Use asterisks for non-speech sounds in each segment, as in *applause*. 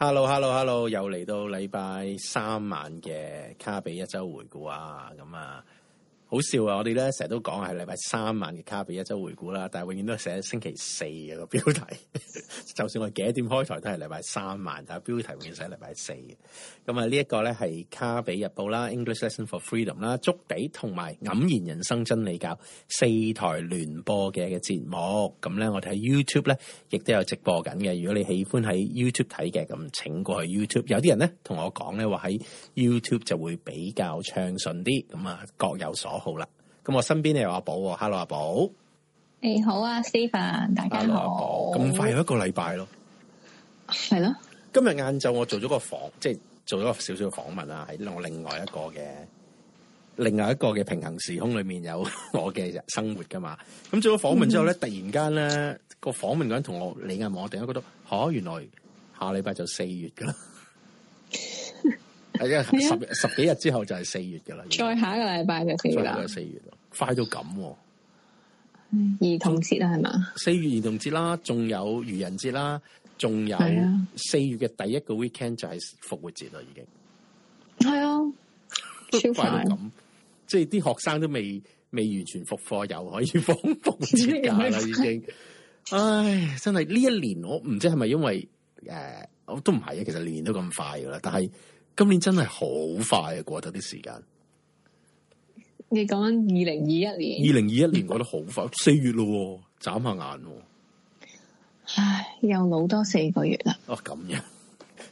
Hello, Hello, Hello, 又嚟到禮拜三晚嘅卡比一週回顧啊，咁啊！好笑啊！我哋咧成日都講係禮拜三晚嘅卡比一周回顧啦，但係永遠都寫星期四嘅個標題。 *laughs* 就算我幾點開台都係禮拜三晚，但係標題永遠寫禮拜四嘅。咁啊，呢一個咧係卡比日報啦、English lesson for freedom 啦、足比同埋黯然人生真理教四台聯播嘅嘅節目。咁咧，我哋喺 YouTube 咧亦都有直播緊嘅。如果你喜歡喺 YouTube 睇嘅，咁請過去 YouTube。有啲人咧同我講咧話喺 YouTube 就會比較暢順啲。咁啊，各有所。好啦，咁我身邊又有阿寶，hello 阿寶，你好啊，Steven，大家好，咁快有一個禮拜咯，係咯的，今日晏晝我做咗個訪，即係做咗少少訪問啊，喺我另外一個嘅，另外一個嘅平行時空裏面有我嘅生活噶嘛，咁做咗訪問之後咧，嗯、突然間咧、個訪問嗰人同我你問我突然間覺得，哈、哦，原來下禮拜就四月噶啦。係十的十幾日之後就係四月噶啦。再下一個禮拜就四月四月啦，快到咁。兒童節啊，係嘛？四還吧月兒童節啦，仲有愚人節啦，仲有四月嘅第一個 weekend 就係復活節啦，已經。係啊的，都 *laughs* 快到咁，即係啲學生都未未完全復課，又可以放復活節假啦，已經。 *laughs* 唉，真係呢一年我唔知係咪因為誒，我、呃、都唔係啊。其實年年都咁快噶啦，但係。今年真係好快啊，過得啲時間。你講緊二零二一年，二零二一年過得好快，四月咯，眨下眼。唉，又老多四個月啦。哦，咁樣，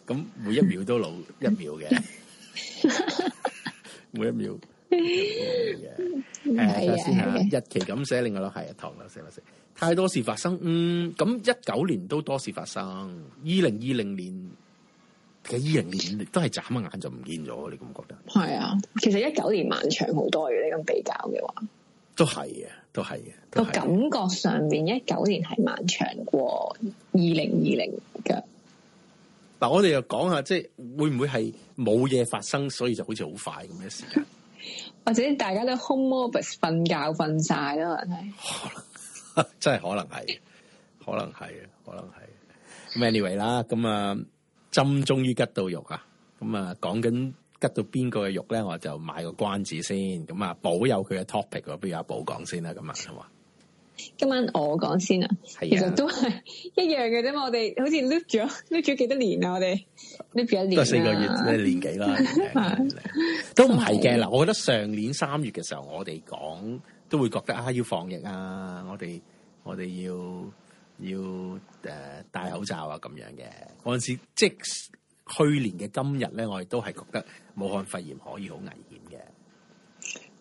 咁每一秒都老 *laughs* 一秒嘅，每一秒嘅，誒， *laughs* 睇下先吓，日期咁寫，另外咯，係啊，唐啦，寫咪寫，太多事發生。嗯，咁一九年都多事發生，二零二零年。其實依樣嘢都係眨下眼就唔見咗，你咁覺得？係啊，其實一九年漫長好多嘅，你咁比較嘅話，都係嘅，啊，都係嘅、啊。個、啊、感覺上面，一九年係漫長過二零二零嘅。嗱，我哋又講下，即係會唔會係冇嘢發生，所以就好似好快咁嘅事？時間 *laughs* 或者大家都 home office 瞓覺瞓晒咯，可能，真係可能係，可能係，可能係。Anyway 啦，咁啊。針終於吉到肉啊！咁啊，講緊吉到邊個嘅肉咧，我就買個關子先。咁啊，保有佢嘅 topic，不如阿寶講先啦，咁啊，好啊。今晚我講先啊，其實都係一樣嘅啫嘛。我哋好似 loop 咗 loop 咗幾多年啊，我哋 loop 咗一年都四個月咩 *laughs* 年紀啦， *laughs* 都唔係嘅嗱。 *laughs* 我覺得上年三月嘅時候，我哋講都會覺得啊，要防疫啊，我哋我哋要要。要誒，戴口罩啊，咁樣嘅嗰陣時，即去年嘅今日咧，我哋都係覺得武漢肺炎可以好危險嘅。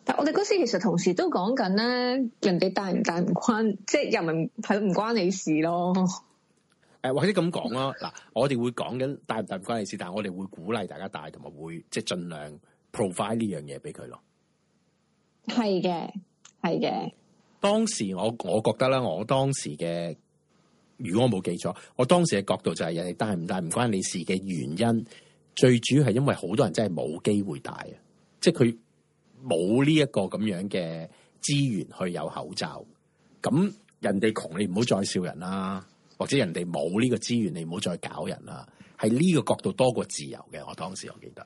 但我哋嗰時其實同時都講緊咧，人哋戴唔戴唔關，即係又唔係唔關你事咯。誒，或者咁講咯，嗱，我哋會講緊戴唔戴唔關你事，但係我哋會鼓勵大家戴，同埋會即係盡量 provide 呢樣嘢俾佢咯。係嘅，係嘅。當時我我覺得咧，我當時嘅。如果我冇記錯，我當時嘅角度就係人哋戴唔戴唔關你事嘅原因，最主要係因為好多人真係冇機會戴啊，即係佢冇呢一個咁樣嘅資源去有口罩。咁人哋窮，你唔好再笑人啦；或者人哋冇呢個資源，你唔好再搞人啦。係呢個角度多過自由嘅。我當時我記得，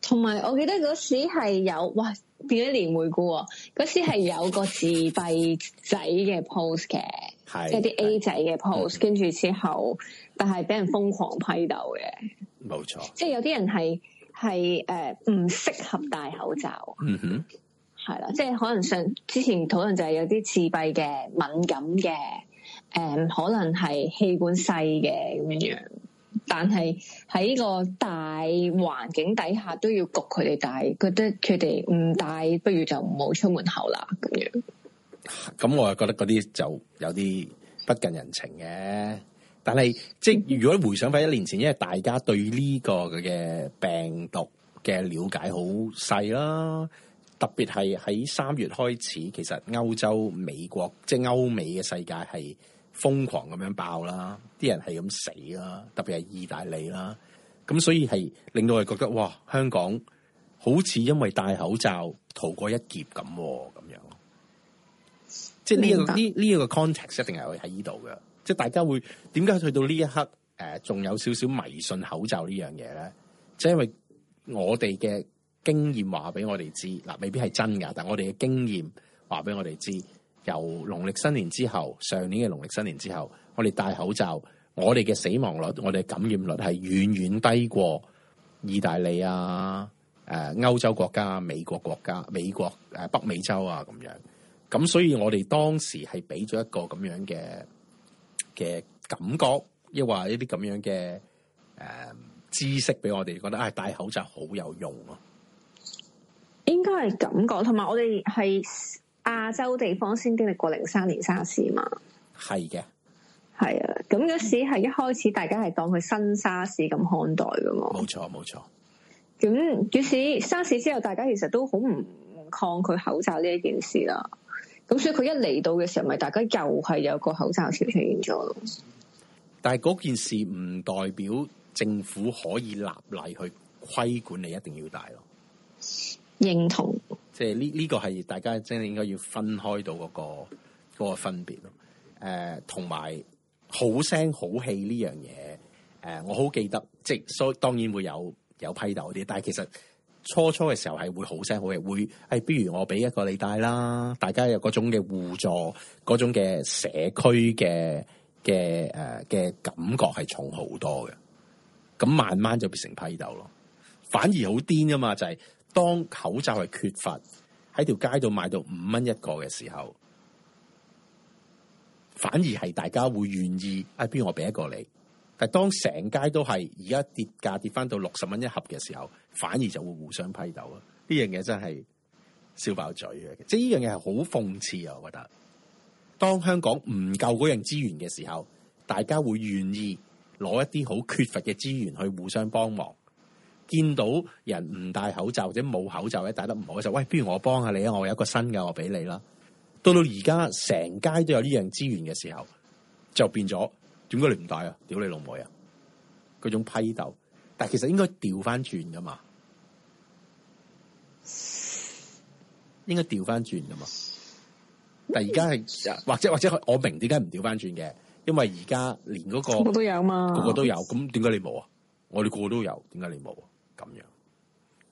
同埋我記得嗰時係有哇，變咗年回顧喎。嗰時係有個自閉仔嘅 post 嘅。 *laughs* 即係啲 A 仔嘅 pose 跟住之後，嗯、但係俾人瘋狂批鬥嘅，冇錯。即係有啲人係係誒唔適合戴口罩。嗯哼，係啦，即係可能上之前討論就係有啲自閉嘅、敏感嘅，誒、呃、可能係氣管細嘅咁樣樣。嗯、但係喺呢個大環境底下都要焗佢哋戴，覺得佢哋唔戴不如就唔好出門口啦咁樣。嗯咁我又覺得嗰啲就有啲不近人情嘅，但係即係如果回想翻一年前，因為大家對呢個嘅病毒嘅了解好細啦，特別係喺三月開始，其實歐洲、美國即係歐美嘅世界係瘋狂咁樣爆啦，啲人係咁死啦，特別係意大利啦，咁所以係令到我覺得哇，香港好似因為戴口罩逃過一劫咁咁樣。即係、這、呢個呢呢白個 context 一定係會喺呢度嘅，即係大家會點解去到呢一刻誒，仲、呃、有少少迷信口罩呢樣嘢咧？即係因為我哋嘅經驗話俾我哋知，嗱、呃、未必係真嘅，但係我哋嘅經驗話俾我哋知，由農曆新年之後，上年嘅農曆新年之後，我哋戴口罩，我哋嘅死亡率、我哋感染率係遠遠低過意大利啊、誒、呃、歐洲國家、美國國家、美國誒、呃、北美洲啊咁樣。咁所以我哋當時係俾咗一個咁樣嘅嘅感覺，亦或一啲咁樣嘅誒、呃、知識俾我哋，覺得啊、哎、戴口罩好有用咯、啊。應該係咁講，同埋我哋係亞洲地方先經歷過零三年沙士嘛。係嘅，係啊。咁嗰時係一開始大家係當佢新沙士咁看待噶嘛。冇錯，冇錯。咁嗰時沙士之後，大家其實都好唔抗拒口罩呢一件事啦。咁所以佢一嚟到嘅時候，咪、就是、大家又係有個口罩出現咗咯。但係嗰件事唔代表政府可以立例去規管你一定要戴咯。認同。即係呢呢個係大家真係應該要分開到嗰、嗰個嗰、嗰個分別咯。誒、呃，同埋好聲好氣呢樣嘢，誒、呃，我好記得，即係所以當然會有有批鬥啲，但係其實。初初嘅時候係會好聲好氣，會誒，不、哎、如我俾一個你戴啦，大家有嗰種嘅互助，嗰種嘅社區嘅嘅誒嘅感覺係重好多嘅，咁慢慢就變成批鬥咯，反而好癲啊嘛！就係、是、當口罩係缺乏喺條街度賣到五蚊一個嘅時候，反而係大家會願意，誒、哎，不如我俾一個你。但當成街都係而家跌價跌翻到六十蚊一盒嘅時候，反而就會互相批鬥啊！呢樣嘢真係笑爆嘴嘅，即係呢樣嘢係好諷刺啊！我覺得當香港唔夠嗰樣資源嘅時候，大家會願意攞一啲好缺乏嘅資源去互相幫忙。見到人唔戴口罩或者冇口罩咧，戴得唔好嘅時候，喂，不如我幫下你啦，我有一個新嘅，我俾你啦。到到而家成街都有呢樣資源嘅時候，就變咗。點解你唔帶啊？屌你老母呀、啊！嗰種批鬥，但係其實應該調翻轉噶嘛，應該調翻轉噶嘛。但係而家係或者或者我明點解唔調翻轉嘅，因為而家連嗰、嗰個個都有嘛，個個都有，咁點解你冇啊？我哋個個都有，點解你冇啊？咁樣，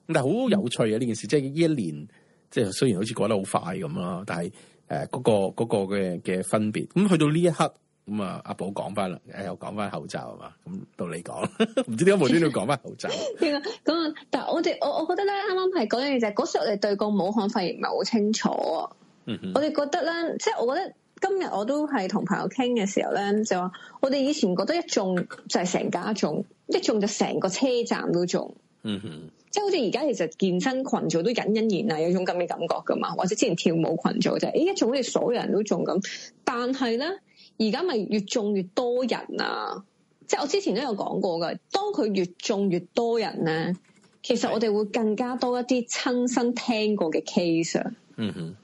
但係好有趣啊！呢件事即係呢一年，即係雖然好似過得好快咁啦，但係誒嗰個嗰、嗰個嘅嘅、嗰個、分別，咁去到呢一刻。咁啊，阿寶講翻啦，又講翻口罩吖嘛，咁到你講，唔知點解無端端講翻口罩。咁 *laughs* 但係我哋我我覺得咧，啱啱係講嘢就是，嗰時我哋對個武漢肺炎唔係好清楚啊。嗯、哼我哋覺得咧，即、就、係、是、我覺得今日我都係同朋友傾嘅時候咧，就話我哋以前覺得一中就係成家一中， *laughs* 一中就成個車站都中。嗯哼，即係好似而家其實健身群組都隱隱然係、啊、有種咁嘅感覺噶嘛，或者之前跳舞群組就，咦一中好似所有人都中咁，但係咧。而家咪越中越多人啊！即係我之前都有講過噶，當佢越中越多人咧，其實我哋會更加多一啲親身聽過嘅 case 啊。嗯哼。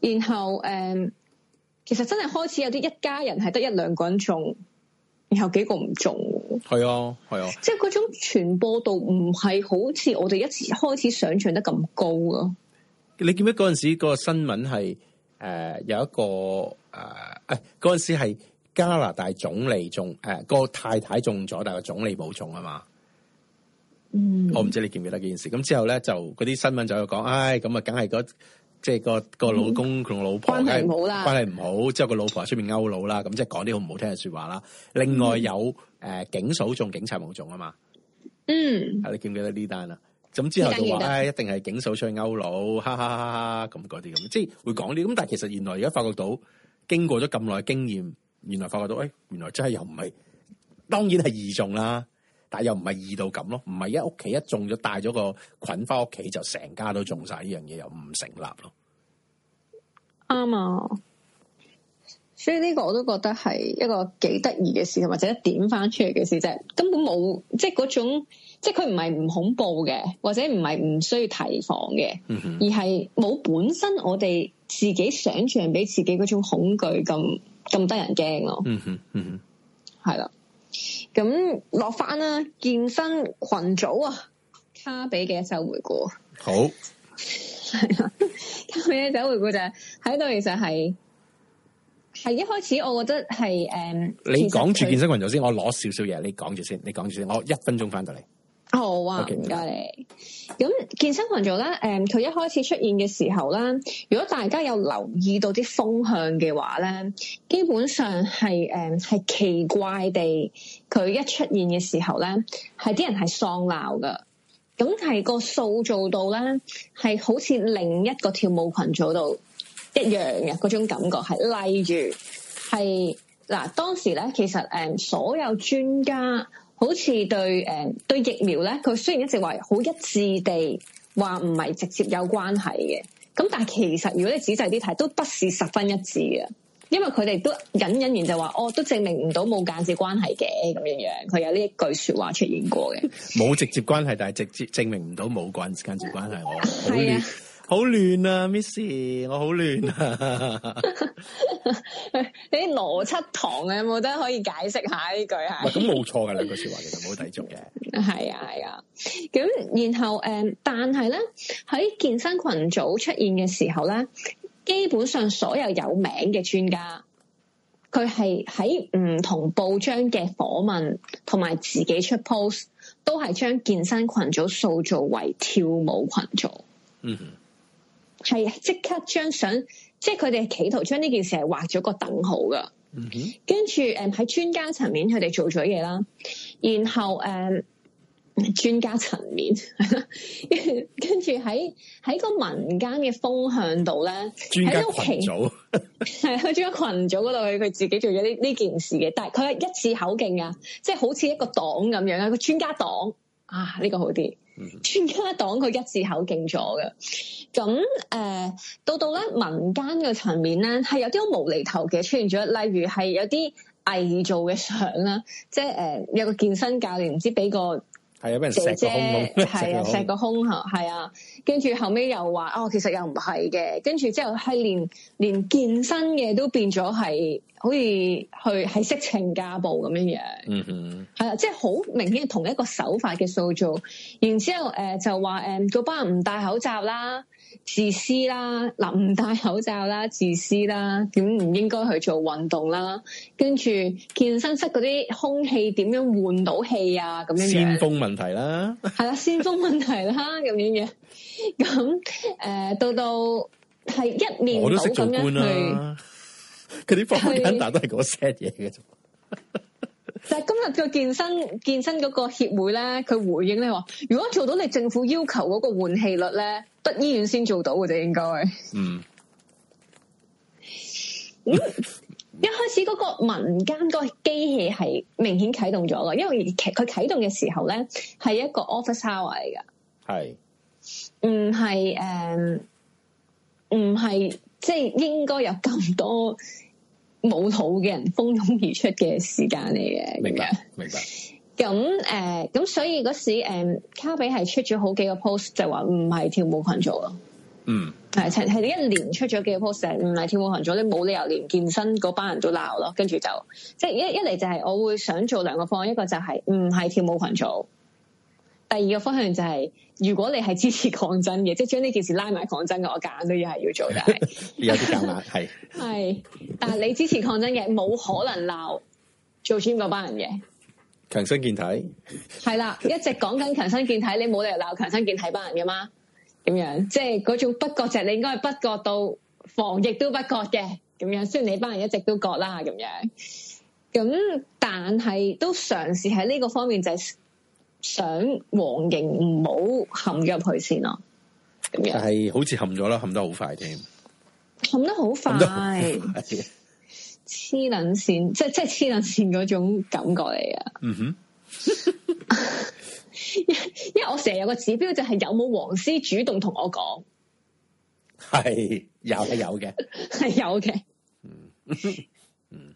然後誒，其實真係開始有啲一家人係得一兩個人中，然後幾個唔中，係啊，係啊。即係嗰種傳播度唔係好似我哋一次開始想象得咁高咯。你記唔記得嗰陣時個新聞係誒有一個？誒，誒、啊，嗰、哎、陣時係加拿大總理中，誒、哎個太太中咗，但係個總理冇中啊嘛。嗯。我唔知你記唔記得件事。咁之後咧就嗰啲新聞就喺度講，唉、哎，咁啊，梗係嗰即係、嗰個、嗰個老公同老婆關係唔好啦、嗯，關係唔好，之後個老婆喺出面勾佬啦，咁即係講啲好唔好聽嘅說話啦。另外有誒、嗯呃、警嫂中警察冇中啊嘛。嗯。你記唔記得呢單啦？咁之後就話、哎，一定係警嫂出去勾佬，哈哈哈哈咁嗰啲咁，即係會講啲咁。但係其實原來而家發覺到。經過咗咁耐經驗，原來發覺到，誒、哎，原來真係又唔係，當然係易中啦，但係又唔係易到咁咯，唔係一屋企一中咗帶咗個菌翻屋企就成家都中晒呢樣嘢，又唔成立咯。啱啊，所以呢個我都覺得係一個幾得意嘅事，或者一點翻出嚟嘅事啫，即係、根本冇即係嗰種，即係佢唔係唔恐怖嘅，或者唔係唔需要提防嘅，嗯、哼而係冇本身我哋，自己想象俾自己嗰種恐懼咁咁得人驚咯，嗯哼，嗯哼，係啦，咁落翻啦，健身群組啊，卡比嘅一週回顧，好，係啊，卡比嘅一週回顧就係喺度，在這其實係，係一開始我覺得係誒，你講住健身群組先，我攞少少嘢，你講住先，你講住先，我一分鐘翻到嚟。好啊，唔該你，oh, wow。咁健身群組咧，誒、嗯，佢一開始出現嘅時候咧，如果大家有留意到啲風向嘅話咧，基本上係誒係奇怪地，佢一出現嘅時候咧，係啲人係喪鬧噶咁係個塑造到咧，係好似另一個跳舞群組度一樣嘅嗰種感覺，係例如係嗱、啊，當時咧，其實誒、嗯、所有專家。好似對，對疫苗咧，佢雖然一直話好一致地話唔係直接有關係嘅，咁但係其實如果你仔細啲睇，都不是十分一致嘅，因為佢哋都隱隱然就話，哦，都證明唔到冇間接關係嘅咁樣樣，佢有呢一句說話出現過嘅，冇直接關係，但係直接證明唔到冇間接關係，我好。好亂啊，Miss，我好亂啊。Y, 亂啊 *laughs* *laughs* 你啲邏輯堂嘅有冇得可以解釋下呢句？係咁冇錯嘅兩句說話，其實冇抵觸嘅。係啊係啊，咁、啊、然後誒、呃，但係咧喺健身群組出現嘅時候咧，基本上所有有名嘅專家，佢係喺唔同報章嘅訪問同埋自己出 post，都係將健身群組塑造為跳舞群組。嗯哼係即刻將相，即係佢哋企圖將呢件事係畫咗個等號噶。嗯、哼跟住喺、嗯專，嗯、專家層面，佢哋做咗嘢啦。然後專家層面，跟住喺喺個民間嘅風向度咧，喺屋企群組係佢專家群組嗰度，佢佢家 *laughs* 自己做咗呢呢件事嘅。但係佢係一致口徑噶，即係好似一個黨咁樣，一個專家黨。啊！呢、這個好啲，專家一黨佢一字口勁咗嘅，咁誒、呃，到到咧民間嘅層面咧係有啲好無厘頭嘅出現咗，例如係有啲偽造嘅相啦，即係誒、呃、有個健身教練唔知俾個。係啊，俾人錫個胸，係啊姐，錫個胸吓，係啊的，跟住後尾又話哦，其實又唔係嘅，跟住之後係連連健身嘅都變咗係，好似去喺色情家暴咁樣樣。嗯哼、嗯，係即係好明顯同一個手法嘅塑造。然之後誒、呃，就話誒，嗰、呃、班唔戴口罩啦。自私啦，唔戴口罩啦，自私啦，點唔應該去做運動啦。跟住健身室嗰啲空氣點樣換到氣啊？咁樣。通風問題啦，係啦，通風問題啦，咁樣嘢。咁、呃、誒，到到係一年我都識做官啦、啊。佢啲房地產都係嗰 set 嘢嘅啫。但係今日個健身健身個協會個協會咧，佢回應咧話，如果做到你政府要求嗰個換氣率咧，得醫院先做到嘅啫，應該。嗯，嗯。嗯， *laughs* 一開始嗰個民間嗰個機器係明顯啟動咗啦，因為佢啟動嘅時候咧係一個 office hour 嚟噶。係是。唔係誒，唔係即係應該有咁多。冇肚嘅人蜂擁而出嘅時間嚟嘅，明白明白。咁誒， *laughs* 咁、呃、所以嗰時誒、嗯，卡比係出咗好幾個 post，就話唔係跳舞群組咯。嗯，係係你一年出咗幾個 post，唔係跳舞群組，你冇理由連健身嗰班人都鬧咯。跟住就即係、就是、一一嚟就係，我會想做兩個方案，一個就係唔係跳舞群組。第二個方向就係、是，如果你係支持抗爭嘅，即係將呢件事拉埋抗爭嘅，我夾硬都要係要做嘅。就是、 *laughs* 有啲夾硬係，係 *laughs* 是， *laughs* 但你支持抗爭嘅，冇可能鬧做 gym 嗰班人嘅。強身健體係啦， *laughs* 一直講緊強身健體，你冇理由鬧強身健體班人嘅嘛？咁樣，即係嗰種不割就係你應該係不割到防疫都不割嘅，咁樣。雖然你班人一直都割啦，咁樣，咁但係都嘗試喺呢個方面就係、是。想黃瑩唔好陷入去先咯、啊咁樣，係好似陷咗啦，陷得好快添，陷得好快，黐捻線，即係即係黐捻線嗰種感覺嚟啊！嗯哼， *laughs* 因為為我成日有個指標就係有冇黃絲主動同我講，係有嘅有嘅係 *laughs* 有嘅的，嗯 *laughs*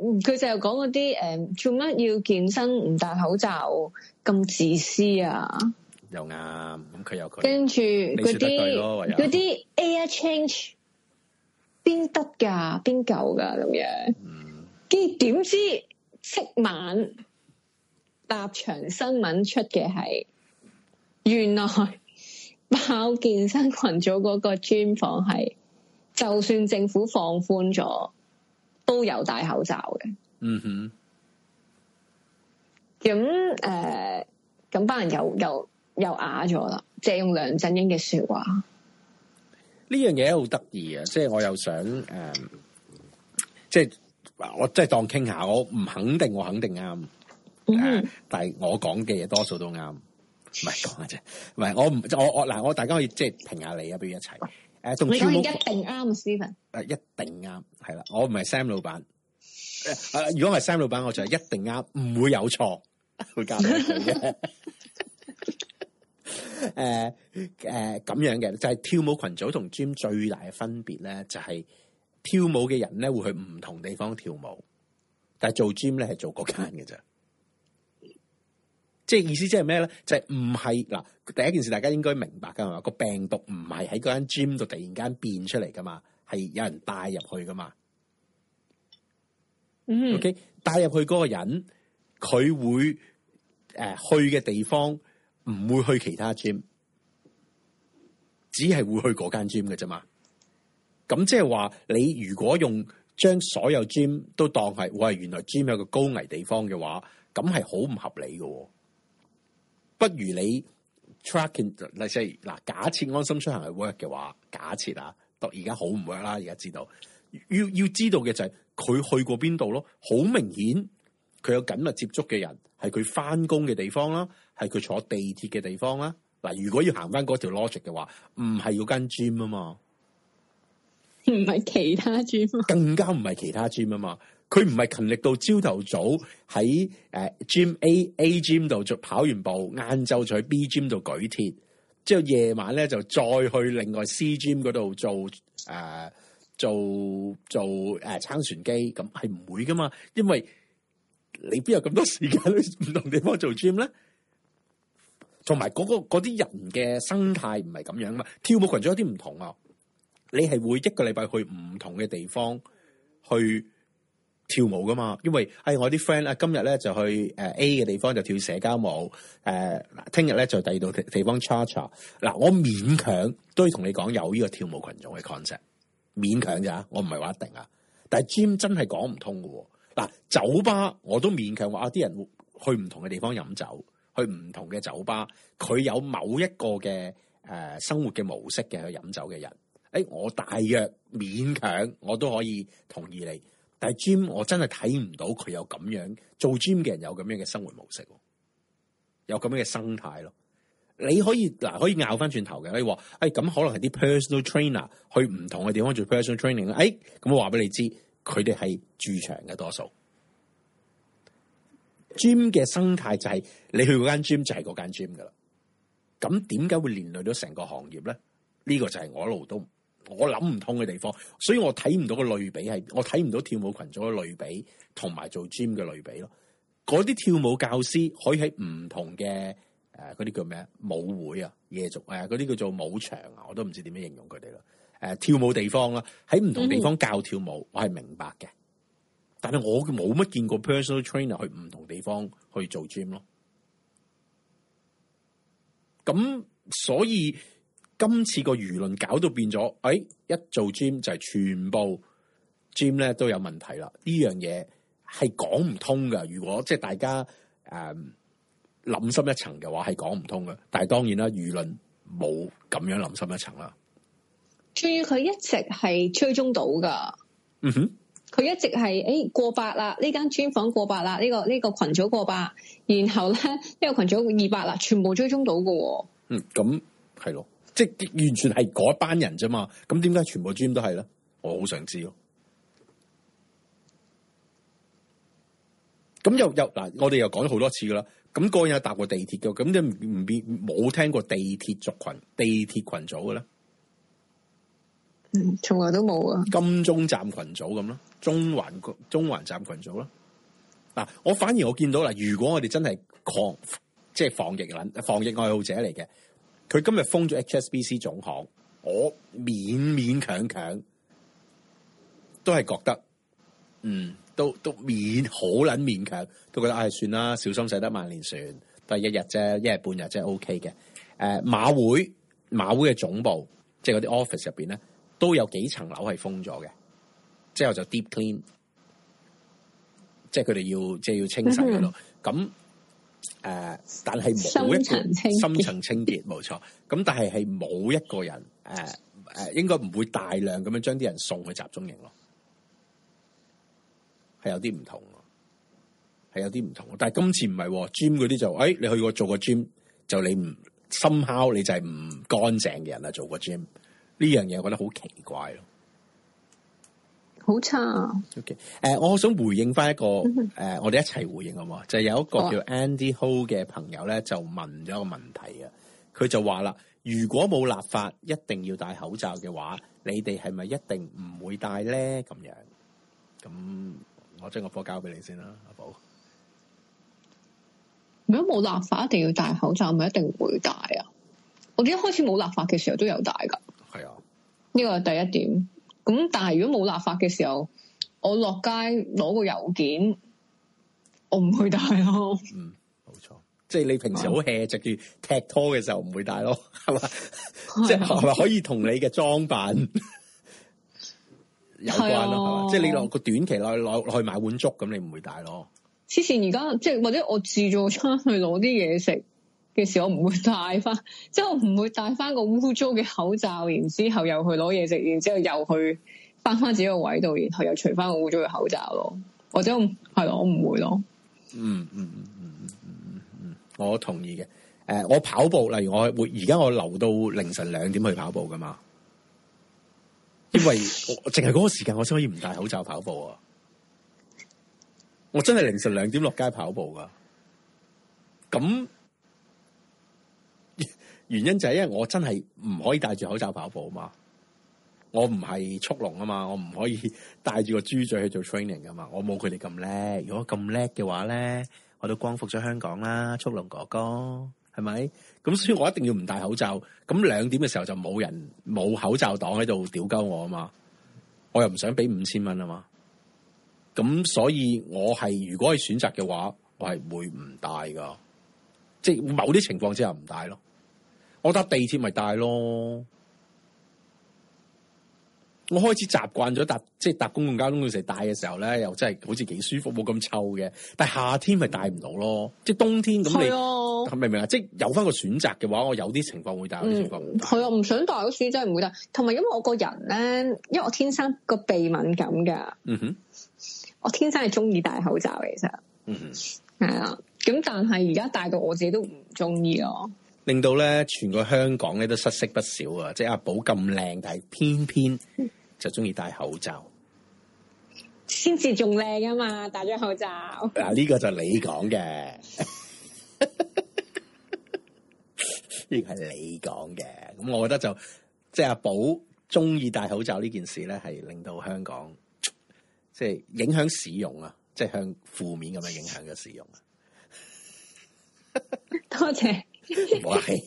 嗯，佢就係講嗰啲誒做乜要健身唔戴口罩。咁自私啊！又啱，咁佢又跟住嗰啲嗰啲 Air Change，邊得噶？邊舊噶？咁樣，嗯，跟住點知？即晚立場新聞出嘅係原來爆健身羣組嗰個專訪係，就算政府放寬咗，都有戴口罩嘅。嗯哼。咁誒，咁班、呃、人又又又啞咗啦！借用梁振英嘅說話，呢樣嘢好得意啊！即、就、係、是、我又想誒，即係我即係當傾下，我唔肯定，我肯定啱、嗯呃。但係我講嘅嘢多數都啱，唔係講嘅啫，唔係我唔我我嗱，我，我，我，我大家可以即係評下你啊，不如一齊誒，同、呃、你你一定啱，Stephen，誒，一定啱，係啦，我唔係 Sam 老闆，誒、呃呃，如果係 Sam 老闆，我就一定啱，唔會有錯。會加你嘅，誒誒咁樣嘅，就係、是、跳舞群組同 gym 最大嘅分別咧，就係、是、跳舞嘅人咧會去唔同地方跳舞，但係做 gym 咧係做嗰間嘅啫。即係 *laughs* 意思即係咩咧？就係唔係嗱，第一件事大家應該明白噶嘛，個病毒唔係喺嗰間 gym 度突然間變出嚟噶嘛，係有人帶入去噶嘛。OK，帶入去嗰個人。佢會誒、呃、去嘅地方唔會去其他 gym，只係會去嗰間 gym 嘅啫嘛。咁即係話你如果用將所有 gym 都當係，喂，原來 gym 有個高危地方嘅話，咁係好唔合理嘅、哦。不如你 tracking，例如嗱，假設安心出行係 work 嘅話，假設啊，而家好唔 work 啦，而家知道要要知道嘅就係、是、佢去過邊度咯，好明顯。佢有緊密接觸嘅人，係佢翻工嘅地方啦，係佢坐地鐵嘅地方啦。嗱，如果要行翻嗰條 logic 嘅話，唔係要間 gym 啊嘛，唔係其他 gym，更加唔係其他 gym 啊嘛。佢唔係勤力到朝頭早喺誒、呃、gym A A gym 度做跑完步，晏晝就喺 B gym 度舉鐵，之後夜晚咧就再去另外 C gym 嗰度做誒、呃、做做誒撐、呃、船機，咁係唔會噶嘛，因為。你邊有咁多時間去唔同地方做 gym 咧？同埋嗰個嗰啲人嘅生態唔係咁樣啊嘛！跳舞群組有啲唔同啊，你係會一個禮拜去唔同嘅地方去跳舞噶嘛？因為哎，我啲 friend 啊，今日咧就去誒 A 嘅地方就跳社交舞，誒、呃、嗱，聽日咧就第二度地方 cha cha。嗱，我勉強都要同你講有呢個跳舞群組嘅 concept，勉強咋，我唔係話一定啊。但係 gym 真係講唔通嘅。嗱，酒吧我都勉強話啊，啲人會去唔同嘅地方飲酒，去唔同嘅酒吧，佢有某一個嘅誒、呃、生活嘅模式嘅去飲酒嘅人，誒、哎，我大約勉強我都可以同意你。但係 gym，我真係睇唔到佢有咁樣做 gym 嘅人有咁樣嘅生活模式，有咁樣嘅生態咯。你可以嗱、啊，可以拗翻轉頭嘅，你話誒咁可能係啲 personal trainer 去唔同嘅地方做 personal training 啦、哎。咁我話俾你知。佢哋係駐場嘅多數，gym 嘅生態就係你去嗰間 gym 就係嗰間 gym 噶啦。咁點解會連累到成個行業咧？呢個就係我一路都我諗唔通嘅地方，所以我睇唔到個類比係，我睇唔到跳舞群組嘅類比同埋做 gym 嘅類比咯。嗰啲跳舞教師可以喺唔同嘅誒嗰啲叫咩舞會啊夜族誒嗰啲叫做舞場啊，我都唔知點樣形容佢哋啦。誒、呃，跳舞地方啦，喺唔同地方教跳舞，嗯、我係明白嘅。但係我冇乜見過 personal trainer 去唔同地方去做 gym 咯。咁所以今次個輿論搞到變咗，誒、哎，一做 gym 就係全部 gym 咧都有問題啦。呢樣嘢係講唔通噶。如果即係大家誒，諗、嗯、深一層嘅話，係講唔通嘅。但係當然啦，輿論冇咁樣諗深一層啦。至於佢一直係追蹤到噶，嗯哼，佢一直係誒、欸、過百啦，呢間 gym 房過百啦、呢、這個呢、這個群組過百，然後咧呢、這個群組二百啦，全部追蹤到噶、哦嗯。嗯，咁係咯，即係完全係嗰一班人啫嘛。咁點解全部 gym 都係咧？我好想知咯。咁又又嗱，我哋又講咗好多次噶啦。咁、那個人有搭過地鐵噶，咁你唔變冇聽過地鐵族群、地鐵群組嘅咧？從、嗯、來都冇啊！金鐘站群組咁咯，中環中環站群組啦。嗱、啊，我反而我見到啦，如果我哋真係狂即係防疫捻防疫愛好者嚟嘅，佢今日封咗 HSBC 總行，我勉勉強強都係覺得，嗯，都都勉好捻勉強，都覺得唉、哎、算啦，小心使得萬年船，第一日啫，一日半日即係 OK 嘅。誒、啊，馬會馬會嘅總部，即係嗰啲 office 入邊咧。都有幾層樓係封咗嘅，之後就 deep clean，即係佢哋要即係要清洗嘅咯。咁誒、 *laughs* 呃，但係冇一個層深層清潔冇錯。咁 *laughs* 但係係冇一個人誒誒、呃呃，應該唔會大量咁樣將啲人送去集中營咯，係有啲唔同，係有啲唔同。但係今次唔係 gym 嗰啲就誒、哎，你去過做個 gym，就你唔深烤，你就係唔乾淨嘅人啦。做個 gym。呢樣嘢我覺得好奇怪咯，好差，啊。O K，誒，我想回應翻一個誒，呃，我哋一齊回應啊嘛。就是，有一個，啊、叫 Andy Ho 嘅朋友咧，就問咗個問題啊。佢就話啦：如果冇立法一定要戴口罩嘅話，你哋係咪一定唔會戴咧？咁樣咁，我將個課交俾你先啦，阿寶。如果冇立法一定要戴口罩，咪一定會戴啊？我記得開始冇立法嘅時候都有戴噶。呢個係第一點，咁但係如果冇立法嘅時候，我落街攞個郵件，我唔會帶咯。嗯，冇錯，即係你平時好 hea，着住踢拖嘅時候唔會帶咯，係嘛？對啊、即係係咪可以同你嘅裝扮有關咯？即係你落個短期落落去，去買碗粥咁，你唔會帶咯。黐線，而家即係或者我自助餐去攞啲嘢食。嘅時候，我唔會戴翻，即係我唔會戴翻個污糟嘅口罩，然之後又去攞嘢食，然之後又去翻翻自己個位度，然後又除翻個污糟嘅口罩咯。或者係咯，我唔會咯。嗯嗯嗯嗯嗯嗯嗯我同意嘅。誒、呃，我跑步例如我會而家我留到凌晨兩點去跑步噶嘛？因為我淨係嗰個時間，我先可以唔戴口罩跑步啊。我真係凌晨兩點落街跑步噶，咁。原因就係因為我真係唔可以戴住口罩跑步啊嘛，我唔係速龍啊嘛，我唔可以戴住個豬嘴去做 training 噶嘛，我冇佢哋咁叻。如果咁叻嘅話咧，我都光復咗香港啦，速龍哥哥係咪？咁所以我一定要唔戴口罩。咁兩點嘅時候就冇人冇口罩黨喺度屌鳩我啊嘛，我又唔想俾五千蚊啊嘛。咁所以，我係如果係選擇嘅話，我係會唔戴噶，即係某啲情況之下唔戴咯。我搭地鐵咪戴咯，我開始習慣咗搭即係搭公共交通嘅時候戴嘅時候咧，又真係好似幾舒服，冇咁臭嘅。但係夏天咪戴唔到咯，即係冬天咁你係、啊、明唔明啊？即係有翻個選擇嘅話，我有啲情況會戴，有啲、嗯、情況唔係啊。唔想戴嗰時真係唔會戴。同埋因為我個人咧，因為我天生個鼻敏感嘅，嗯哼，我天生係中意戴口罩其實，嗯哼，係啊。咁但係而家戴到我自己都唔中意咯。令到咧，全個香港咧都失色不少啊！即係阿寶咁靚，但係偏偏就中意戴口罩，先至仲靚啊嘛！戴咗口罩，嗱呢、啊這個就是你講嘅，呢個係你講嘅。咁我覺得就即係阿寶中意戴口罩呢件事咧，係令到香港即係影響市容啊！即係向負面咁樣影響嘅市容啊！ *laughs* 多謝。冇 *laughs* 客氣，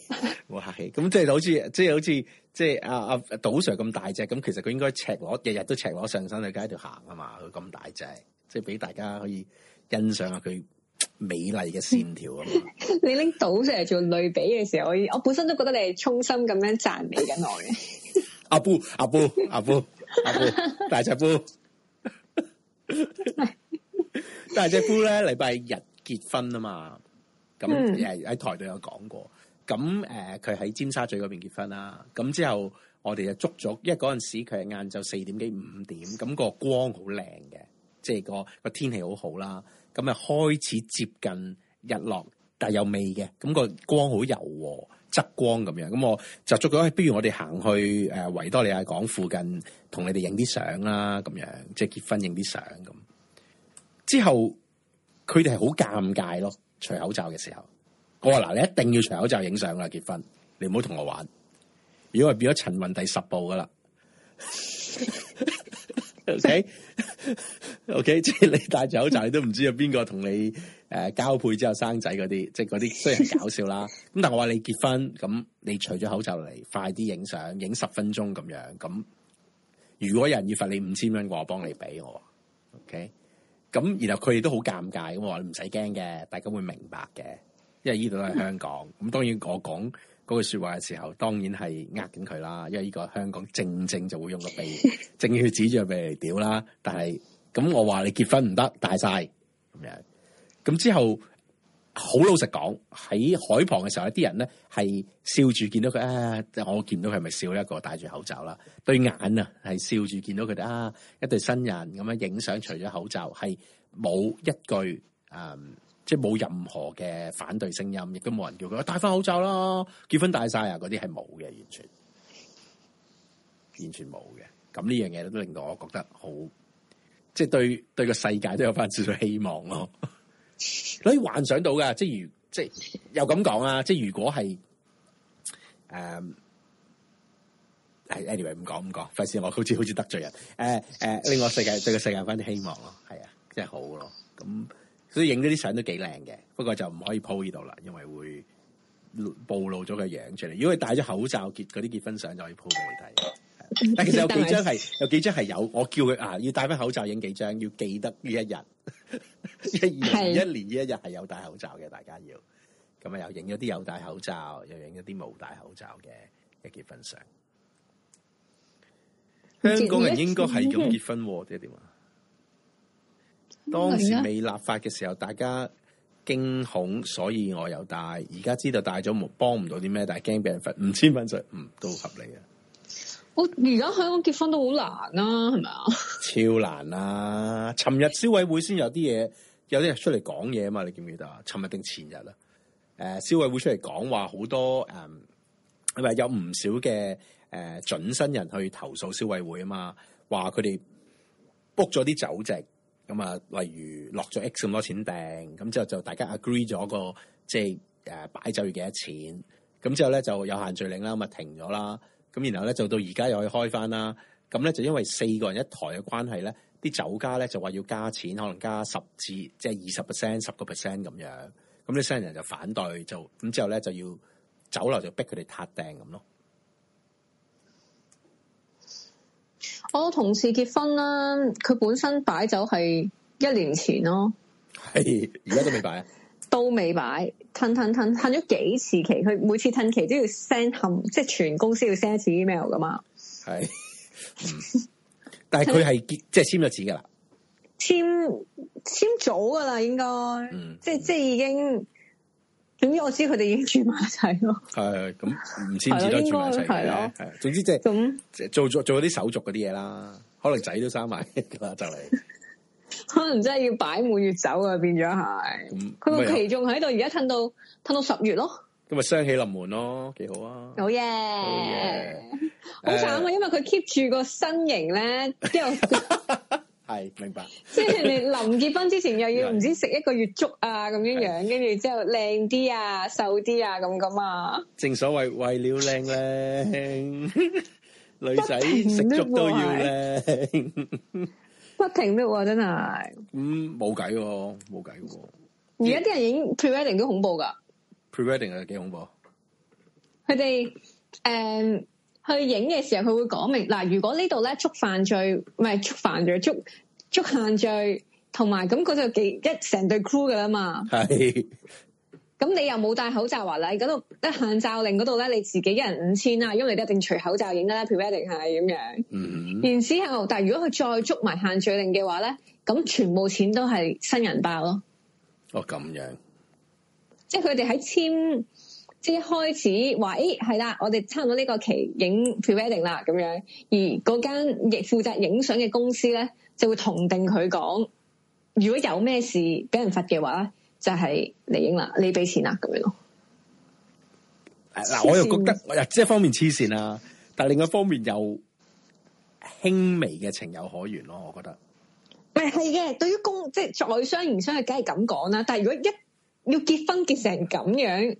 冇客氣。咁即係好似，即係好似，即係啊，啊，賭 Sir 咁大隻，咁其實佢應該赤裸，日日都赤裸上身去街度行啊嘛。佢咁大隻，即係俾大家可以欣賞下佢美麗嘅線條啊嘛。 *laughs* 你拎賭 Sir 做類比嘅時候，我我本身都覺得你係衷心咁樣讚美緊我嘅 *laughs* 阿布阿布 *laughs* 阿布阿布 *laughs* 大隻布， *laughs* *laughs* 大隻布咧，禮拜 *laughs* 日結婚啊嘛。咁誒喺台度有講過，咁誒佢喺尖沙咀嗰邊結婚啦，咁之後我哋就捉咗，因為嗰陣時佢係晏晝四點幾五點，咁個光好靚嘅，即係個個天氣好好啦，咁啊開始接近日落，但係又未嘅，咁個光好柔和、側光咁樣，咁我就捉咗，不如我哋行去誒維多利亞港附近，同你哋影啲相啦，咁樣即係結婚影啲相咁。之後佢哋係好尷尬咯。除口罩嘅時候，我話嗱，你一定要除口罩影相啦，結婚，你唔好同我玩。如果係變咗陳雲第十步噶啦，OK，OK，即係你戴住口罩，你都唔知有邊個同你誒、呃、交配之後生仔嗰啲，即係嗰啲雖然搞笑啦。咁但係我話你結婚，咁你除咗口罩嚟，快啲影相，影十分鐘咁樣。咁如果有人要罰你五千蚊嘅話我幫你俾我，OK。咁，然後佢哋都好尷尬咁，我話你唔使驚嘅，大家會明白嘅，因為呢度都係香港。咁、嗯、當然我講嗰句說話嘅時候，當然係呃緊佢啦，因為呢個香港正正就會用個鼻 *laughs* 正血指住鼻嚟屌啦。但係咁我話你結婚唔得，大曬咁樣。咁之後。好老實講，喺海旁嘅時候，有啲人咧係笑住見到佢，啊我見到佢係咪笑一個戴住口罩啦？對眼啊，係笑住見到佢哋啊，一對新人咁樣影相，除咗口罩係冇一句，誒、嗯，即係冇任何嘅反對聲音，亦都冇人叫佢戴翻口罩啦。結婚戴晒啊，嗰啲係冇嘅，完全完全冇嘅。咁呢樣嘢都令到我覺得好，即係對對個世界都有翻少少希望咯。可以幻想到噶，即係如即係又咁講啊！即係如果係誒，係、呃、anyway 唔講唔講，費事我好似好似得罪人。誒、呃、誒，另、呃、外世界對個世界翻啲希望咯，係啊，即係好咯。咁所以影咗啲相都幾靚嘅，不過就唔可以 po 呢度啦，因為會暴露咗個樣出嚟。如果你戴咗口罩結嗰啲結婚相就可以 po 俾你睇。但其實有幾張係是有幾張係有，我叫佢啊，要戴翻口罩影幾張，要記得呢一日， *laughs* 二一年呢一日係有戴口罩嘅，大家要咁啊，又影咗啲有戴口罩，又影咗啲冇戴口罩嘅嘅結婚相。香港人應該係要結婚，即係點啊？當時未立法嘅時候，大家驚恐，所以我有戴。而家知道戴咗冇幫唔到啲咩，但係驚俾人罰五千蚊就唔都合理啊。而家香港結婚都好難啊，係咪啊？超難啦！尋日消委會先有啲嘢，有啲人出嚟講嘢啊嘛！你記唔記得？尋日定前日啦？誒、呃，消委會出嚟講話好多誒，唔、嗯、係有唔少嘅誒、呃、準新人去投訴消委會啊嘛，話佢哋 book 咗啲酒席，咁、嗯、啊，例如落咗 X 咁多錢訂，咁、嗯、之後就大家 agree 咗個即係誒、呃、擺酒要幾多錢，咁、嗯、之後咧就有限聚令啦，咁、嗯、啊停咗啦。咁然後咧就到而家又可以開返啦，咁咧就因為四個人一台嘅關係咧，啲酒家咧就話要加錢，可能加十至即係二十 percent、十個 percent 咁樣，咁啲商人就反對，就咁之後咧就要酒樓，就逼佢哋撻訂咁咯。我同事結婚啦，佢本身擺酒係一年前咯，係而家都未擺啊。 *laughs* 都未擺，吞吞吞吞咗幾次期，佢每次吞期都要 send 冚，即係全公司要 send 一次 email 噶嘛。係、嗯，但係佢係即係簽咗字噶啦，簽簽早噶啦，應該，嗯、即係即係已經。總之我知佢哋已經住埋一齊咯。係，咁唔簽字都住埋一齊嘅，係，總之即係咁做咗做咗啲手續嗰啲嘢啦，可能仔都生埋嘅啦，就嚟。可能真係要擺滿月酒啊，變咗係佢個期仲喺度，而家褪到褪到十月咯。咁咪雙喜臨門咯，幾好啊！好嘢，好慘啊！因為佢 keep 住個身形咧，之後，係明白。即係你臨結婚之前又要唔知食一個月粥啊，咁樣樣，跟住之後靚啲啊，瘦啲啊，咁咁啊。正所謂為了靚靚，女仔食粥都要靚。不停 l i 真係，嗯，冇計喎，冇計喎。而家啲人影 pre-wedding 都恐怖噶，pre-wedding 係幾恐怖。佢哋誒去影嘅時候，佢會講明嗱，如果呢度咧捉犯罪，唔係捉犯罪，捉捉犯罪，同埋咁佢就幾一成隊 crew 噶啦嘛。係。 *laughs* 咁你又冇戴口罩？話咧，喺嗰度限罩令嗰度咧，你自己一人五千啦，因為你都一定除口罩影啦 pre-wedding 係咁樣。嗯、mm。Hmm. 然之後，但係如果佢再捉埋限聚令嘅話咧，咁全部錢都係新人爆咯。哦，咁樣。即係佢哋喺簽，即係開始話，誒、哎，係啦，我哋差唔多呢個期影 pre-wedding 啦，咁樣。而嗰間亦負責影相嘅公司咧，就會同定佢講，如果有咩事俾人罰嘅話。就係你應啦，你俾錢啦咁樣咯。嗱，我又覺得，又即係方面黐線啦，但係另一方面又輕微嘅情有可原咯，我覺得。唔係嘅，對於公即係、就是、在商言商嘅，梗係咁講啦。但係如果一要結婚結成咁樣，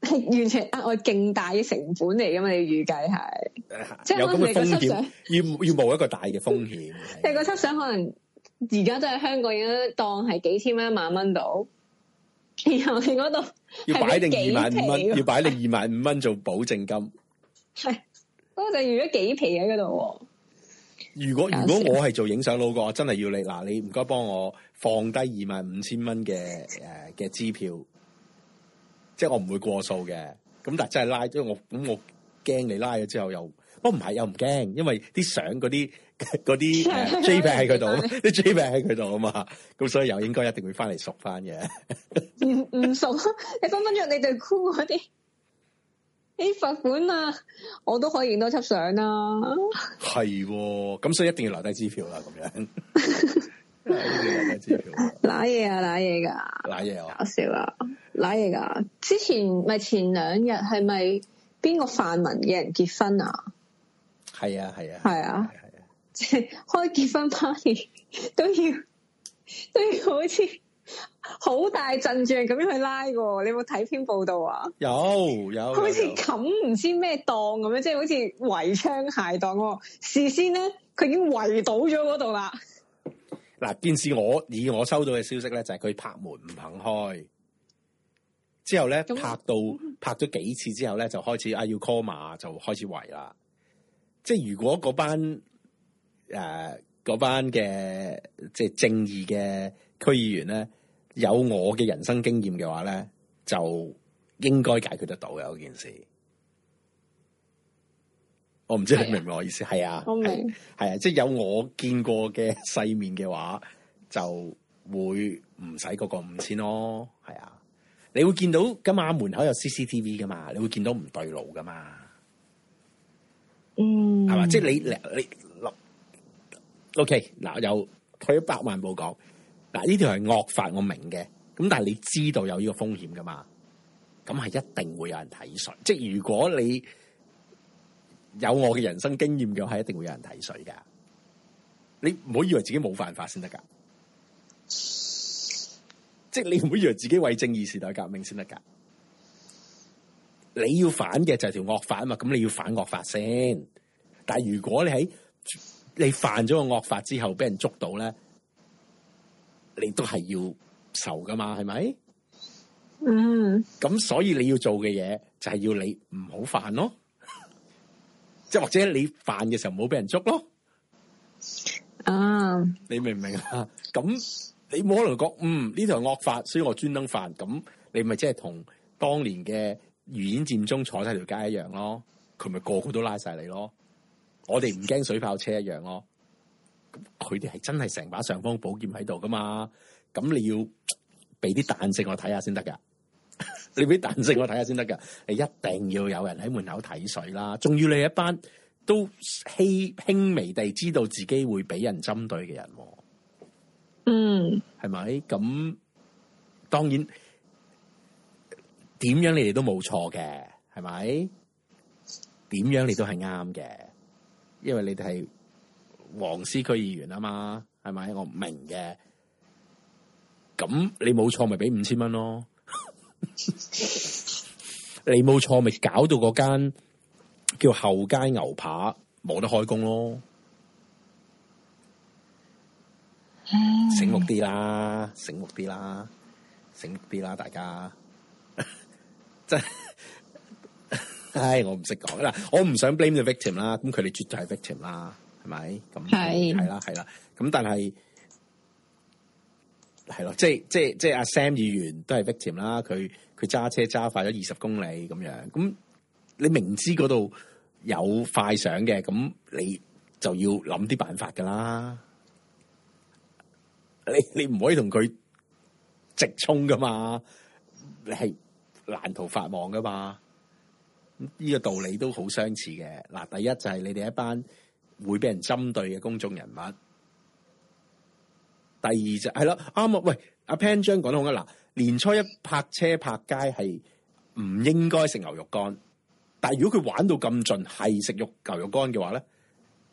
係完全額外勁大嘅成本嚟㗎嘛。你預計係？即係我哋個輯相要要冒一個大嘅風險。你個輯相可能，而家都喺香港影，當係幾千蚊、一萬蚊度。然後喺嗰度要擺定二萬五蚊， *laughs* 要擺定二萬五蚊做保證金。係， *laughs* 不過就預咗幾皮喺嗰度。如果如果我係做影相佬嘅，我真係要你嗱、 *laughs* 啊，你唔該幫我放低二萬五千蚊嘅誒嘅支票，即係我唔會過數嘅。咁但係真係拉咗我，咁我驚你拉咗之後又，哦、不唔係又唔驚，因為啲相嗰啲。嗰啲 *laughs* J 幣喺佢度，啲 J 喺佢度啊嘛，咁 *laughs* 所以又應該一定會翻嚟贖翻嘅。唔唔贖， *laughs* 你分分鐘你就 call 我啲，誒罰款啊，我都可以影多輯相啊，啊。係，咁所以一定要留低支票啦，咁樣。 *laughs* 留低支票。攋嘢啊，攋嘢噶，攋嘢啊，搞笑啊。攋嘢噶。之前咪、啊、前，前兩日係咪邊個泛民嘅人結婚啊？係啊，係啊，係啊。即係 *laughs* 開結婚 party 都要都要好似好大陣仗咁樣去拉喎。你有冇睇篇報道啊？有有，有有好似冚唔知咩檔咁樣，即係好似圍槍鞋檔、哦。事先咧，佢已經圍到咗嗰度啦。嗱，件事我以我收到嘅消息咧，就係、是、佢拍門唔肯開，之後咧這樣 拍到、嗯、拍咗幾次之後咧，就開始啊要 call 馬，就開始圍啦。即係如果嗰班。誒、嗰、呃、班嘅即係正義嘅區議員咧，有我嘅人生經驗嘅話咧，就應該解決得到嘅嗰件事。我唔知你明唔明我意思？係啊，我明。係啊，即係、啊就是、有我見過嘅世面嘅話，就會唔使嗰個五千咯。係啊，你會見到咁啊，門口有 CCTV 噶嘛？你會見到唔對路噶嘛？嗯，係嘛？即係你你。你你 O K，嗱又退一百萬步講，嗱呢條係惡法，我明嘅，咁但係你知道有呢個風險噶嘛？咁係一定會有人睇水，即係如果你有我嘅人生經驗嘅，係一定會有人睇水噶。你唔好以為自己冇犯法先得噶，即係你唔好以為自己為正義時代革命先得噶。你要反嘅就係條惡法啊嘛，咁你要反惡法先。但係如果你喺你犯咗個惡法之後，俾人捉到咧，你都係要受噶嘛？係咪？嗯。咁所以你要做嘅嘢，就係要你唔好犯咯。即 *laughs* 係或者你犯嘅時候，唔好俾人捉咯。啊。你明唔明啊？咁 *laughs* 你冇可能覺嗯呢條惡法，所以我專登犯。咁你咪即係同當年嘅預演佔中坐喺條街一樣咯。佢咪個個都拉晒你咯。我哋唔驚水炮車一樣咯，佢哋係真係成把尚方寶劍喺度噶嘛？咁你要俾啲彈性我睇下先得噶，你俾彈性我睇下先得噶，你一定要有人喺門口睇水啦。仲要你一班都輕輕微地知道自己會俾人針對嘅人，哦嗯是，嗯，係咪？咁當然，點樣你哋都冇錯嘅，係咪？點樣你都係啱嘅。因為你哋係黃絲區議員啊嘛，係咪？我唔明嘅，咁你冇錯咪俾五千蚊咯， *laughs* 你冇錯咪搞到嗰間叫後街牛扒冇得開工咯，嗯、醒目啲啦，醒目啲啦，醒目啲啦，大家 *laughs* 真。係，我唔識講啦，我唔想 blame the victim 啦，咁佢哋絕對係 victim 啦，係咪是？咁係、嗯，係啦，係啦，咁但係係咯，即係即係即係阿 Sam 議員都係 victim 啦，佢佢揸車揸快咗二十公里咁樣，咁你明知嗰度有快相嘅，咁你就要諗啲辦法噶啦，你你唔可以同佢直衝噶嘛，你係難逃法網噶嘛。呢個道理都好相似嘅。嗱，第一就係你哋一班會俾人針對嘅公眾人物。第二就係啦，啱啊，喂，阿 Pan 將講得好啊。嗱，年初一泊車泊街係唔應該食牛肉乾。但係如果佢玩到咁盡，係食肉牛肉乾嘅話咧，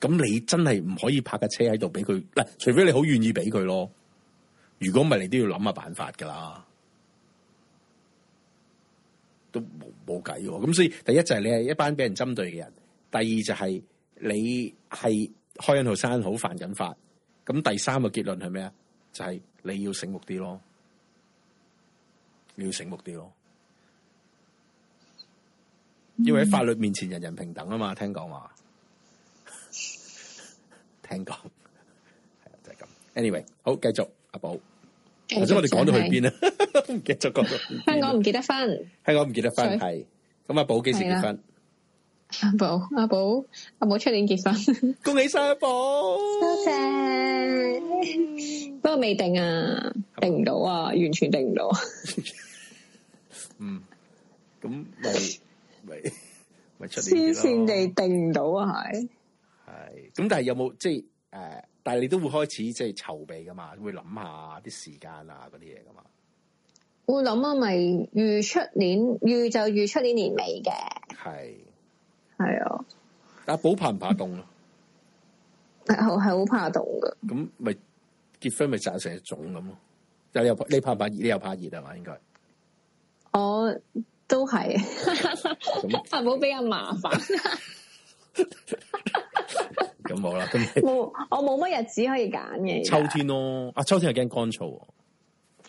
咁你真係唔可以泊架車喺度俾佢。嗱，除非你好願意俾佢咯。如果唔係，你都要諗下辦法噶啦。都冇冇計嘅，咁所以第一就係你係一班俾人針對嘅人，第二就係你係開緊後山好犯緊法，咁第三個結論係咩啊？就係你要醒目啲咯，你要醒目啲咯，因為喺法律面前人人平等啊嘛，聽講話，聽講係啊，就係咁。Anyway，好繼續阿寶。或者我哋講到去邊啊？繼續講。香港唔結得婚。香港唔結得婚，係咁啊！阿寶幾時結婚？阿寶，阿寶，阿寶出年結婚。恭喜晒阿寶，多謝。不過未定啊，定唔到啊，完全定唔到。嗯，咁咪咪咪出年啦。黐線地定唔到啊，係。係。咁但係有冇即係誒？但係你都會開始即係籌備噶嘛，會諗下啲時間啊嗰啲嘢噶嘛。會諗啊，咪預出年預就預出年年尾嘅。係係是的啊。阿寶怕唔怕凍咯？好係好怕凍噶。咁咪結婚咪紮成一種咁咯？又你怕唔怕熱？你又怕熱係嘛？應該。我都係，阿寶比較麻煩。 *laughs* *laughs* 咁冇啦，冇我冇乜日子可以揀嘅。秋天咯，啊秋天又驚乾燥啊。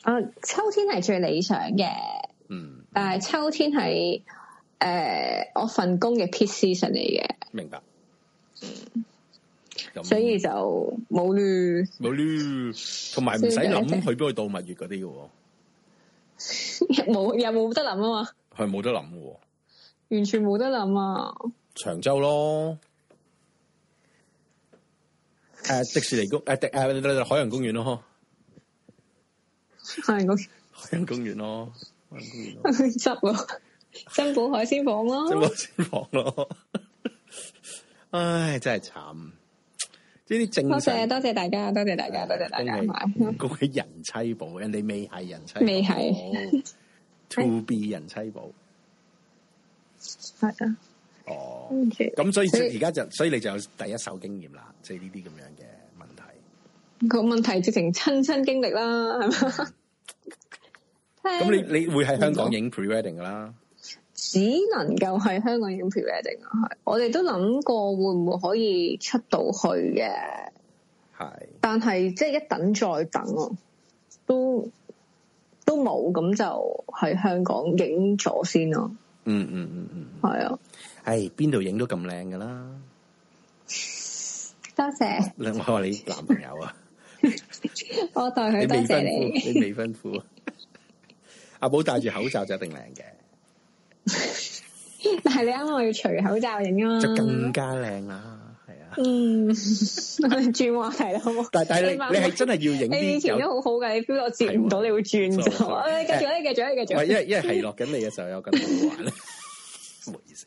啊，秋天係最理想嘅、嗯。嗯，但係、啊、秋天係誒、呃、我份工嘅 peak season 嚟嘅。明白。嗯。所以就冇慮，冇慮了，同埋唔使諗去邊度度蜜月嗰啲嘅。冇又冇得諗啊嘛。係冇得諗喎、啊，完全冇得諗啊！長洲咯。誒，迪士尼公誒，迪誒，海洋公園咯，海洋公，海洋公園咯，海洋公園囉。執咯，珍寶海鮮舫咯，珍寶海鮮舫咯，唉，真係慘，呢啲正多謝多謝大家，多謝大家，多謝大家。恭喜人妻寶，人哋未係人妻，未係，To B 人妻寶，係啊。哦，咁、嗯、所以而家就，所以，所以你就有第一手經驗啦，即係呢啲咁樣嘅問題。個問題直情親身經歷啦，係嘛？咁、嗯、 *laughs* 你你會喺香港影 pre-wedding 噶啦？只能夠喺香港影 pre-wedding 啊，係。我哋都諗過會唔會可以出到去嘅，係是。但係即係一等再等咯，都都冇，咁就喺香港影咗先咯、嗯。嗯嗯嗯嗯，係啊。係邊度影都咁靚㗎啦，多謝。我話你男朋友啊，我代佢多謝你。你未婚夫啊，阿寶戴住口罩就一定靚嘅。但係你啱啱要除口罩影啊嘛，就更加靚啦，係啊。嗯，轉話題啦，好。但但你你係真係要影？你以前都好好㗎！你 feel 我接唔到，你會轉咗。繼續，繼續，繼續。因為因為係落緊你嘅時候，有咁好玩咧！唔好意思。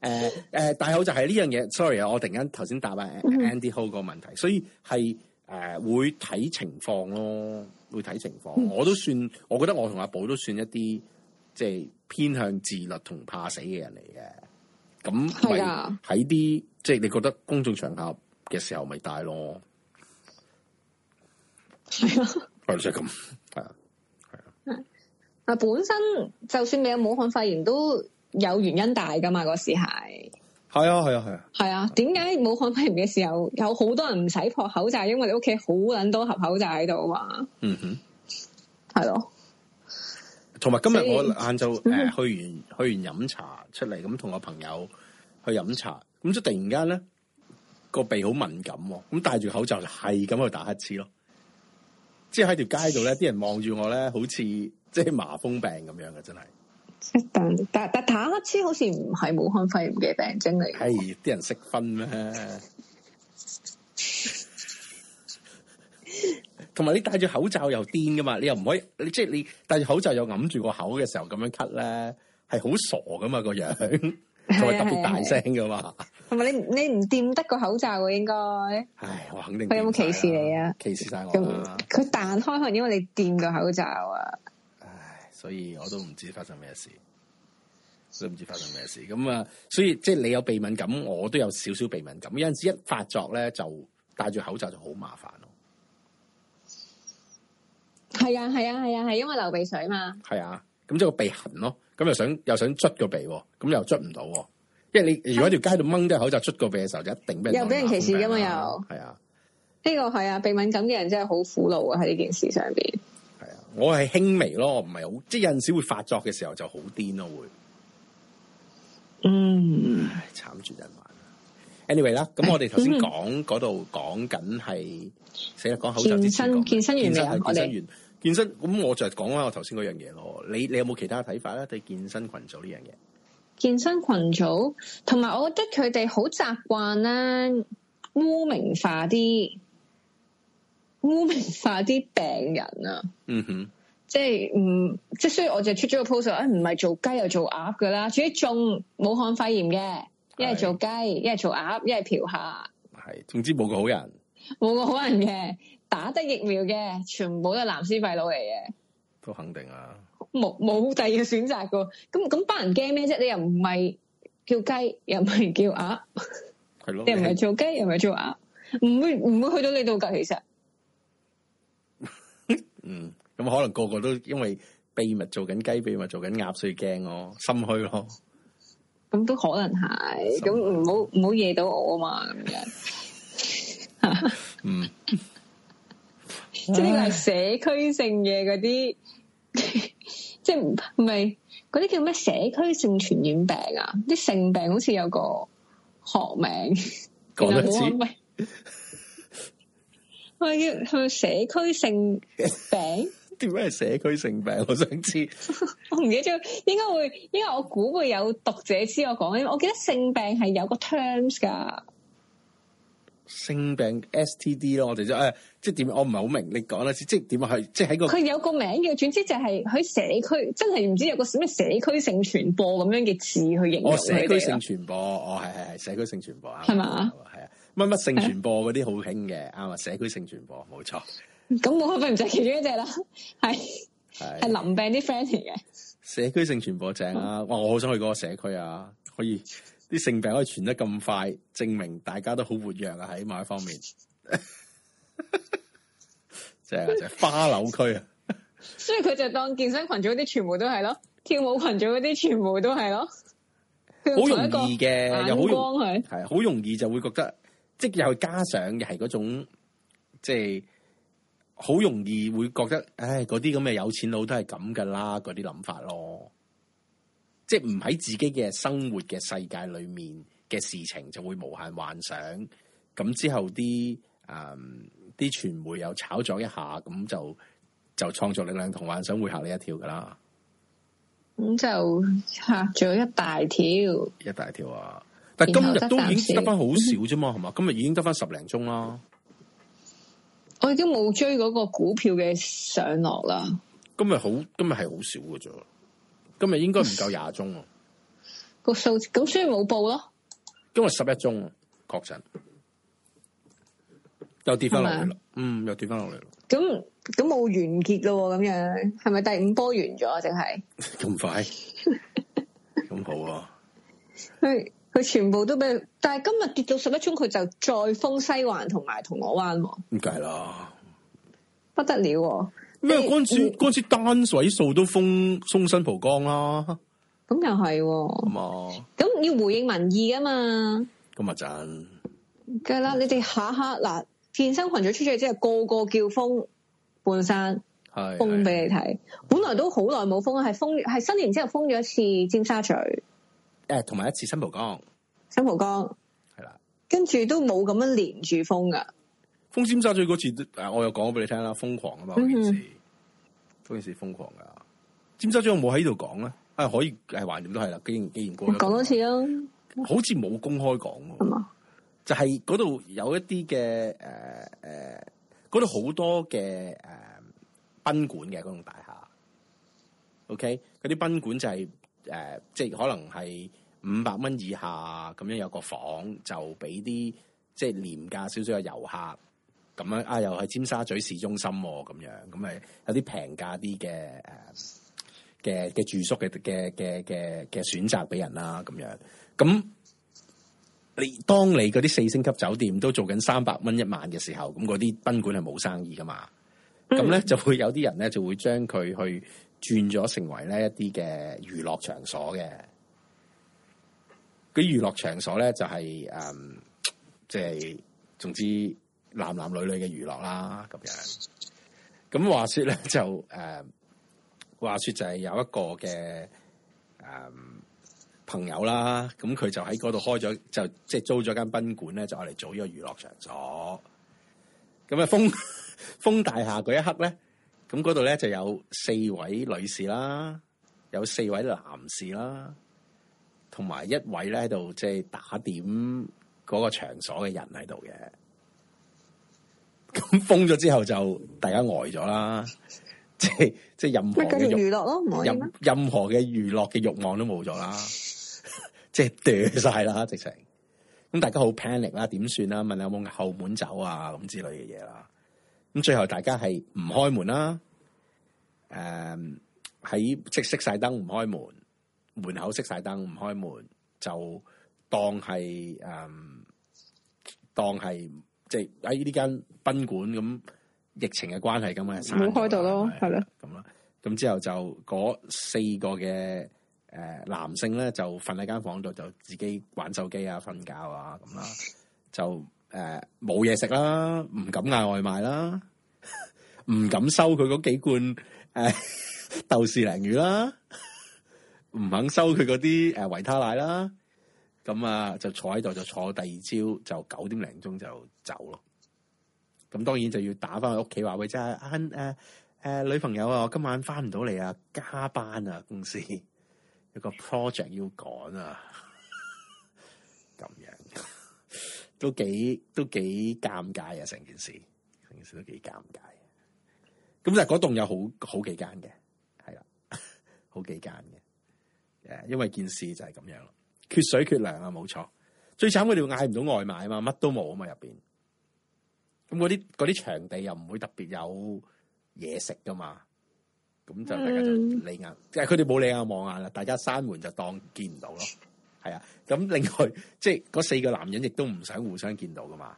誒誒，大口、呃呃、 *laughs* 就係呢樣嘢。Sorry 啊，我突然間頭先答返 Andy Ho 個問題，所以係誒、呃、會睇情況咯，會睇情況。我都算，我覺得我同阿寶都算一啲，即係偏向自律同怕死嘅人嚟嘅。咁係啊，喺啲的即係你覺得公眾場合嘅時候，咪戴咯。係咯，就係咁，係啊，係啊。啊，本身就算你有武漢肺炎都。有原因大噶嘛？嗰時係，係啊，係啊，係啊，係啊。點解武漢肺炎嘅時候，有好多人唔使撲口罩，因為你屋企好撚多盒口罩喺度嘛。嗯哼，係咯、啊。同埋今日我晏晝誒去完去完飲茶出嚟，咁同我朋友去飲茶，咁即突然間咧個鼻好敏感，咁戴住口罩係咁去打乞嗤咯。即係喺條街度咧，啲 *laughs* 人望住我咧，好似即係麻風病咁樣嘅，真係。一但但但打乞嗤，好似唔係武漢肺炎嘅病症嚟，哎，係啲人識分咩？同埋 *laughs* 你戴住口罩又癲噶嘛？你又唔可以，你即係你戴住口罩又揞住個口嘅時候咁樣咳咧，係好傻噶嘛個樣，同埋特別大聲噶嘛？同埋 *laughs* 你你唔掂得個口罩嘅，應該，唉我肯定佢有冇歧視你啊？歧視晒我。佢彈開可能因為你掂個口罩啊。所以我都唔知發生咩事，都唔知發生咩事。咁啊，所以即係、就是、你有鼻敏感，我都有少少鼻敏感。有陣時一發作咧，就戴住口罩就好麻煩咯。係啊，係啊，係啊，係因為流鼻水嘛。係啊，咁即係個鼻痕咯。咁又想又想捽個鼻，咁又捽唔到。即係你如果條街度掹咗口罩捽個鼻嘅時候，就一定俾人又俾人歧視噶嘛。又係啊，呢個係啊，鼻敏感嘅人真係好苦惱啊！喺呢件事上邊。我係輕微咯，唔係好，即係有陣時會發作嘅時候就好癲咯，會。嗯，慘絕人玩。anyway 啦、哎，咁我哋頭先講嗰度講緊係成日講口罩健身，健身員，嚟，我哋健身。咁我就係講翻我頭先嗰樣嘢咯。你你有冇其他睇法咧？對健身群組呢樣嘢？健身群組，同埋我覺得佢哋好習慣啦，污名化啲污名化啲病人啊，嗯哼，即係唔即係，所以我就出咗個 post 話，誒唔係做雞又做鴨噶啦，總之中武漢肺炎嘅，一係做雞，一係做鴨，一係嫖客，係，總之冇個好人，冇個好人嘅，打得疫苗嘅，全部都係藍絲廢老嚟嘅，都肯定啊，冇冇第二個選擇噶，咁咁班人驚咩啫？你又唔係叫雞，又唔係叫鴨，係咯的， *laughs* 你唔係做雞，又唔係做鴨，唔的會唔會去到呢度噶，其實。嗯，咁可能個個都因為秘密做緊雞，秘密做緊鴨，碎鏡驚我心虛咯。咁都可能係，咁唔好唔好惹到我啊嘛咁樣。 *laughs* 嗯，即係呢個係社區性嘅嗰啲，即係唔係嗰啲叫咩社區性傳染病啊？啲性病好似有個學名，講多次。我咪叫佢社區性病？點解係社區性病？我想知， *laughs* 我唔記得咗。應該會，因為我估會有讀者知我講，因為我記得性病係有個 terms 噶。性病 STD 咯，哎，我哋就誒，即係點？我唔係好明，你講啦，即係點啊？係即係喺個佢有個名嘅，總之就係喺社區，真係唔知有個咩社區性傳播咁樣嘅字去形容，哦。社區性傳播，哦，係係係，社區性傳播啊，係嘛嗎乜乜性傳播嗰啲好興嘅啱啊，社區性傳播冇錯，咁我咪能唔就其中一隻啦，係係淋病啲 friend 嚟嘅。社區性傳播正啊，哇！我好想去嗰個社區啊，可以啲性病可以傳得咁快，證明大家都好活躍啊，喺某一方面即啊，就 *laughs* 花柳區啊。所以佢就當健身群組嗰啲全部都係咯，跳舞群組嗰啲全部都係咯，好容易嘅，又好容易係，好容易就會覺得。即又加上嘅，係嗰種，即係好容易會覺得，唉，嗰啲咁嘅有錢佬都係咁噶啦，嗰啲諗法咯。即係唔喺自己嘅生活嘅世界裏面嘅事情，就會無限幻想。咁之後啲誒，啲、嗯、傳媒又炒作一下，咁就就創作力量同幻想會嚇你一跳噶啦。咁就嚇咗，一大條，一大條啊！但今日都已經得翻好少啫嘛，係嘛？今日已經得翻十零宗啦。我已經冇追嗰個股票嘅上落啦。今日好，今日係好少㗎啫。今日應該唔夠廿宗啊。個數字咁所以冇報咯。今日十一宗，確診又跌翻落嚟啦。是是嗯，又跌翻落嚟。咁咁冇完結咯？咁樣係咪第五波完咗？淨係咁快？咁 *laughs* 好啊！ *laughs* 佢全部都俾，但係今日跌到十一鐘，佢就再封西環同埋銅鑼灣。唔計啦？不得了、啊！咩為？嗰支嗰單位數都封松新浦江啦、啊。咁又係嘛？咁、啊、要回應民意啊嘛？今日震，梗係啦！你哋下下嗱健身群組出咗嚟之後，個個叫封半山，的封俾你睇。的本來都好耐冇封，係封係新年之後封咗一次尖沙咀，誒，同埋一次新浦江。新蒲江係啦，的跟住都冇咁樣連住封噶封尖沙咀嗰次，誒，我又講咗俾你聽啦，瘋狂啊嘛嗰件事，嗰件事瘋狂噶尖沙咀有冇喺度講咧？啊、哎，可以係橫掂都係啦，經經驗過講多次咯，好似冇公開講喎。嗎就係嗰度有一啲嘅誒誒，嗰度好多嘅誒賓館嘅嗰種大廈。OK，嗰啲賓館就係、是、誒、呃，即係可能係。五百蚊以下咁樣有個房，就俾啲即係廉價少少嘅遊客咁樣啊，又喺尖沙咀市中心咁、啊、樣，咁咪有啲平價啲嘅誒嘅嘅住宿嘅嘅嘅嘅嘅選擇俾人啦，咁樣咁你當你嗰啲四星級酒店都做緊三百蚊一晚嘅時候，咁嗰啲賓館係冇生意噶嘛，咁咧、嗯、就會有啲人咧就會將佢去轉咗成為咧一啲嘅娛樂場所嘅。嘅娛樂場所咧就係、是、誒，即、嗯、係、就是、總之男男女女嘅娛樂啦咁樣。咁話説咧就誒、嗯，話説就係有一個嘅誒、嗯、朋友啦，咁佢就喺嗰度開咗就即係、就是、租咗間賓館咧，就嚟做呢個娛樂場所。咁啊，封封大廈嗰一刻咧，咁嗰度咧就有四位女士啦，有四位男士啦。同埋一位咧喺度，即係打點嗰個場所嘅人喺度嘅。咁封咗之後就大家呆咗啦，即係即係任何嘅娛樂咯，任任何嘅娛樂嘅欲望都冇咗啦，即係斷晒啦，直情。咁大家好 panic 啦、啊，點算啦？問你有冇後門走啊？咁之類嘅嘢啦。咁最後大家係唔開門啦，誒、嗯，喺即熄晒燈唔開門。門口熄晒燈，唔開門就當係誒、嗯，當係即係喺呢間賓館，咁疫情嘅關係咁啊，唔好開到咯，係咯的，咁啦的，咁之後就嗰四個嘅誒、呃、男性咧就瞓喺間房度，就自己玩手機啊，瞓覺啊咁啦，就誒冇嘢食啦，唔、呃、敢嗌外賣啦，唔敢收佢嗰幾罐誒、呃、豆豉鯪魚啦。唔肯收佢嗰啲誒維他奶啦，咁啊就坐喺度就坐第二朝就九點零鐘就走咯。咁當然就要打翻去屋企話，喂，真係啱誒誒女朋友啊,我今晚翻唔到嚟啊，加班啊，公司有個 project 要趕啊，咁樣都幾都幾尷尬啊成件事，成件事都幾尷尬啊。咁但係嗰棟有好好幾間嘅，係啦，好幾間嘅。因為件事就係咁樣咯，缺水缺糧啊，冇錯。最慘佢哋嗌唔到外賣啊嘛，乜都冇啊嘛入邊。咁嗰啲嗰啲場地又唔會特別有嘢食噶嘛，咁就大家就你眼，即係佢哋冇你眼望眼啦。大家閂門就當見唔到咯，係啊。咁另外即係嗰四個男人亦都唔想互相見到噶嘛，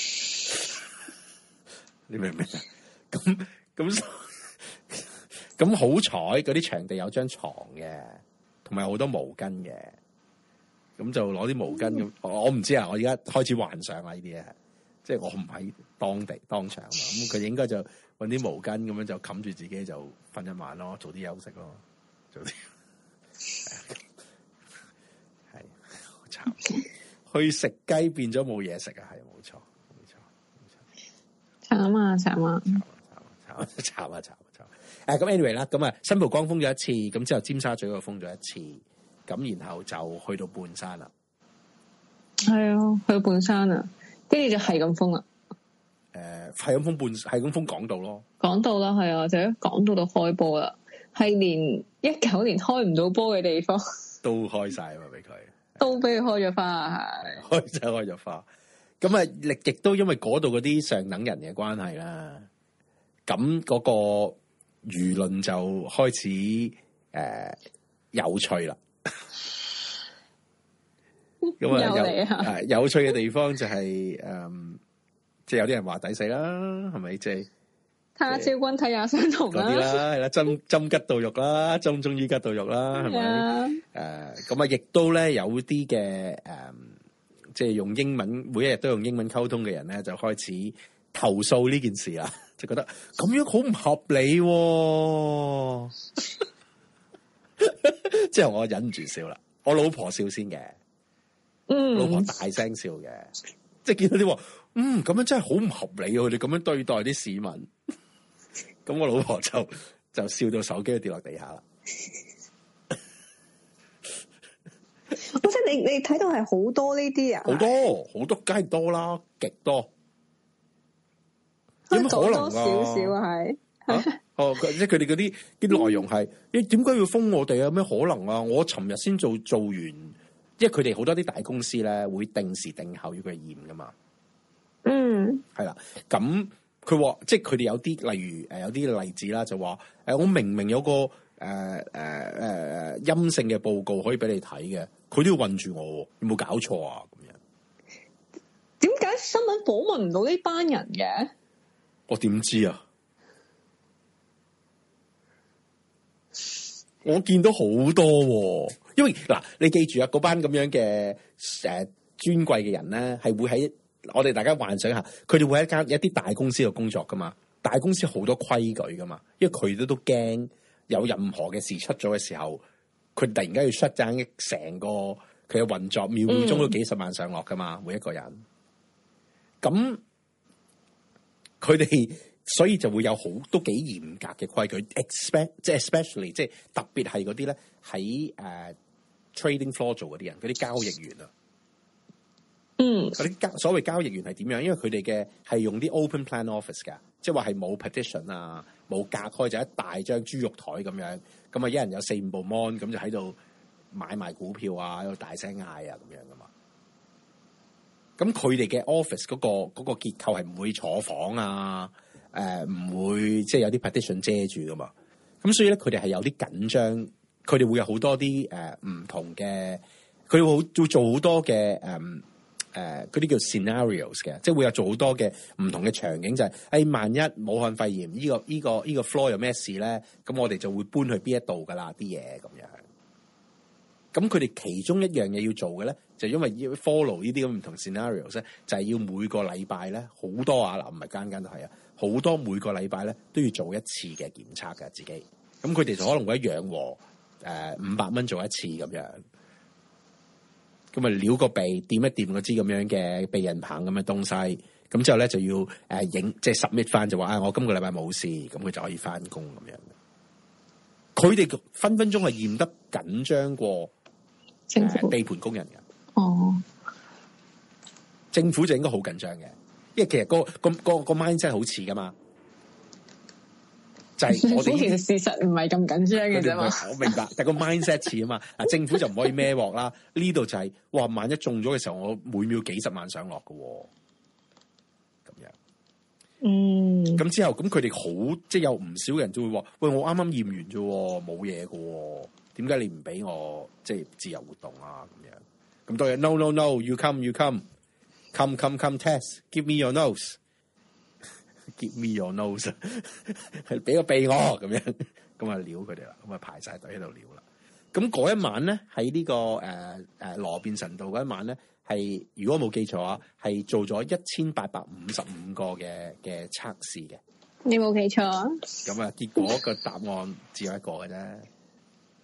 *laughs* *laughs* 你明唔明啊？咁咁咁好彩，嗰啲場地有張床嘅。.唔係好多毛巾嘅，咁就攞啲毛巾咁，我唔知啊，我而家開始幻想啊。呢啲嘢，即係我唔喺當地當場啊，咁佢應該就揾啲毛巾咁樣就冚住自己就瞓一晚咯，早啲休息咯，早啲。係， *laughs* *laughs* 好慘。Okay. 去食雞變咗冇嘢食啊，係冇錯，冇錯，冇錯，慘啊慘啊慘啊慘啊慘啊。慘啊慘啊慘啊。咁 anyway 啦，咁啊，way, 新蒲崗封咗一次，咁之後尖沙咀又封咗一次，咁然後就去到半山啦。係啊，去到半山、呃、啊，跟住就係咁封啦。誒，係咁封半，係咁封港島咯。港島啦，係啊，或者港島度開波啦，係連一九年開唔到波嘅地方都開晒啊！俾佢都俾佢開咗花,花，開真係開咗花。咁啊，亦亦都因為嗰度嗰啲上等人嘅關係啦，咁嗰、嗰個。輿論就開始誒、呃、有趣啦，咁 *laughs* 啊那有有趣嘅地方就係、是、誒，即係、 *laughs* 嗯就是、有啲人話抵死啦，係咪即係？睇下肖君，睇下相同啦，係啦，針針拮到肉啦，針中於拮到肉啦，係咪？誒 Yeah.、呃，咁啊，亦都咧有啲嘅誒，即、就、係、是、用英文，每一日都用英文溝通嘅人咧，就開始。投訴呢件事啊，就覺得咁樣好唔合理，啊，即 *laughs* 係我忍唔住笑啦。我老婆先笑先嘅，嗯，嗯，老婆大聲笑嘅，即係見到啲，嗯，咁樣真係好唔合理，佢你咁樣對待啲市民，咁 *laughs* 我老婆就就笑到手機都跌落地下啦。即係你你睇到係好多呢啲啊，好多好多梗係多啦，極多。有咩可能多少少係啊？哦，即係佢哋嗰啲啲內容係，咦點解要封我哋？有咩可能啊？我尋日先做做完，即係佢哋好多啲大公司咧，會定時定候要佢驗噶嘛？嗯，係啦。咁佢話，即係佢哋有啲，例如誒，有啲例子啦，就話誒，我明明有個誒誒誒陰性嘅報告可以俾你睇嘅，佢都要困住我，有冇搞錯啊？咁樣？點解新聞訪問唔到呢班人嘅？我點知啊？我見到好多、啊，因為嗱，你記住啊，嗰班咁樣嘅誒、呃，尊貴嘅人咧，係會喺我哋大家幻想下，佢哋會喺一間一啲大公司度工作噶嘛？大公司好多規矩噶嘛，因為佢都都驚有任何嘅事出咗嘅時候，佢突然間要 shut down 成個佢嘅運作，秒鐘都幾十萬上落噶嘛，嗯、每一個人咁。這佢哋所以就會有好都幾嚴格嘅規矩，expect 即係 especially 即係特別係啲咧喺誒 trading floor 做啲人，啲交易員啊。嗯，啲交所謂交易員係點樣？因為佢哋嘅係用啲 open plan office 㗎，即係話係冇 partition 啊，冇隔開就是、一大張豬肉台咁樣咁啊一人有四五部 mon，咁就喺度買賣股票啊，喺度大聲嗌啊咁樣噶嘛。咁佢哋嘅 office 嗰個嗰、那個、構係係唔會坐房啊，誒、呃、唔會即係有啲 partition 遮住噶嘛，咁所以咧佢哋係有啲緊張，佢哋會有好多啲誒唔同嘅，佢好會，會做好多嘅誒誒啲叫 scenarios 嘅，即係會有做好多嘅唔同嘅場景就係、是，誒、哎、萬一武漢肺炎、這個這個這個、呢個呢個呢個 floor 有咩事咧，咁我哋就會搬去邊一度噶啦啲嘢咁樣。咁佢哋其中一樣嘢要做嘅咧，就因為要 follow 呢啲咁唔同 scenarios 咧，就係要每個禮拜咧好多啊嗱，唔係間間都係啊，好多每個禮拜咧都要做一次嘅檢測㗎。自己。咁佢哋就可能會一樣喎，誒五百蚊做一次咁樣，咁啊撩個鼻掂一掂嗰支咁樣嘅鼻咽棒咁嘅東西，咁之後咧就要影即係 submit 翻就話啊，哎，我今個禮拜冇事，咁佢就可以翻工咁樣。佢哋分分鐘係驗得緊張過政府地盤工人嘅，哦，政府就應該好緊張嘅，因為其實個個個個 mindset 真係好似噶嘛，就係我哋其實事實唔係咁緊張嘅啫嘛， *laughs* 我明白， *laughs* 但係個 mindset 似啊嘛，啊 *laughs* 政府就唔可以孭鑊啦，呢度 *laughs* 就係、是，哇，萬一中咗嘅時候，我每秒幾十萬上落嘅，咁樣，嗯，咁之後，咁佢哋好，即係有唔少人都會話，喂，我啱啱驗完啫，冇嘢嘅。點解你唔俾我即係自由活動啊？咁樣，咁多人 no no no，you come you come，come come come, come, come test，give me your nose，give me your nose，係俾個鼻我咁樣咁啊 *laughs* 撩佢哋啦，咁啊排晒隊喺度撩啦。咁嗰一晚咧喺呢、這個誒誒羅便臣道嗰一晚咧，係如果冇記錯啊，係做咗一千八百五十五個嘅嘅測試嘅。你冇記錯啊？咁啊，結果個答案只有一個嘅啫。 *laughs*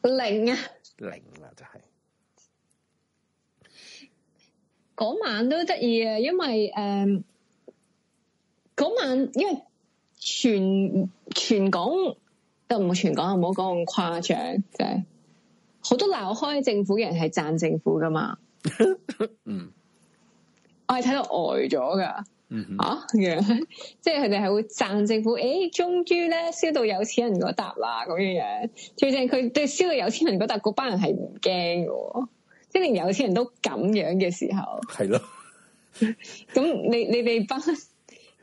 零啊，零啦就係、是、嗰晚都得意啊，因為誒嗰、嗯、晚因為全全港都唔好全港唔好講咁誇張，就係、是、好多鬧開政府嘅人係讚政府㗎嘛， *laughs* 嗯，我係睇到呆咗㗎。嗯，啊，樣，即係佢哋係會讚政府，誒、欸，終於咧燒到有錢人嗰笪啦，咁樣樣，最正佢對燒到有錢人嗰笪，嗰班人係唔驚嘅，即係連有錢人都咁樣嘅時候，係咯，咁你你哋班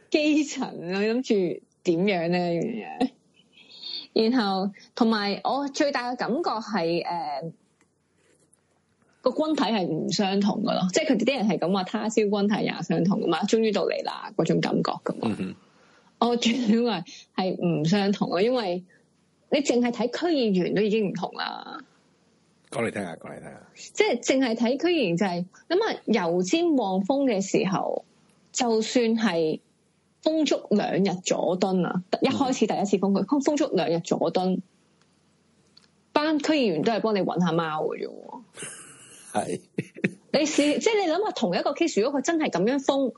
基層，你諗住點樣咧？樣，然後同埋我最大嘅感覺係誒。呃個君體，係唔相同噶咯，即係佢哋啲人係咁話，他朝君體也相同㗎嘛，終於到嚟啦，嗰種感覺咁。我認、嗯哼 oh，為係唔相同咯，因為你淨係睇區議員都已經唔同啦。講嚟聽下，講嚟聽下。即係淨係睇區議員就係咁啊，油尖旺封嘅時候，就算係封足兩日佐敦啊。一開始第一次封區，封，封足兩日佐敦，班區議員都係幫你搵下貓嘅啫。係， *laughs* 你試，即係你諗下同一個 case，如果佢真係咁樣封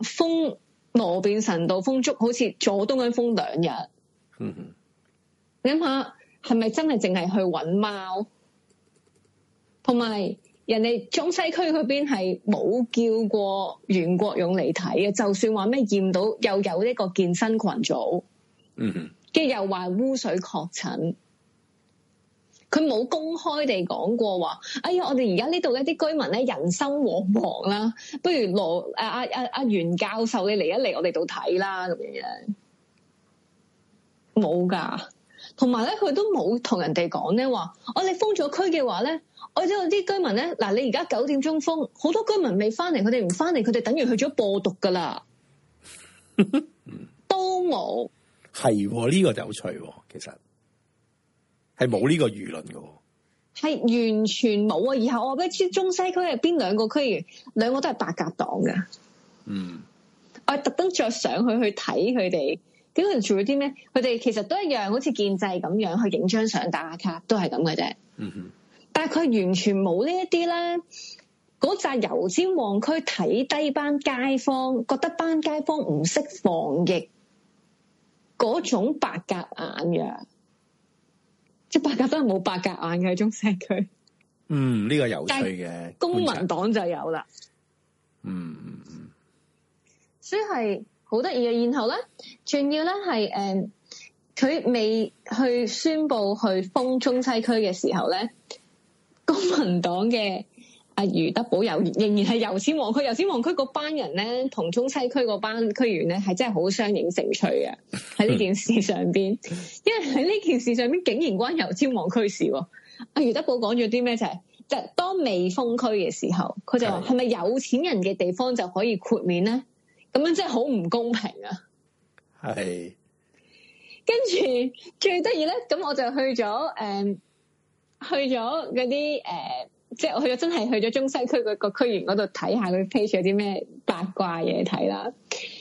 封羅便臣道封足，好似佐敦咁封兩日，你諗下係咪真係淨係去搵貓？同埋人哋中西區嗰邊係冇叫過袁國勇嚟，睇嘅，就算話咩驗到又有呢個健身群組，嗯哼，跟住又話污水確診。佢冇公開地講過話，哎呀，我哋而家呢度一啲居民咧，人心惶惶啦。不如羅誒阿阿阿袁教授你嚟一嚟我哋度睇啦咁樣嘅，冇噶。同埋咧，佢都冇同人哋講咧話，我哋封咗區嘅話咧，我哋有啲居民咧，嗱、啊、你而家九點鐘封，好多居民未翻嚟，佢哋唔翻嚟，佢哋等於去咗播毒噶啦， *laughs* 都冇有。係呢個就有趣，其實。係冇呢個輿論嘅，係完全冇啊！以後我俾出中西區係邊兩個區嘅，兩個都係白鴿黨嘅。嗯，我特登着上去去睇佢哋，點解做啲咩？佢哋其實都一樣，好似建制咁樣去影張相打下卡，都係咁嘅啫。嗯哼，但係佢完全冇呢一啲咧，嗰紮油尖旺區睇低班街坊，覺得班街坊唔識防疫嗰種白鴿眼樣。即八格都係冇八格眼嘅中西區，嗯，呢、這個有趣嘅，公民黨就有啦，嗯嗯嗯，所以係好得意嘅。然後咧，仲要咧係誒、佢、嗯、未去宣布去封中西區嘅時候咧，公民黨嘅。阿余德寶有仍然係油尖旺區，油尖旺區嗰班人咧，同中西區嗰班區員咧，係真係好相映成趣嘅喺呢件事上邊， *laughs* 因為喺呢件事上邊竟然關油尖旺區事，啊。阿余德寶講咗啲咩就係、係，就當未封區嘅時候，佢就話係咪有錢人嘅地方就可以豁免咧？咁樣真係好唔公平啊！係 *laughs* ，跟住最得意咧，咁我就去咗誒、呃，去咗嗰啲誒。呃即係我去咗，真係去咗中西區嗰個區員嗰度睇下佢 page 有啲咩八卦嘢睇啦。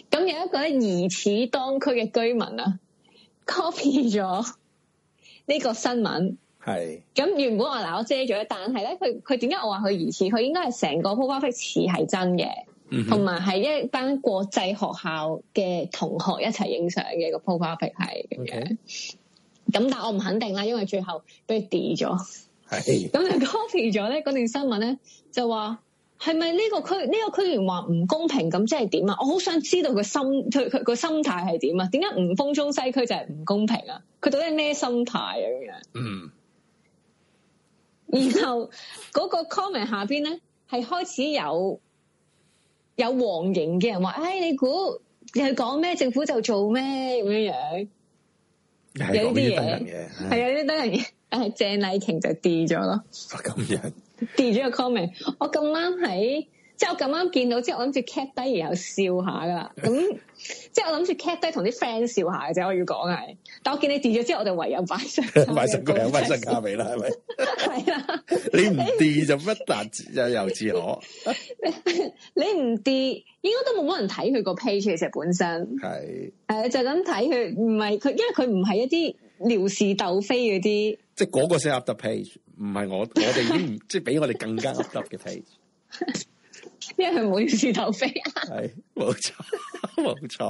咁有一個咧疑似當區嘅居民啊 copy 咗呢個新聞。係咁是原本我嗱我遮咗，但係咧佢佢點解我話佢疑似？佢應該係成個 po p 似係真嘅，同埋係一班國際學校嘅同學一齊影相嘅個 po p a p i 咁但係我唔肯定啦，因為最後俾 de 咗。咁 *noise* 就 copy 咗咧，嗰段新聞咧就話係咪呢個區呢，這個區議員話唔公平咁，即係點啊？我好想知道佢個心，佢佢個心態係點啊？點解唔封中西區就係唔公平啊？佢到底係咩心態咁樣？嗯，然後嗰個 comment 下邊咧係開始有有黃營嘅人話，哎，你估你係講咩？政府就做咩？咁樣樣有啲嘢，係啊，啲得人嘢。但係鄭麗瓊就跌咗咯，咁樣跌咗個 comment。我咁啱喺，即係我咁啱見到之後，即係我諗住 cap 低然後笑下噶啦。咁 *laughs* 即係我諗住 cap 低同啲 friend 笑下嘅啫。我要講係，但我見你跌咗之後，我就唯有擺上，擺上佢，擺上價俾啦，係咪？係啦，你唔跌 *laughs* 就乜達又又自我， *laughs* 你唔跌應該都冇乜人睇佢個 page 其實本身係，係是、呃、就咁睇佢，唔係佢，因為佢唔係一啲。撩事鬥非嗰啲，即係嗰個先 update page，唔係我我哋已經唔即係比我哋更加 update 嘅 page，因為佢冇撩事鬥非啊，係冇錯冇錯，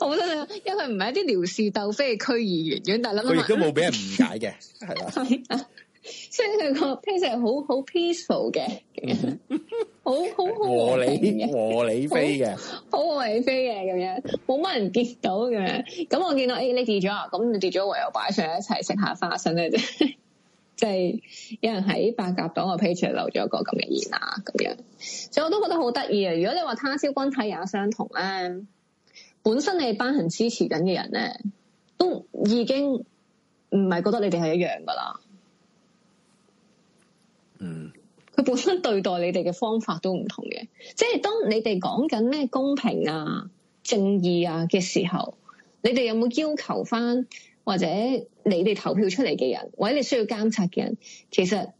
好 *laughs* *laughs* 得，因為佢唔係一啲撩事鬥非嘅區議員，但係諗佢亦都冇俾人誤解嘅，係啦， *laughs* 所以佢個 page 係好好 peaceful 嘅。 *laughs* *laughs* 好好好，和理和理非嘅，好和理非嘅咁樣，冇乜人見到嘅。咁我見到 A、欸、你跌咗，咁你跌咗唯有擺上一齊食下花生咧，即係、就是、有人喺八甲黨個 page 留咗一個咁嘅言啊，咁樣。所以我都覺得好得意啊。如果你話他燒群體也相同咧，本身你班行支持緊嘅人咧，都已經唔係覺得你哋係一樣噶啦嗯。佢本身對待你哋嘅方法都唔同嘅，即係當你哋講緊咩公平啊、正義啊嘅時候，你哋有冇要求翻，或者你哋投票出嚟嘅人或者你需要監察嘅人，其實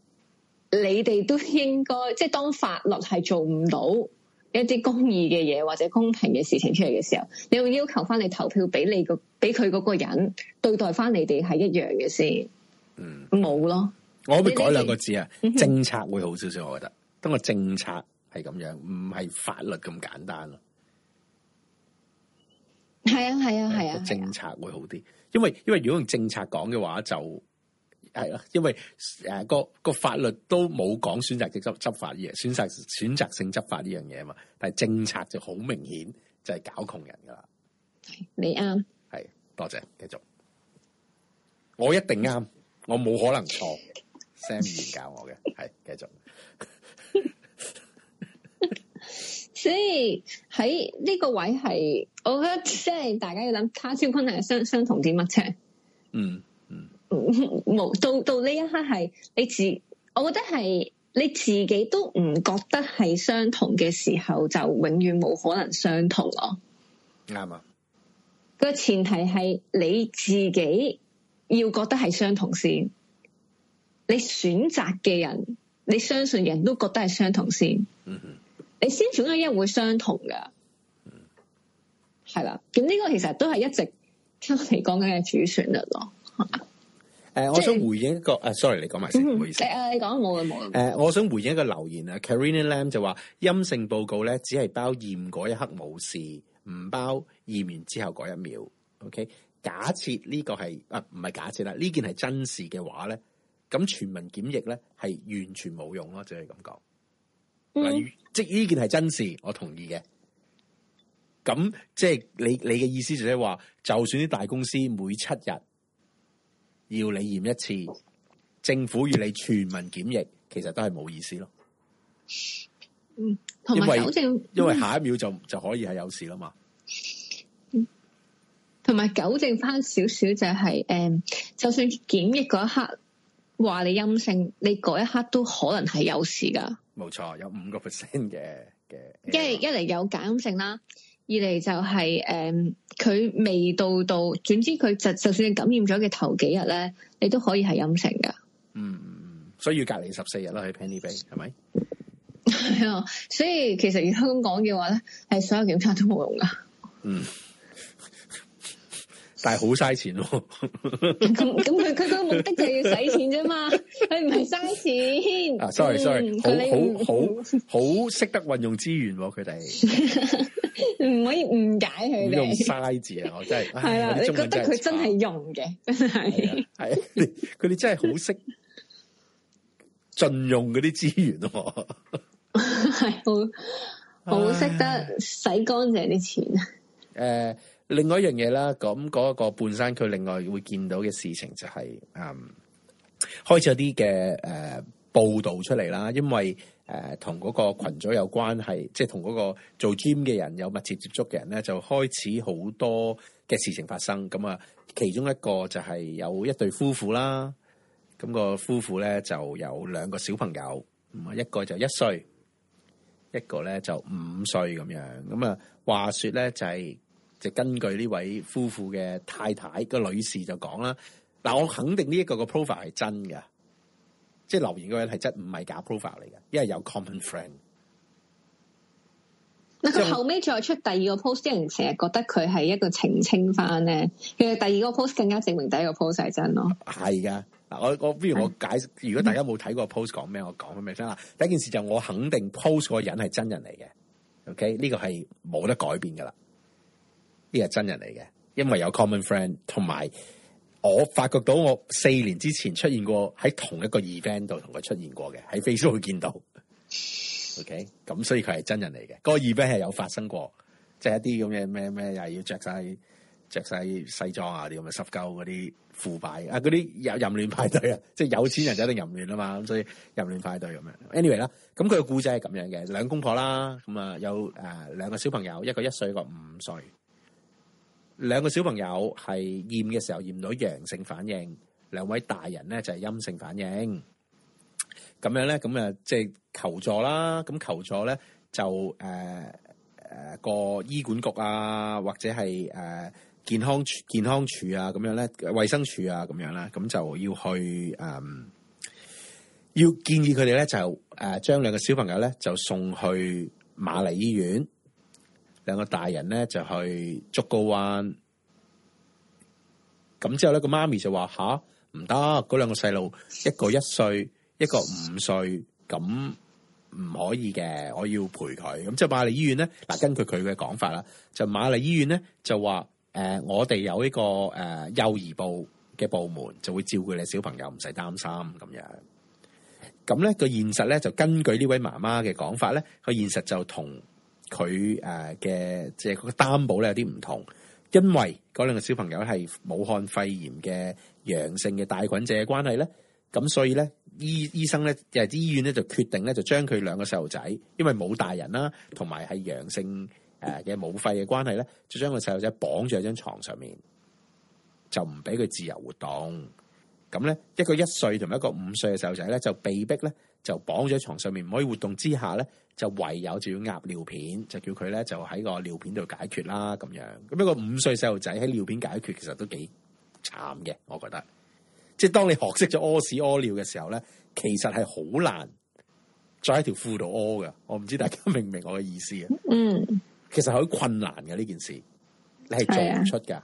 你哋都應該即係當法律係做唔到一啲公義嘅嘢，或者公平嘅事情出嚟嘅時候，你會要求翻你投票俾你個俾佢嗰個人對待翻你哋係一樣嘅先？嗯，冇咯。我可唔可以改兩個字啊，政策會好少少，我覺得，因為政策係咁樣，唔係法律咁簡單咯。係啊，係啊，係啊，啊啊政策會好啲，因為因為如果用政策講嘅話就，就係啊，因為誒、啊、個個法律都冇講選擇性執執法呢嘢，選擇選擇性執法呢樣嘢啊嘛，但係政策就好明顯就係搞窮人噶啦。你啱對，係多謝，繼續，我一定啱，我冇可能錯。Sam 教我嘅，係繼 *laughs* 續。 *laughs* 所以喺呢個位係，我覺得即係大家要諗，卡超坤係相相同啲乜啫？嗯嗯，冇到到呢一刻係，你自我覺得係你自己都唔覺得係相同嘅時候，就永遠冇可能相同咯。啱啊、嗯。個前提係你自己要覺得係相同先。你選擇嘅人，你相信的人都覺得係相同先。嗯嗯哼，你先選嘅一會相同噶？係啦、嗯，咁呢個其實都係一直聽你講緊嘅主旋律咯。誒、呃，我想回應一個誒是、啊，sorry，你講埋先，唔好意思。誒、嗯啊，你講我冇。誒、呃，我想回應一個留言啊 Karina Lam 就話陰性報告咧，只係包驗嗰一刻冇事，唔包驗完之後嗰一秒。OK，假設呢個係誒唔係假設啦，呢件係真事嘅話咧。咁全民檢疫咧，係完全冇用咯，只係咁講。嗱、嗯，即係呢件係真事，我同意嘅。咁即係你你嘅意思就係話，就算啲大公司每七日要你驗一次，政府與你全民檢疫，其實都係冇意思咯。嗯，同埋糾正因，因為下一秒就、嗯、就可以係有事啦嘛。同埋糾正翻少少就係、是，誒、嗯，就算檢疫嗰一刻。話你陰性，你嗰一刻都可能係有事噶。冇錯，有五個 percent 嘅嘅。因為一嚟一嚟有假陰性啦，二嚟就係、是、誒，佢、嗯、未到到，總之佢就就算係感染咗嘅頭幾日咧，你都可以係陰性噶。嗯，所以要隔離十四日啦，喺 Penny Bay 係咪？係啊，所以其實而家咁講嘅話咧，係所有檢測都冇用噶。嗯。但係好嘥錢喎，咁咁佢佢個目的就係要使錢啫嘛，佢唔係嘥錢。啊，sorry，sorry，好好好好識得運用資源，佢哋唔可以誤解佢，用嘥字啊，我真係係啦，你覺得佢真係用嘅，真係係佢哋真係好識盡用嗰啲資源。係好好識得使乾淨啲錢。誒。另外一樣嘢啦，咁、那、嗰個半山區，佢另外會見到嘅事情就係、是，嗯，開始有啲嘅誒報導出嚟啦。因為誒同嗰個群組有關係，即係同嗰個做 gym 嘅人有密切接觸嘅人咧，就開始好多嘅事情發生。咁、嗯、啊，其中一個就係有一對夫婦啦，咁、那個夫婦咧就有兩個小朋友，唔啊一個就一歲，一個咧就五歲咁樣。咁、嗯、啊，話説咧就係、是。就根據呢位夫婦嘅太太、個女士就講啦，嗱我肯定呢一個個 profile 係真㗎，即係留言嗰人係真唔係假 profile 嚟嘅，因為有 common friend。嗱佢後尾再出第二個 post，啲人成日覺得佢係一個澄清翻咧，其實第二個 post 更加證明第一個 post 係真咯。係噶，嗱我我不如我解釋、嗯、如果大家冇睇過 post 講咩，我講乜嘢先啦。嗯、第一件事就我肯定 post 個人係真人嚟嘅，OK 呢個係冇得改變噶啦。呢個係真人嚟嘅，因為有 common friend，同埋我發覺到我四年之前出現過喺同一個 event 度同佢出現過嘅，喺 Facebook 會見到。OK，咁所以佢係真人嚟嘅。嗰個 event 係有發生過，即係一啲咁嘅咩咩，又要着晒、着晒西裝啊啲咁嘅濕鳩嗰啲腐敗啊嗰啲淫淫亂派對啊，即係有錢人就一定淫亂啊嘛，咁所以淫亂派對咁樣。Anyway 啦，咁佢個故仔係咁樣嘅，兩公婆啦，咁啊有誒兩個小朋友，一個一歲，一個五歲。兩個小朋友係驗嘅時候驗到陽性反應，兩位大人咧就係陰性反應。咁樣咧，咁啊，即係求助啦。咁求助咧就誒誒個醫管局啊，或者係誒、呃、健康健康署啊，咁樣咧衛生署啊，咁樣啦，咁就要去誒、呃、要建議佢哋咧就誒、呃、將兩個小朋友咧就送去瑪麗醫院。兩個大人咧就去竹篙灣，咁之後咧個媽咪就話吓，唔得，嗰兩個細路一個一歲，一個五歲，咁唔可以嘅，我要陪佢。咁即係瑪麗醫院咧，嗱，根據佢嘅講法啦，就瑪麗醫院咧就話，誒、呃，我哋有呢個誒、呃、幼兒部嘅部門，就會照顧你小朋友，唔使擔心咁樣。咁咧個現實咧就根據呢位媽媽嘅講法咧，佢現實就同。佢誒嘅即係個擔保咧有啲唔同，因為嗰兩個小朋友係武漢肺炎嘅陽性嘅帶菌者嘅關係咧，咁所以咧醫醫生咧就係啲醫院咧就決定咧就將佢兩個細路仔，因為冇大人啦，同埋係陽性誒嘅冇肺嘅關係咧，就將個細路仔綁住喺張床上面，就唔俾佢自由活動。咁咧一個一歲同埋一個五歲嘅細路仔咧就被逼咧。就綁咗喺床上面唔可以活動之下咧，就唯有就要壓尿片，就叫佢咧就喺個尿片度解決啦咁樣。咁一個五歲細路仔喺尿片解決，其實都幾慘嘅，我覺得。即係當你學識咗屙屎屙尿嘅時候咧，其實係好難，再喺條褲度屙㗎。我唔知大家明唔明我嘅意思啊？嗯，其實係好困難嘅呢件事，你係做唔出噶。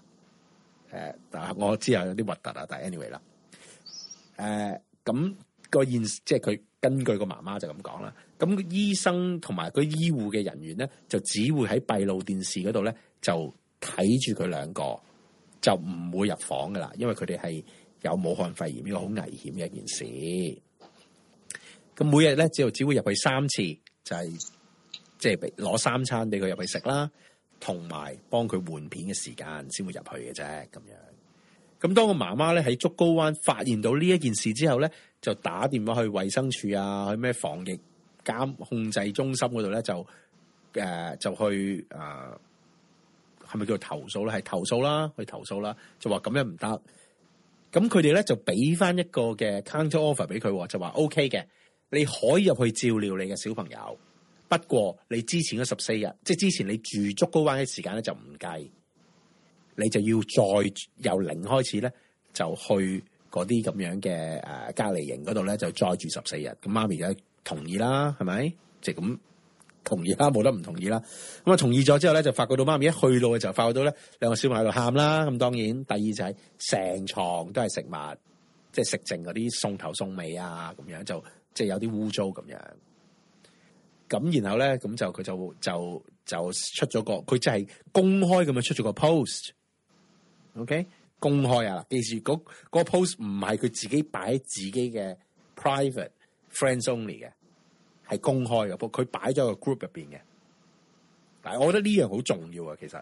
誒的、呃，但我之後有啲核突啊。但係 anyway 啦，誒、呃，咁、那個現即係佢。根據個媽媽就咁講啦，咁醫生同埋個醫護嘅人員咧，就只會喺閉路電視嗰度咧，就睇住佢兩個，就唔會入房噶啦，因為佢哋係有武漢肺炎呢個好危險嘅一件事。咁每日咧，只又只會入去三次，就係即係俾攞三餐俾佢入去食啦，同埋幫佢換片嘅時間先會入去嘅啫。咁樣，咁當個媽媽咧喺竹篙灣發現到呢一件事之後咧。就打電話去衛生署啊，去咩防疫監控制中心嗰度咧，就、呃、就去啊，係、呃、咪叫投訴咧？係投訴啦，去投訴啦，就話咁樣唔得。咁佢哋咧就俾翻一個嘅 counter offer 俾佢，就話 O K 嘅，你可以入去照料你嘅小朋友，不過你之前嗰十四日，即係之前你住足高灣嘅時間咧就唔計，你就要再由零開始咧就去。嗰啲咁樣嘅誒隔離營嗰度咧，就再住十四日。咁媽咪就同意啦，係咪？即係咁同意啦，冇得唔同意啦。咁啊，同意咗之後咧，就發覺到媽咪一去到嘅就發覺到咧，兩個小朋友喺度喊啦。咁當然，第二就係、是、成床都係食物，即係食剩嗰啲餸頭餸尾啊，咁樣就即係有啲污糟咁樣。咁、就是、然後咧，咁就佢就就就出咗個，佢即係公開咁樣出咗個 post。OK。公開啊！記住，嗰、嗰個 post 唔係佢自己擺喺自己嘅 private friends only 嘅，係公開嘅不過佢擺咗個 group 入邊嘅。但係我覺得呢樣好重要啊！其實，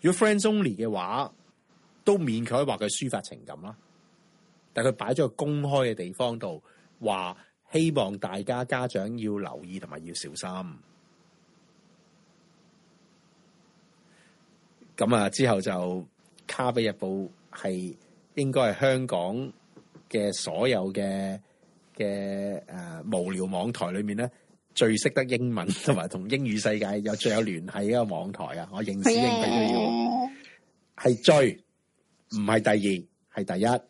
如果 friends only 嘅話，都勉強話佢抒發情感啦。但係佢擺咗個公開嘅地方度，話希望大家家長要留意同埋要小心。咁啊，之後就。卡比日報》係應該係香港嘅所有嘅嘅誒無聊網台裏面咧，最識得英文同埋同英語世界有最有聯繫嘅網台啊！ *laughs* 我認識英文都要係 *laughs* 最唔係第二係第一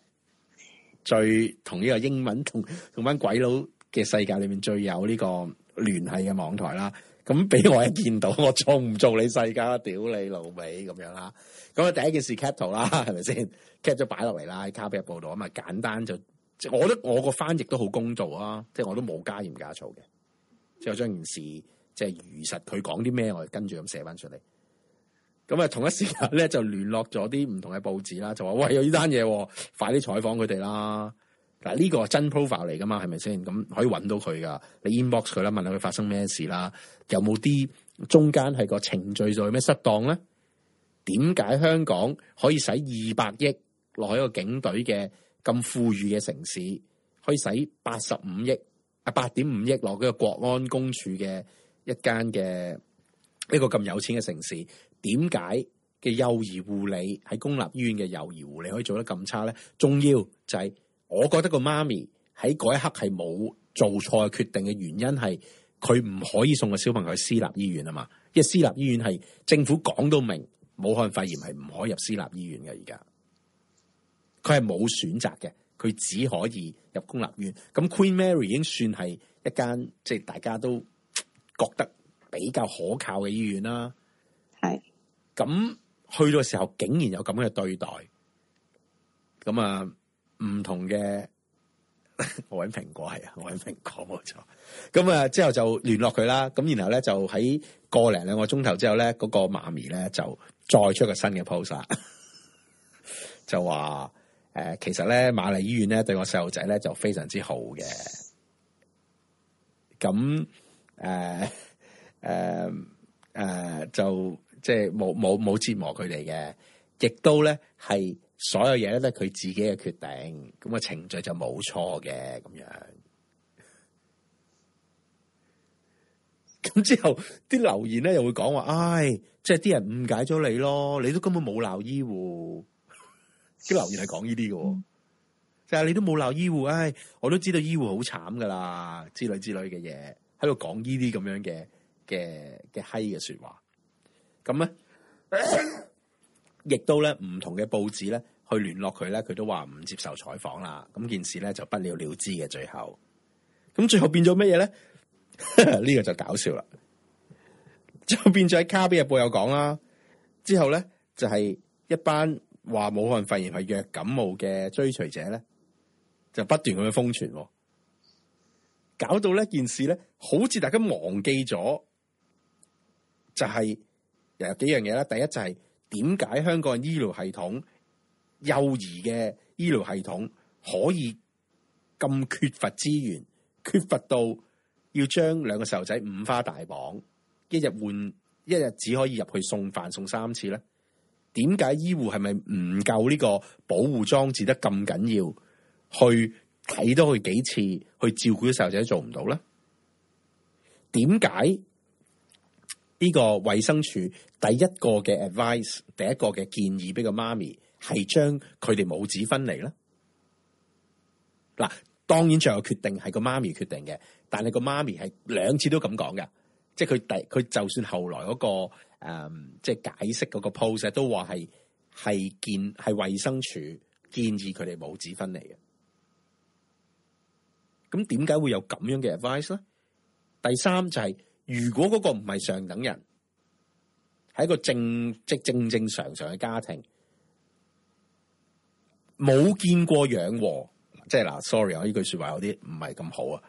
最同呢個英文同同班鬼佬嘅世界裏面最有呢個聯繫嘅網台啦。咁俾我一見到，我做唔做你世界？屌你老味咁樣啦！咁啊第一件事 cap 圖啦，係咪先？cap 咗擺落嚟啦，喺卡比日報度咁啊簡單就，即係我都我個翻譯都好公道啊，即係我都冇加鹽加醋嘅，之後將件事即係如實佢講啲咩，我跟住咁寫翻出嚟。咁啊同一時間咧就聯絡咗啲唔同嘅報紙啦，就話喂有呢單嘢，快啲採訪佢哋啦。嗱，呢個係真 profile 嚟噶嘛？係咪先咁可以揾到佢噶？你 inbox 佢啦，問下佢發生咩事啦，有冇啲中間係個程序有咩失當咧？點解香港可以使二百億落去個警隊嘅咁富裕嘅城市，可以使八十五億啊，八點五億落去個國安公署嘅一間嘅一個咁有錢嘅城市？點解嘅幼兒護理喺公立醫院嘅幼兒護理可以做得咁差咧？仲要就係、是。我覺得個媽咪喺嗰一刻係冇做錯嘅決定嘅原因係佢唔可以送個小朋友去私立醫院啊嘛，因為私立醫院係政府講到明武漢肺炎係唔可以入私立醫院嘅，而家，佢係冇選擇嘅，佢只可以入公立醫院。咁 Queen Mary 已經算係一間即係大家都覺得比較可靠嘅醫院啦。係是，咁去到時候竟然有咁樣嘅對待，咁啊！唔同嘅， *laughs* 我搵蘋果係啊，我搵蘋果冇錯。咁 *laughs* 啊，之後就聯絡佢啦。咁然後咧就喺過零兩個鐘頭之後咧，嗰、那個媽咪咧就再出個新嘅 pose 就話誒、呃，其實咧瑪麗醫院咧對我細路仔咧就非常之好嘅。咁誒誒誒，就即係冇冇冇折磨佢哋嘅，亦都咧係。所有嘢咧都係佢自己嘅決定，咁個程序就冇錯嘅咁樣。咁之後啲留言咧又會講話，唉，即係啲人誤解咗你咯，你都根本冇鬧醫護，啲 *laughs* 留言係講呢啲嘅，嗯、就係你都冇鬧醫護，唉，我都知道醫護好慘噶啦，之類之類嘅嘢，喺度講呢啲咁樣嘅嘅嘅閪嘅說話，咁咧。 *laughs* 亦都咧唔同嘅報紙咧去聯絡佢咧，佢都話唔接受採訪啦。咁件事咧就不了了之嘅。最後，咁最後變咗乜嘢咧？呢 *laughs* 個就搞笑啦，就變咗喺《卡比日報》有講啦。之後咧就係一班話武漢肺炎係弱感冒嘅追隨者咧，就不斷咁樣瘋傳，搞到呢件事咧，好似大家忘記咗，就係又有幾樣嘢啦。第一就係、是。點解香港醫療系統，幼兒嘅醫療系統可以咁缺乏資源，缺乏到要將兩個細路仔五花大綁，一日換一日只可以入去送飯送三次咧？點解醫護係咪唔夠呢個保護裝置得咁緊要，去睇多佢幾次，去照顧啲細路仔做唔到咧？點解？呢個衛生署第一個嘅 advice，第一個嘅建議俾個媽咪係將佢哋母子分離啦。嗱，當然最後決定係個媽咪決定嘅，但係個媽咪係兩次都咁講嘅，即係佢第佢就算後來嗰、嗰個誒、嗯，即係解釋嗰個 post 都話係係建係衛生署建議佢哋母子分離嘅。咁點解會有咁樣嘅 advice 咧？第三就係、是。如果嗰個唔係上等人，係一個正即正正常常嘅家庭，冇見過養和，即係嗱，sorry 啊，我呢句說話有啲唔係咁好啊，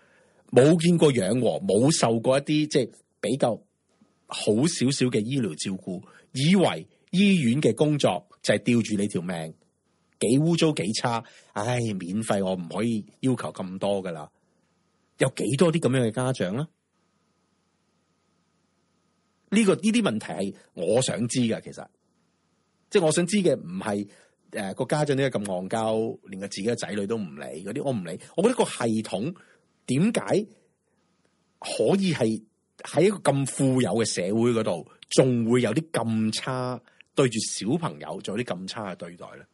冇見過養和，冇受過一啲即係比較好少少嘅醫療照顧，以為醫院嘅工作就係吊住你條命，幾污糟幾差，唉，免費我唔可以要求咁多噶啦，有幾多啲咁樣嘅家長咧？呢、這個呢啲問題係我想知嘅，其實即係我想知嘅唔係誒個家長呢個咁戇鳩，連個自己嘅仔女都唔理嗰啲，那些我唔理。我覺得這個系統點解可以係喺一個咁富有嘅社會嗰度，仲會有啲咁差對住小朋友做啲咁差嘅對待咧？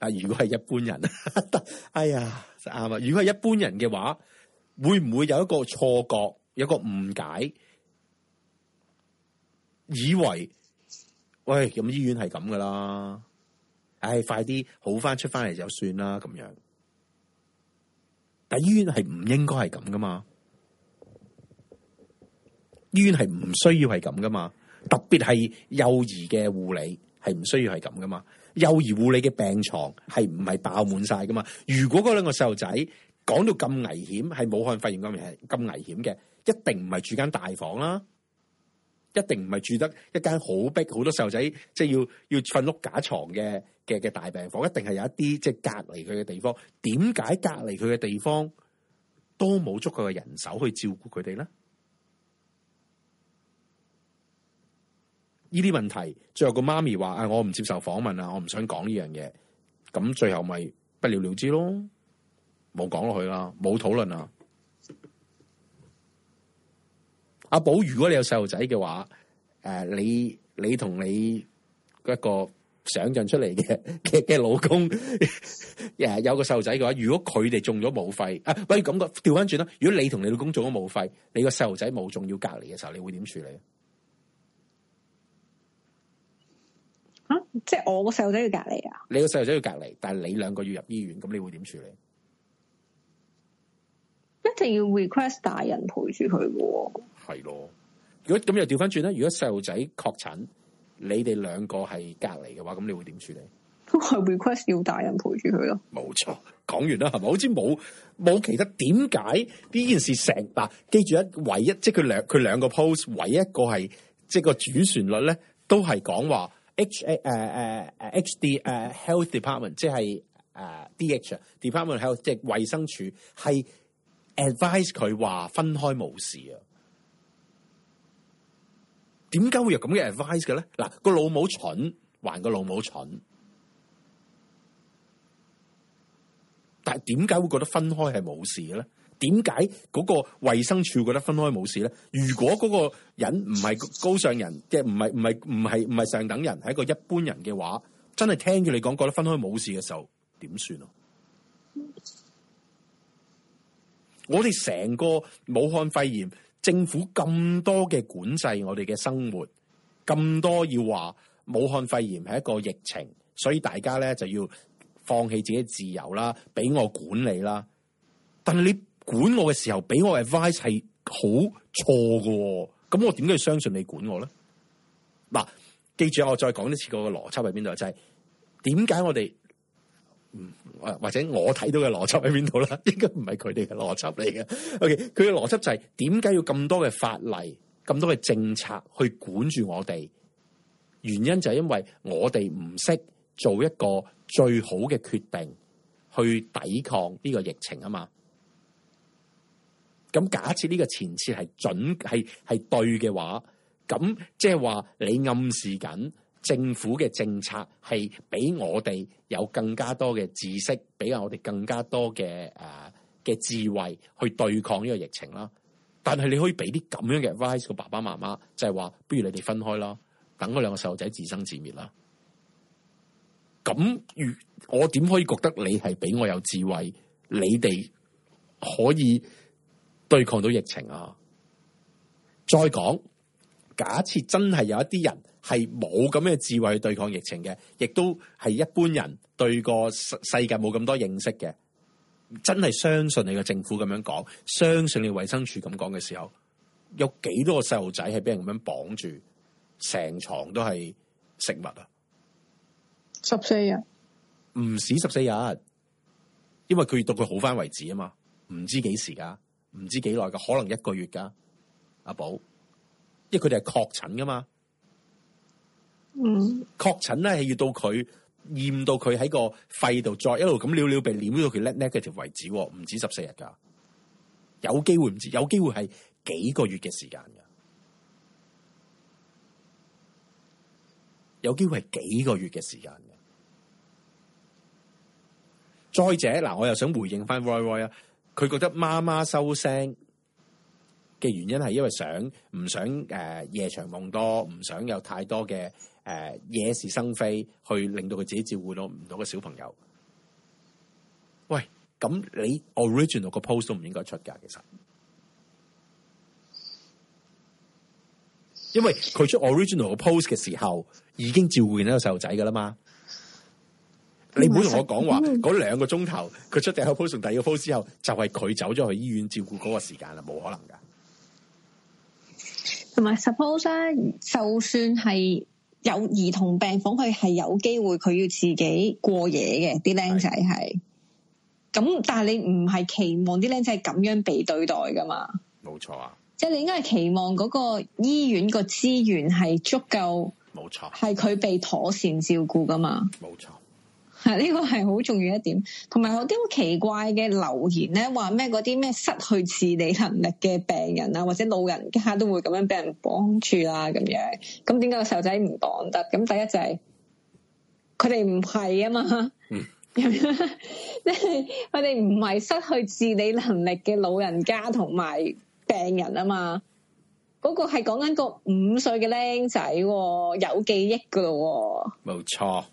但如果係一般人， *laughs* 哎呀，啱啊！如果係一般人嘅話，會唔會有一個錯覺？有個誤解，以為喂，咁醫院係咁噶啦，唉，快啲好翻出翻嚟，就算啦。咁樣，但係醫院係唔應該係咁噶嘛？醫院係唔需要係咁噶嘛？特別係幼兒嘅護理係唔需要係咁噶嘛？幼兒護理嘅病床係唔係爆滿晒噶嘛？如果嗰兩個細路仔講到咁危險，係武漢肺炎方面係咁危險嘅。一定唔係住間大房啦，一定唔係住得一間好逼，好多細路仔即係要要瞓碌架床嘅嘅嘅大病房，一定係有一啲即係隔離佢嘅地方。點解隔離佢嘅地方都冇足夠嘅人手去照顧佢哋咧？呢啲問題最後個媽咪話：，啊、哎，我唔接受訪問啊，我唔想講呢樣嘢。咁最後咪不了了之咯，冇講落去啦，冇討論啊。阿寶，如果你有細路仔嘅話，誒、呃，你你同你一個想象出嚟嘅嘅老公，誒， *laughs* 有個細路仔嘅話，如果佢哋中咗武肺，啊，喂，咁個調翻轉掉返轉啦，如果你同你老公中咗武肺，你個細路仔冇中要隔離嘅時候，你會點處理？啊，即係我個細路仔要隔離啊？你個細路仔要隔離，但係你兩個要入醫院，咁你會點處理？一定要 request 大人陪住佢嘅。係咯，如果咁又調翻轉咧？如果細路仔確診，你哋兩個係隔離嘅話，咁你會點處理？都係 request 要大人陪住佢咯。冇錯，講完啦，係咪？好似冇冇其他？點解呢件事成嗱？記住一唯一，即係佢兩佢兩個 pose 唯一一個係即係個主旋律咧，都係講話 H A 誒誒誒 H D 誒 Health Department，即係誒 D H Department Health，即係衛生署係 advise 佢話分開冇事啊。點解會有咁嘅 advice 嘅咧？嗱、那，個老母蠢，還個老母蠢。但係點解會覺得分開係冇事嘅咧？點解嗰個衛生署覺得分開冇事咧？如果嗰個人唔係高尚人，即係唔係唔係唔係唔係上等人，係一個一般人嘅話，真係聽住你講覺得分開冇事嘅時候，點算啊？我哋成個武漢肺炎。政府咁多嘅管制，我哋嘅生活咁多要話武漢肺炎係一個疫情，所以大家咧就要放棄自己自由啦，俾我管理啦。但係你管我嘅時候，俾我嘅 advice 係好錯噶，咁我點解要相信你管我咧？嗱，記住我再講一次個邏輯喺邊度，就係點解我哋嗯。或者我睇到嘅邏輯喺邊度啦？應該唔係佢哋嘅邏輯嚟嘅。O.K. 佢嘅邏輯就係點解要咁多嘅法例，咁多嘅政策去管住我哋？原因就係因為我哋唔識做一個最好嘅決定去抵抗呢個疫情啊嘛。咁假設呢個前設係準係係對嘅話，咁即係話你暗示緊。政府嘅政策係俾我哋有更加多嘅知識，俾我哋更加多嘅誒嘅智慧去對抗呢個疫情啦。但係你可以俾啲咁樣嘅 advice 俾爸爸媽媽，就係話不如你哋分開啦，等嗰兩個細路仔自生自滅啦。咁如我點可以覺得你係俾我有智慧？你哋可以對抗到疫情啊？再講。假設真係有一啲人係冇咁嘅智慧去對抗疫情嘅，亦都係一般人對個世，世界冇咁多認識嘅，真係相信你嘅政府咁樣講，相信你衛生署咁講嘅時候，有幾多個細路仔係俾人咁樣綁住，成床都係食物啊！十四日？唔止十四日，因為佢要到佢好返為止啊嘛，唔知幾時噶，唔知幾耐噶，可能一個月噶，阿寶。因為佢哋係確診噶嘛，嗯，確診咧係要到佢驗到佢喺個肺度再一路咁撩撩鼻，撩到佢叻叻嘅條為止，唔止十四日噶，有機會唔止，有機會係幾個月嘅時間噶，有機會係幾個月嘅時間嘅。再者，嗱，我又想回應翻 Roy 啊，佢覺得媽媽收聲。嘅原因係因為想唔想誒、呃、夜長夢多，唔想有太多嘅誒惹是生非，去令到佢自己照顧到唔到個小朋友。喂，咁你 original 個 post 都唔應該出噶其實，因為佢出 original 個 post 嘅時候，已經照顧完一個細路仔噶啦嘛。你唔好同我講話，嗰兩個鐘頭佢出第一個 post 同第二個 post 之後，就係佢走咗去醫院照顧嗰個時間啦，冇可能噶。同埋，suppose 咧，就算係有兒童病房，佢係有機會佢要自己過夜嘅，啲僆仔係。咁是，但係你唔係期望啲僆仔係咁樣被對待噶嘛？冇錯啊！即係你應該係期望嗰個醫院個資源係足夠，冇錯，係佢被妥善照顧噶嘛？冇錯。係呢個係好重要的一點，同埋有啲好奇怪嘅留言咧，話咩嗰啲咩失去自理能力嘅病人啊，或者老人家都會咁樣俾人綁住啦，咁樣咁點解個細路仔唔綁得？咁第一就係佢哋唔係啊嘛，即係佢哋唔係失去自理能力嘅老人家同埋病人啊嘛，嗰、嗰個係講緊個五歲嘅僆仔，有記憶噶咯、哦，冇錯。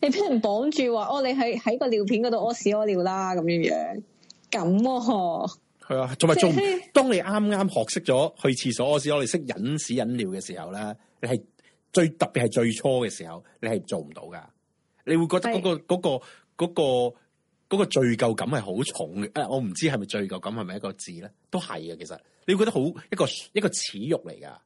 你俾人綁住話，哦，你係喺個尿片嗰度屙屎屙尿啦，咁樣樣，咁係啊，仲係做唔？當你啱啱學識咗去廁所屙屎我哋，識忍屎忍尿嘅時候咧，你係最特別係最初嘅時候，你係做唔到噶。你會覺得嗰、嗰個是、嗰個、嗰個、嗰個罪疚感係好重嘅。誒、呃，我唔知係咪罪疚感係咪一個字咧，都係嘅。其實你會覺得好一個一個恥辱嚟噶。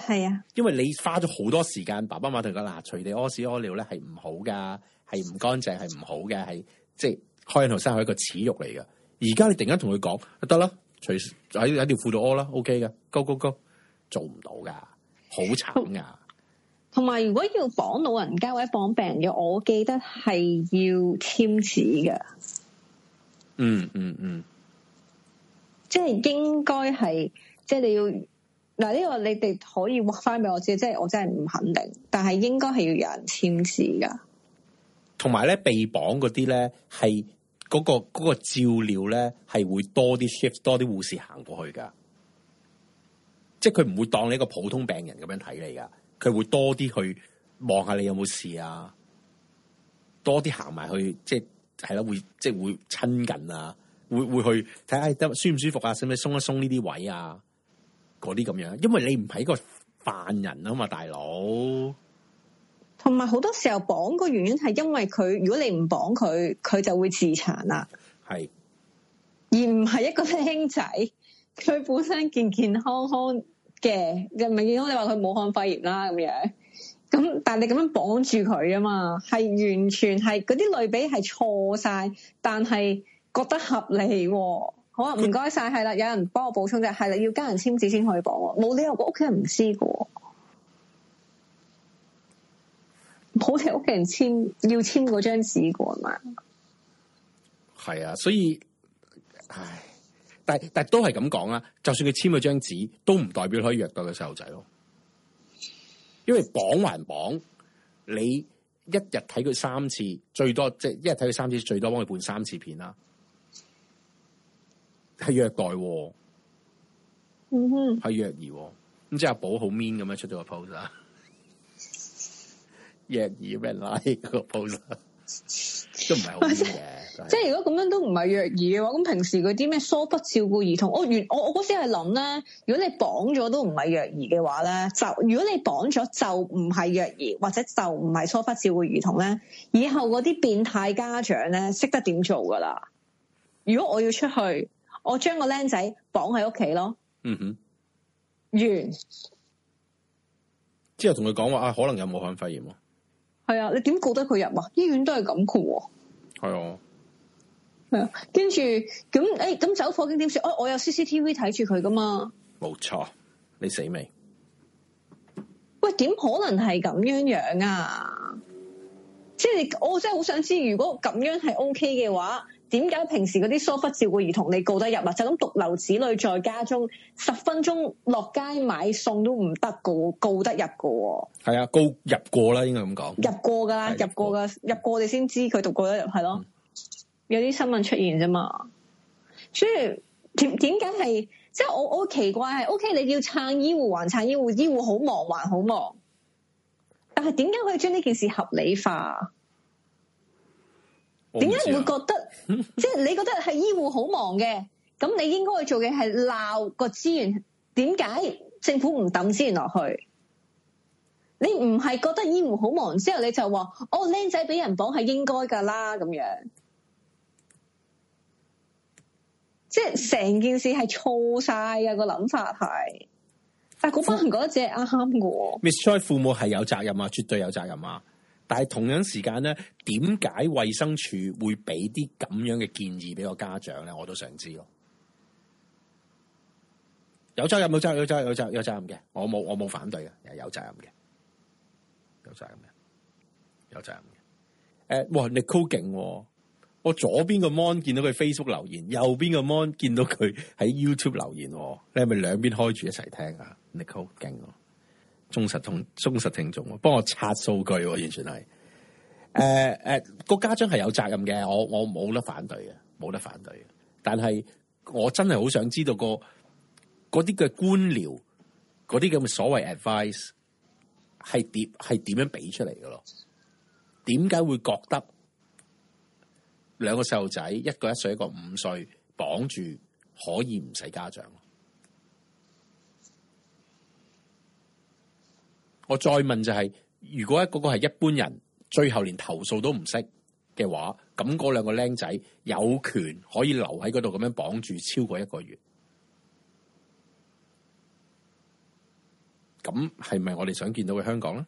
係啊，因為你花咗好多時間，爸爸媽媽講嗱，隨地屙屎屙尿咧係唔好噶，係唔乾淨，係唔好嘅，係即係開頭生係一個恥辱嚟噶。而家你突然間同佢講得啦，隨喺喺條褲度屙啦，OK 噶，go go go，做唔到噶，好慘噶。同埋，如果要綁老人家或者綁病人嘅，我記得係要簽紙噶。嗯嗯嗯，即係應該係，即係你要。嗱，呢個你哋可以話翻俾我知，即係我真係唔肯定，但係應該係要有人簽字噶。同埋咧，被綁嗰啲咧，係嗰、嗰個、嗰個照料咧，係會多啲 shift，多啲護士行過去噶。即係佢唔會當你一個普通病人咁樣睇你噶，佢會多啲去望下你有冇事啊，多啲行埋去，即係係咯，會即係會親近啊，會會去睇下得舒唔舒服啊，使唔使鬆一鬆呢啲位啊。嗰啲咁樣，因為你唔係一個犯人啊嘛，大佬。同埋好多時候綁個原因係因為佢，如果你唔綁佢，佢就會自殘啦。係是，而唔係一個靚仔，佢本身健健康康嘅，明未？見到你話佢武漢肺炎啦咁樣。咁但係你咁樣綁住佢啊嘛，係完全係嗰啲類比係錯晒，但係覺得合理，哦。好啊，唔該晒，係啦，有人幫我補充啫，係啦，要家人簽字先可以綁，冇理由個屋企人唔知噶好似屋企人簽要簽嗰張紙噶嘛，係啊，所以，唉，但係但係都係咁講啦，就算佢簽咗張紙，都唔代表可以虐待個細路仔咯，因為綁還綁，你一日睇佢三次，最多即係一日睇佢三次，最多幫佢換三次片啦。係虐待喎、嗯哼，係虐兒，咁即係阿寶好 mean 咁樣出咗個 pose，虐兒咩？拉個 pose 都唔係好嘅，即係如果咁樣都唔係虐兒嘅話，咁平時嗰啲咩疏忽照顧兒童，我原我我嗰時係諗咧，如果你綁咗都唔係虐兒嘅話咧，就如果你綁咗就唔係虐兒或者就唔係疏忽照顧兒童咧，以後嗰啲變態家長咧識得點做噶啦，如果我要出去。我將個僆仔綁喺屋企咯，嗯哼，完之後同佢講話啊，可能有武漢肺炎，係啊，你點覺得佢入啊？醫院都係咁嘅，係啊，係啊，跟住咁誒，咁、欸、走火警點算？哦、哎，我有 CCTV 睇住佢噶嘛，冇錯，你死未？喂，點可能係咁樣樣啊？即、就、係、是、我真係好想知，如果咁樣係 OK 嘅話。點解平時嗰啲疏忽照顧兒童，你告得入啊？就咁獨留子女在家中，十分鐘落街買餸都唔得，告告得入嘅？係啊，告入過啦，應該咁講，入過噶啦，是入過噶，入過，入過你先知佢讀過得入，係咯，嗯、有啲新聞出現啫嘛。所以點點解係？即係我我奇怪係，O K，你要撐醫護還撐醫護，醫護好忙還好忙，但係點解可以將呢件事合理化？點解、你、會覺得，即係 *laughs* 你覺得係醫護好忙嘅，咁你應該做嘅係鬧個資源，點解政府唔抌資源落去？你唔係覺得醫護好忙之後，你就話哦，僆仔俾人綁係應該噶啦，咁樣，即係成件事係錯晒呀個諗法係，但係嗰班人覺得自己啱啱嘅。呃、Miss Joy 父母係有責任啊，絕對有責任啊。但係同樣時間咧，點解衛生署會俾啲咁樣嘅建議俾我家長咧？我都想知咯。有責任冇責有責任有責任有責任嘅，我冇我冇反對嘅，有責任嘅，有責任嘅，有責任嘅。誒、呃，哇！Nicole 勁喎，我左邊個 mon 見到佢 Facebook 留言，右邊個 mon 見到佢喺 YouTube 留言，哦，你係咪兩邊開住一齊聽啊？Nicole 勁喎！忠實同忠實聽眾，幫我刷數據，完全係誒誒，個、呃呃、家長係有責任嘅，我我冇得反對嘅，冇得反對嘅。但係我真係好想知道個啲嘅官僚，啲咁嘅所謂 advice 係點係點樣俾出嚟嘅咯？點解會覺得兩個細路仔一個一歲一個五歲綁住可以唔使家長？我再問就係、是，如果一個個係一般人，最後連投訴都唔識嘅話，咁嗰兩個僆仔有權可以留喺嗰度咁樣綁住超過一個月，咁係咪我哋想見到嘅香港咧？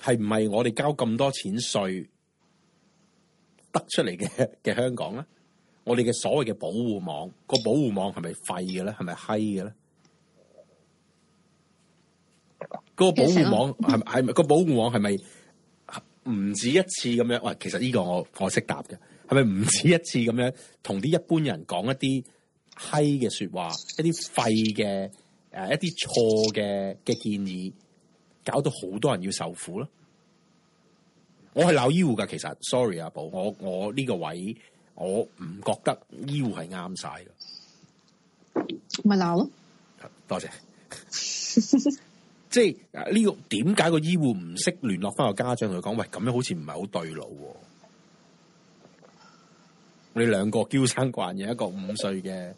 係唔係我哋交咁多錢稅得出嚟嘅嘅香港咧？我哋嘅所謂嘅保護網，個保護網係咪廢嘅咧？係咪閪嘅咧？個保護網係係咪個保護網係咪唔止一次咁樣？喂，其實呢個我我識答嘅，係咪唔止一次咁樣同啲一般人講一啲閪嘅說話，一啲廢嘅誒，一啲錯嘅嘅建議，搞到好多人要受苦咯。我係鬧醫護噶，其實 sorry 阿寶，我我呢個位我唔覺得醫護係啱晒噶，咪鬧咯，多謝。 *laughs* 即係呢個點解個醫護唔識聯絡翻個家長同佢講？喂，咁樣好似唔係好對路、啊。你兩個嬌生慣養，一個五歲嘅，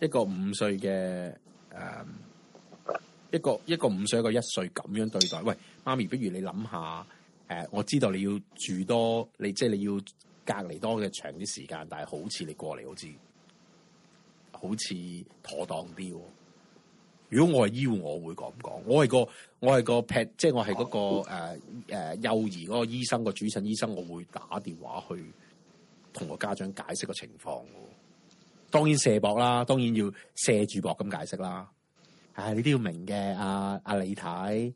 一個五歲嘅，誒、嗯，一個一個五歲一個一歲咁樣對待。喂，媽咪，不如你諗下，誒、呃，我知道你要住多，你即係、就是、你要隔離多嘅長啲時間，但係好似你過嚟好似好似妥當啲、啊。如果我係醫護，我會講唔講？我係個我係個 pet，即係我係嗰、那個誒誒、啊呃呃、幼兒嗰個醫生、那個主診醫生，我會打電話去同個家長解釋個情況。當然卸膊啦，當然要卸住膊咁解釋啦、啊。係你都要明嘅，阿、啊、阿、啊、李太，誒、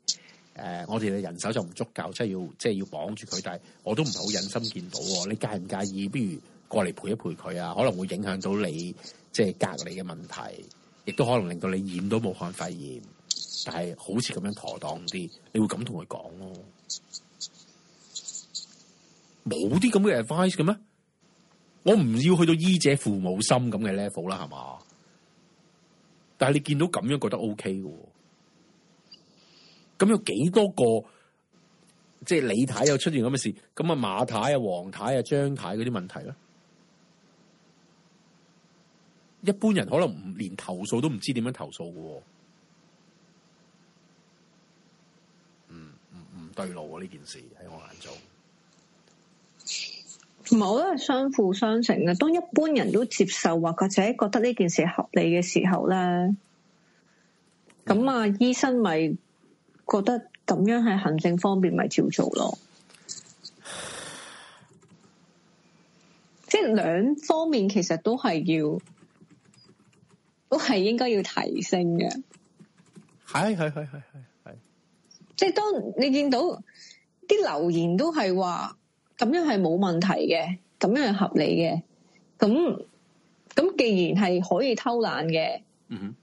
啊，我哋嘅人手就唔足夠，即、就、係、是、要即係、就是、要綁住佢，但係我都唔係好忍心見到。你介唔介意？不如過嚟陪一陪佢啊？可能會影響到你即係、就是、隔離嘅問題。亦都可能令到你染到武漢肺炎，但係好似咁樣妥當啲，你會咁同佢講咯？冇啲咁嘅 advice 嘅咩？我唔要去到醫者父母心咁嘅 level 啦，係嘛？但係你見到咁樣覺得 OK 嘅，咁有幾多個？即係李太又出現咁嘅事，咁啊馬太啊、黃太啊、張太嗰啲問題咧？一般人可能唔連投訴都唔知點樣投訴嘅，嗯，唔唔對路啊！呢件事喺我眼中，唔係，我都係相輔相成嘅。當一般人都接受或者覺得呢件事合理嘅時候咧，咁啊，醫生咪覺得咁樣係行政方面咪照做咯。嗯、即係兩方面，其實都係要。都係應該要提升嘅，係係係係係係，是是是即係當你見到啲留言都係話咁樣係冇問題嘅，咁樣係合理嘅，咁咁既然係可以偷懶嘅，嗯哼，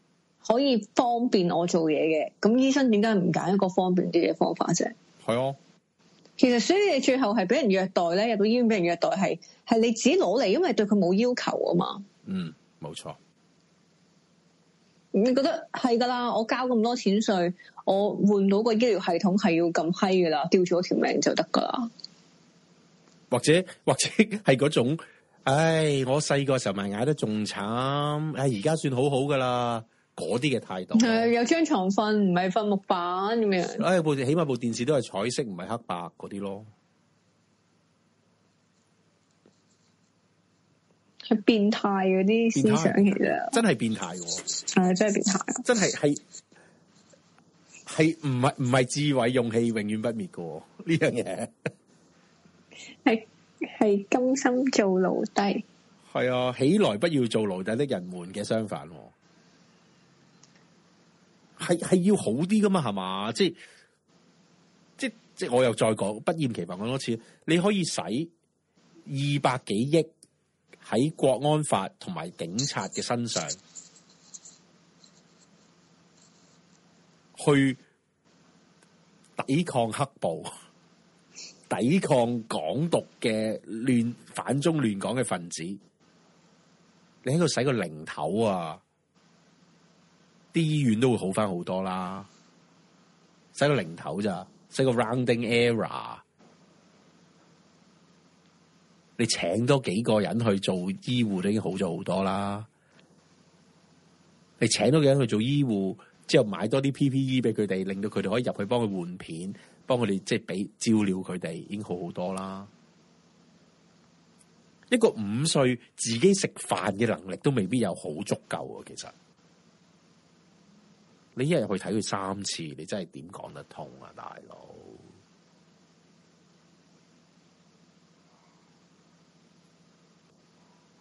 可以方便我做嘢嘅，咁醫生點解唔揀一個方便啲嘅方法啫？係啊的，其實所以你最後係俾人虐待咧，入到醫院俾人虐待係係你自己攞嚟，因為對佢冇要求啊嘛。嗯，冇錯。你覺得係噶啦，我交咁多錢稅，我換到個醫療系統係要咁閪噶啦，吊住我條命就得噶啦。或者或者係嗰種，唉，我細個時候咪挨得仲慘，唉而家算好好噶啦，嗰啲嘅態度係有張床瞓，唔係瞓木板咁樣。唉，部、哎、起碼部電視都係彩色，唔係黑白嗰啲咯。係變態嗰啲思想，變態？其實真係變態嘅、啊，係真係變態。真係係係唔係唔係智慧勇氣永遠不滅嘅呢樣嘢？係係甘心做奴隸？係啊，起來不要做奴隸的人們嘅相反、啊，係係要好啲噶嘛？係嘛？即係即即我又再講不厭其煩講多次，你可以使二百幾億。喺國安法同埋警察嘅身上，去抵抗黑暴、抵抗港獨嘅亂，反中亂港嘅分子，你喺度使個零頭啊！啲醫院都會好翻好多啦，使個零頭咋，使個 rounding error。你請多幾個人去做醫護都已經好咗好多啦。你請多幾個人去做醫護，之後買多啲 PPE 俾佢哋，令到佢哋可以入去幫佢換片，幫佢哋即係俾照料佢哋，已經好好多啦。一個五歲自己食飯嘅能力都未必有好足夠啊！其實你一日去睇佢三次，你真係點講得通啊，大佬？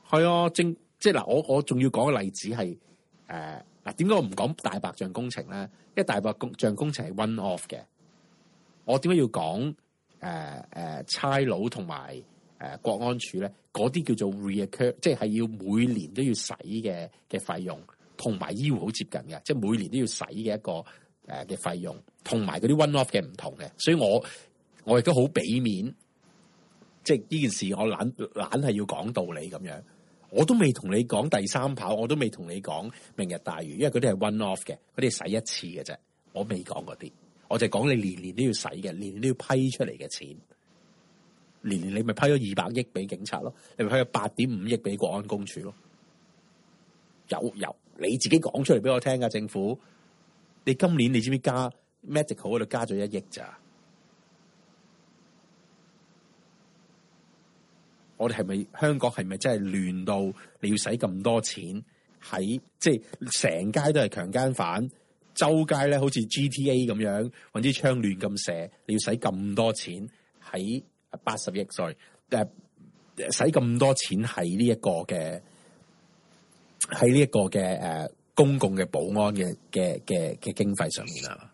係啊，正即係嗱，我我仲要講個例子係誒嗱，點解我唔講大白象工程咧？因為大白工象工程係 one off 嘅，我點解要講誒誒差佬同埋誒國安處咧？嗰啲叫做 recurring 即係要每年都要使嘅嘅費用，同埋醫護好接近嘅，即係每年都要使嘅一個誒嘅費用，同埋嗰啲 one off 嘅唔同嘅，所以我我亦都好俾面，即係呢件事我懶懶係要講道理咁樣。我都未同你講第三跑，我都未同你講明日大嶼，因為嗰啲係 one off 嘅，嗰啲使一次嘅啫。我未講嗰啲，我就講你年年都要使嘅，年年都要批出嚟嘅錢。年年你咪批咗二百億俾警察咯，你咪批咗八點五億俾國安公署咯。有有，你自己講出嚟俾我聽噶，政府，你今年你知唔知加 medical 嗰度加咗一億咋？我哋係咪香港係咪真係亂到你要使咁多錢喺，即係成街都係強姦犯，周街咧好似 GTA 咁樣，或者槍亂咁射，你要使咁多錢喺八十億歲誒，使咁、呃、多錢喺呢一個嘅喺呢一個嘅誒、呃，公共嘅保安嘅嘅嘅嘅經費上面啊？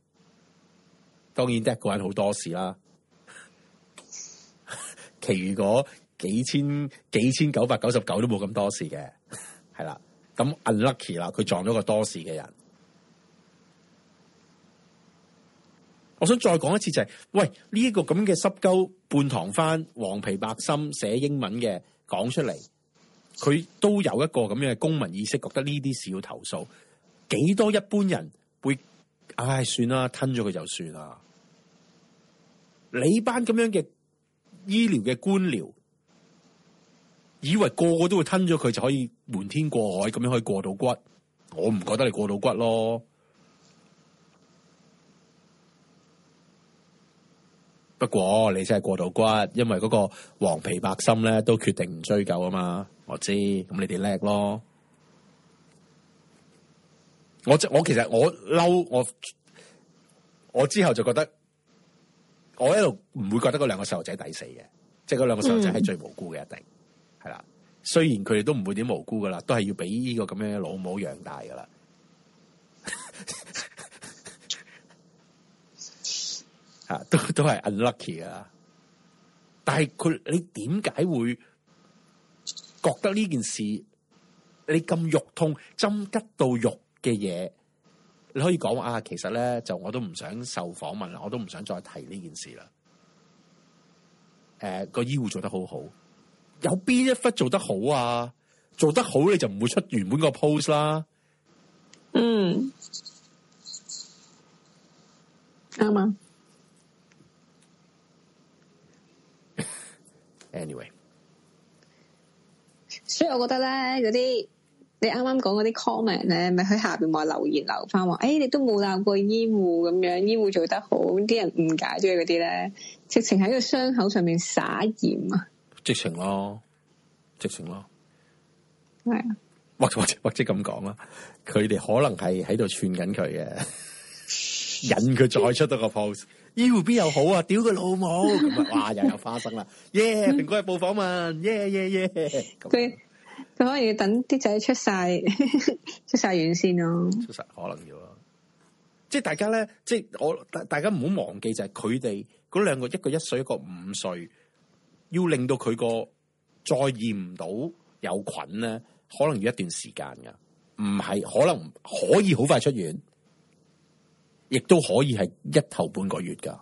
當然得一個人好多事啦， *laughs* 其餘嗰幾千幾千九百九十九都冇咁多事嘅， *laughs* 係啦，咁 unlucky 啦，佢撞咗個多事嘅人。我想再講一次就係、是，喂呢一、這個咁嘅濕鳩半唐番黃皮白心寫英文嘅講出嚟，佢都有一個咁樣嘅公民意識，覺得呢啲事要投訴，幾多一般人會？唉，算啦，吞咗佢就算啦。你班咁樣嘅醫療嘅官僚，以為個個都會吞咗佢就可以瞞天過海，咁樣可以過到骨，我唔覺得你過到骨咯。不過你真係過到骨，因為嗰個黃皮白心咧都決定唔追究啊嘛。我知，咁你哋叻咯。我即我其實我嬲我我之後就覺得我一路唔會覺得嗰兩個細路仔抵死嘅，即係嗰兩個細路仔係最無辜嘅一定係啦。雖然佢哋都唔會點無辜噶啦，都係要俾呢個咁樣嘅老母養大噶啦。吓 *laughs* 都都係 unlucky 噶啦！但係佢你點解會覺得呢件事你咁肉痛針吉到肉？嘅嘢，你可以講啊，其實咧，就我都唔想受訪問啦，我都唔想再提呢件事啦。誒、呃，個醫護做得好好，有邊一忽做得好啊？做得好你就唔會出原本個 post 啦。嗯。啱啱 *laughs* Anyway，所以我覺得咧嗰啲你啱啱講嗰啲 comment 咧，咪喺下邊話留言留翻話，誒、哎，你都冇鬧過醫護咁樣，醫護做得好，啲人誤解咗嗰啲咧，直情喺個傷口上面撒鹽啊！直情咯，直情咯，係啊，或者或者或者咁講啦，佢哋可能係喺度串緊佢嘅， *laughs* 引佢再出到個 post， *laughs* 醫護邊有好啊？屌佢老母，咁啊， *laughs* 哇，又有花生啦，耶、yeah,！蘋果日報訪問，耶耶耶，咁可以等啲仔出晒出晒院先咯，出晒可能要咯， *laughs* 即係大家咧，即係我，大家唔好忘記就係佢哋嗰兩個一個一歲一個五歲，要令到佢個再驗唔到有菌咧，可能要一段時間噶，唔係可能可以好快出院，亦都可以係一頭半個月噶，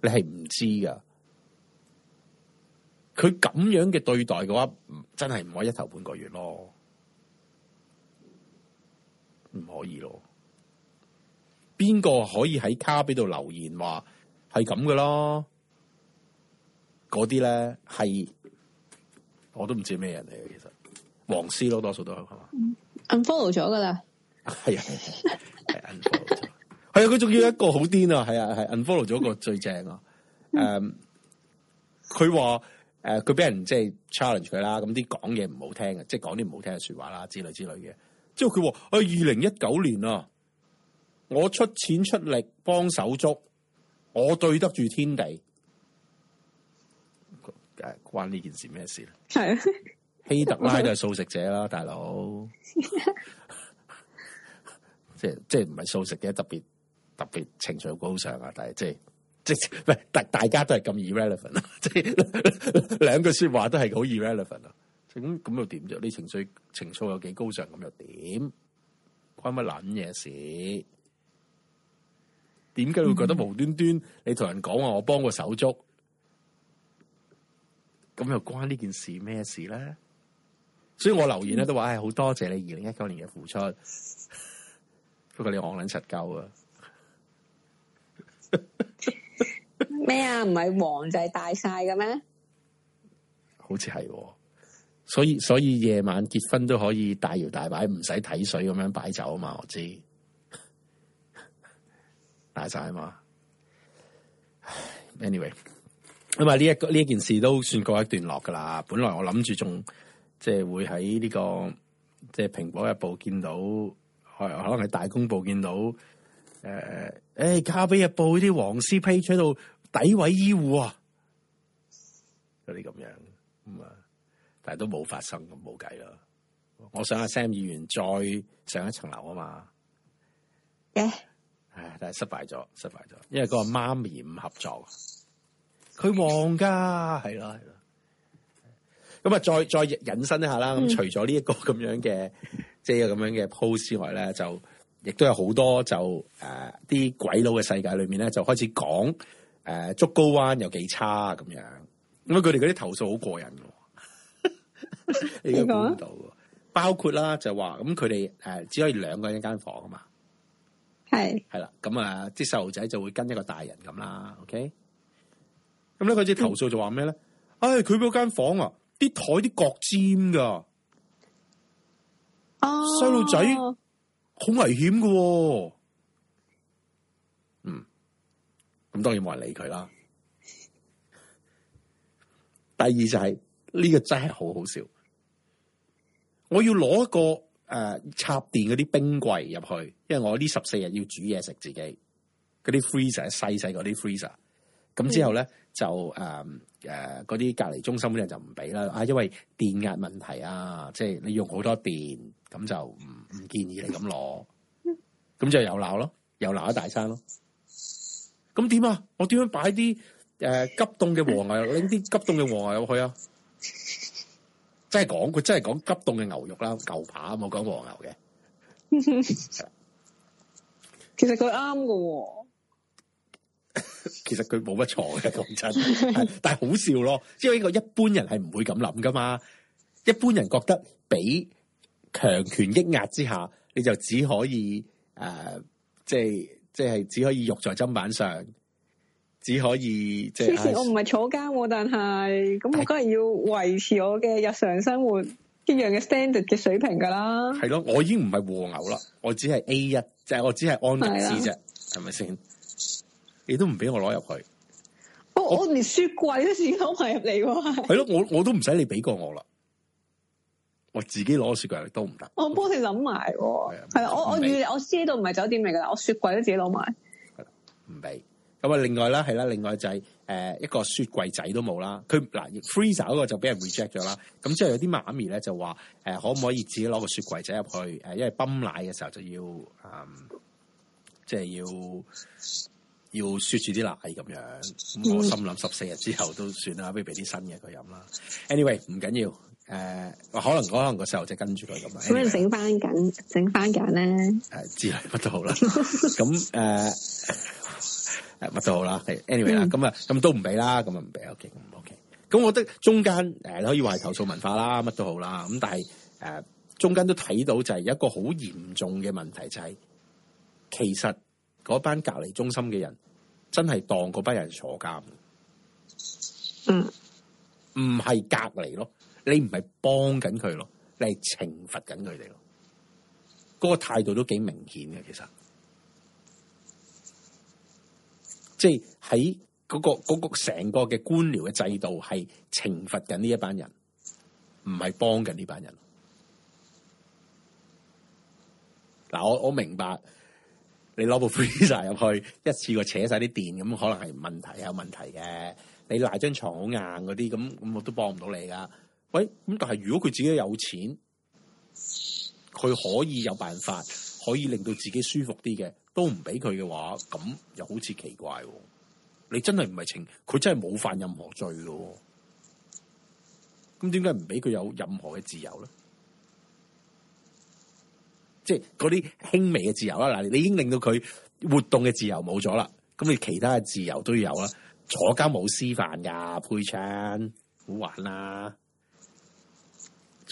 你係唔知噶。佢咁樣嘅對待嘅話，真係唔可以一頭半個月咯，唔可以咯。邊個可以喺卡比度留言話係咁嘅咯？嗰啲咧係我都唔知咩人嚟嘅，其實黃絲咯，多數都係嘛。unfollow 咗噶啦，係啊係呀，unfollow 咗。係啊，佢仲要一個好癲啊，係啊係 unfollow 咗個最正啊。誒，佢 *noise* 話。誒，佢俾、呃、人即係 challenge 佢啦，咁啲講嘢唔好聽嘅，即係講啲唔好聽嘅說話啦，之類之類嘅。之後佢話，誒、哎，二零一九年啊，我出錢出力幫手足，我對得住天地。誒，關呢件事咩事呢？係啊，希特拉都係素食者啦，大佬 *laughs* *laughs* 。即係即係唔係素食嘅特別特別情緒高尚啊，但係即係。即大大家都係咁 irrelevant 啊！即係兩句說話都係好 irrelevant 啊！咁咁又點啫？你情緒情操有幾高尚咁又點？關乜捻嘢事？點解會覺得無端端你同人講話我幫個手足咁、嗯、又關呢件事咩事咧？所以我留言咧都話唉好多謝你二零一九年嘅付出，不過你戇捻實夠啊！ *laughs* 咩啊？唔係黃就係、是、大晒嘅咩？好似係，哦，所以所以夜晚結婚都可以大搖大擺，唔使睇水咁樣擺酒啊嘛！我知大晒嘛 anyway, 這。a n y w a y 咁啊呢一呢一件事都算告一段落噶啦。本來我諗住仲即係會喺呢、這個即係蘋果日報見到，可能係大公報見到，誒、呃、誒，卡比日報啲黃絲批出喺度。詆毀醫護啊，有啲咁樣咁啊，但係都冇發生咁冇計咯。了我想阿 Sam 議員再上一層樓啊嘛，嘅，係但係失敗咗，失敗咗，因為嗰個媽咪唔合作，佢旺噶，係咯係咯。咁啊，再再引申一下啦。咁除咗呢一個咁樣嘅，即係咁樣嘅 post 之外咧，就亦都有好多就誒啲鬼佬嘅世界裏面咧，就開始講。誒，竹篙灣有幾差咁樣，咁啊佢哋嗰啲投訴好過癮嘅，你都估唔到，啊、包括啦就話咁佢哋誒只可以兩個人一間房啊嘛，係係是啦，咁啊啲細路仔就會跟一個大人咁啦，OK，咁咧佢啲投訴就話咩咧？唉、 *laughs* 哎，佢嗰間房啊，啲台啲角尖噶，細路仔好危險嘅、哦。咁當然冇人理佢啦。第二就係、是、呢、這個真係好好笑。我要攞一個誒、呃、插電嗰啲冰櫃入去，因為我呢十四日要煮嘢食自己嗰啲 freezer 細細嗰啲 freezer。咁之後咧、嗯、就誒誒嗰啲隔離中心嗰啲人就唔俾啦。啊，因為電壓問題啊，即、就、係、是、你用好多電，咁就唔唔建議你咁攞。咁就又鬧咯，又鬧一大餐咯。咁點啊？我點樣擺啲誒急凍嘅和牛，拎啲急凍嘅和牛入去啊？ *laughs* 真係講，佢真係講急凍嘅牛肉啦，舊扒和牛扒冇講和牛嘅。 *laughs* 其實佢啱喎。 *laughs* 其實佢冇乜錯嘅，講真， *laughs* 但係好笑咯。即係呢個一般人係唔會咁諗噶嘛。一般人覺得俾強權抑壓之下，你就只可以誒、呃，即係。即係只可以肉在砧板上，只可以即係。黐線，我唔係坐監，但係咁我梗係要維持我嘅日常生活一樣嘅 standard 嘅水平噶啦。係咯，我已經唔係和牛啦，我只係 A1，即係我只係安格斯啫，係咪先？你都唔俾我攞入去。我我,我連雪櫃都自己攞埋入嚟。係咯的， *laughs* 我我都唔使你俾過我啦。我自己攞雪櫃都唔得，我幫你諗埋，係啊，我我預我知道唔係酒店嚟噶啦，我雪櫃都自己攞埋，唔俾。咁、嗯、啊，另外啦，係啦，另外就係、是、誒、呃、一個雪櫃仔都冇啦。佢嗱、呃、freezer 嗰個就俾人 reject 咗啦。咁之後有啲媽咪咧就話誒、呃、可唔可以自己攞個雪櫃仔入去誒、呃，因為泵奶嘅時候就要嗯，即、呃、係、就是、要要雪住啲奶咁樣。我心諗十四日之後都算啦，不如俾啲新嘅佢飲啦。Anyway，唔緊要。誒、呃，可能可能個細路仔跟住佢咁啊，咁樣整翻緊，整翻緊咧。誒，知係乜都好啦。咁誒、 *laughs* 啊，誒，乜都好啦。係 anyway 啦、嗯，咁啊，咁都唔俾啦，咁啊唔俾。O K，k O K。咁我覺得中間誒、啊、可以話係投訴文化啦，乜都好啦。咁但係誒、啊、中間都睇到就係一個好嚴重嘅問題、就是，就係其實嗰班隔離中心嘅人真係當嗰班人坐監。嗯，唔係隔離咯。你唔係幫緊佢咯，你係懲罰緊佢哋咯。嗰個態度都幾明顯嘅，其實，即係喺嗰個嗰個成個嘅官僚嘅制度係懲罰緊呢一班人，唔係幫緊呢班人。嗱，我我明白你攞部 freezer 入去一次過扯晒啲電，咁可能係問題有問題嘅。你賴張床好硬嗰啲，咁咁我都幫唔到你噶。喂，咁但係如果佢自己有錢，佢可以有辦法，可以令到自己舒服啲嘅，都唔俾佢嘅話，咁又好似奇怪、哦。你真係唔係情，佢真係冇犯任何罪嘅、哦。咁點解唔俾佢有任何嘅自由咧？即係嗰啲輕微嘅自由啦。嗱，你已經令到佢活動嘅自由冇咗啦。咁你其他嘅自由都有啦。坐監冇師範噶，配餐好玩啦、啊。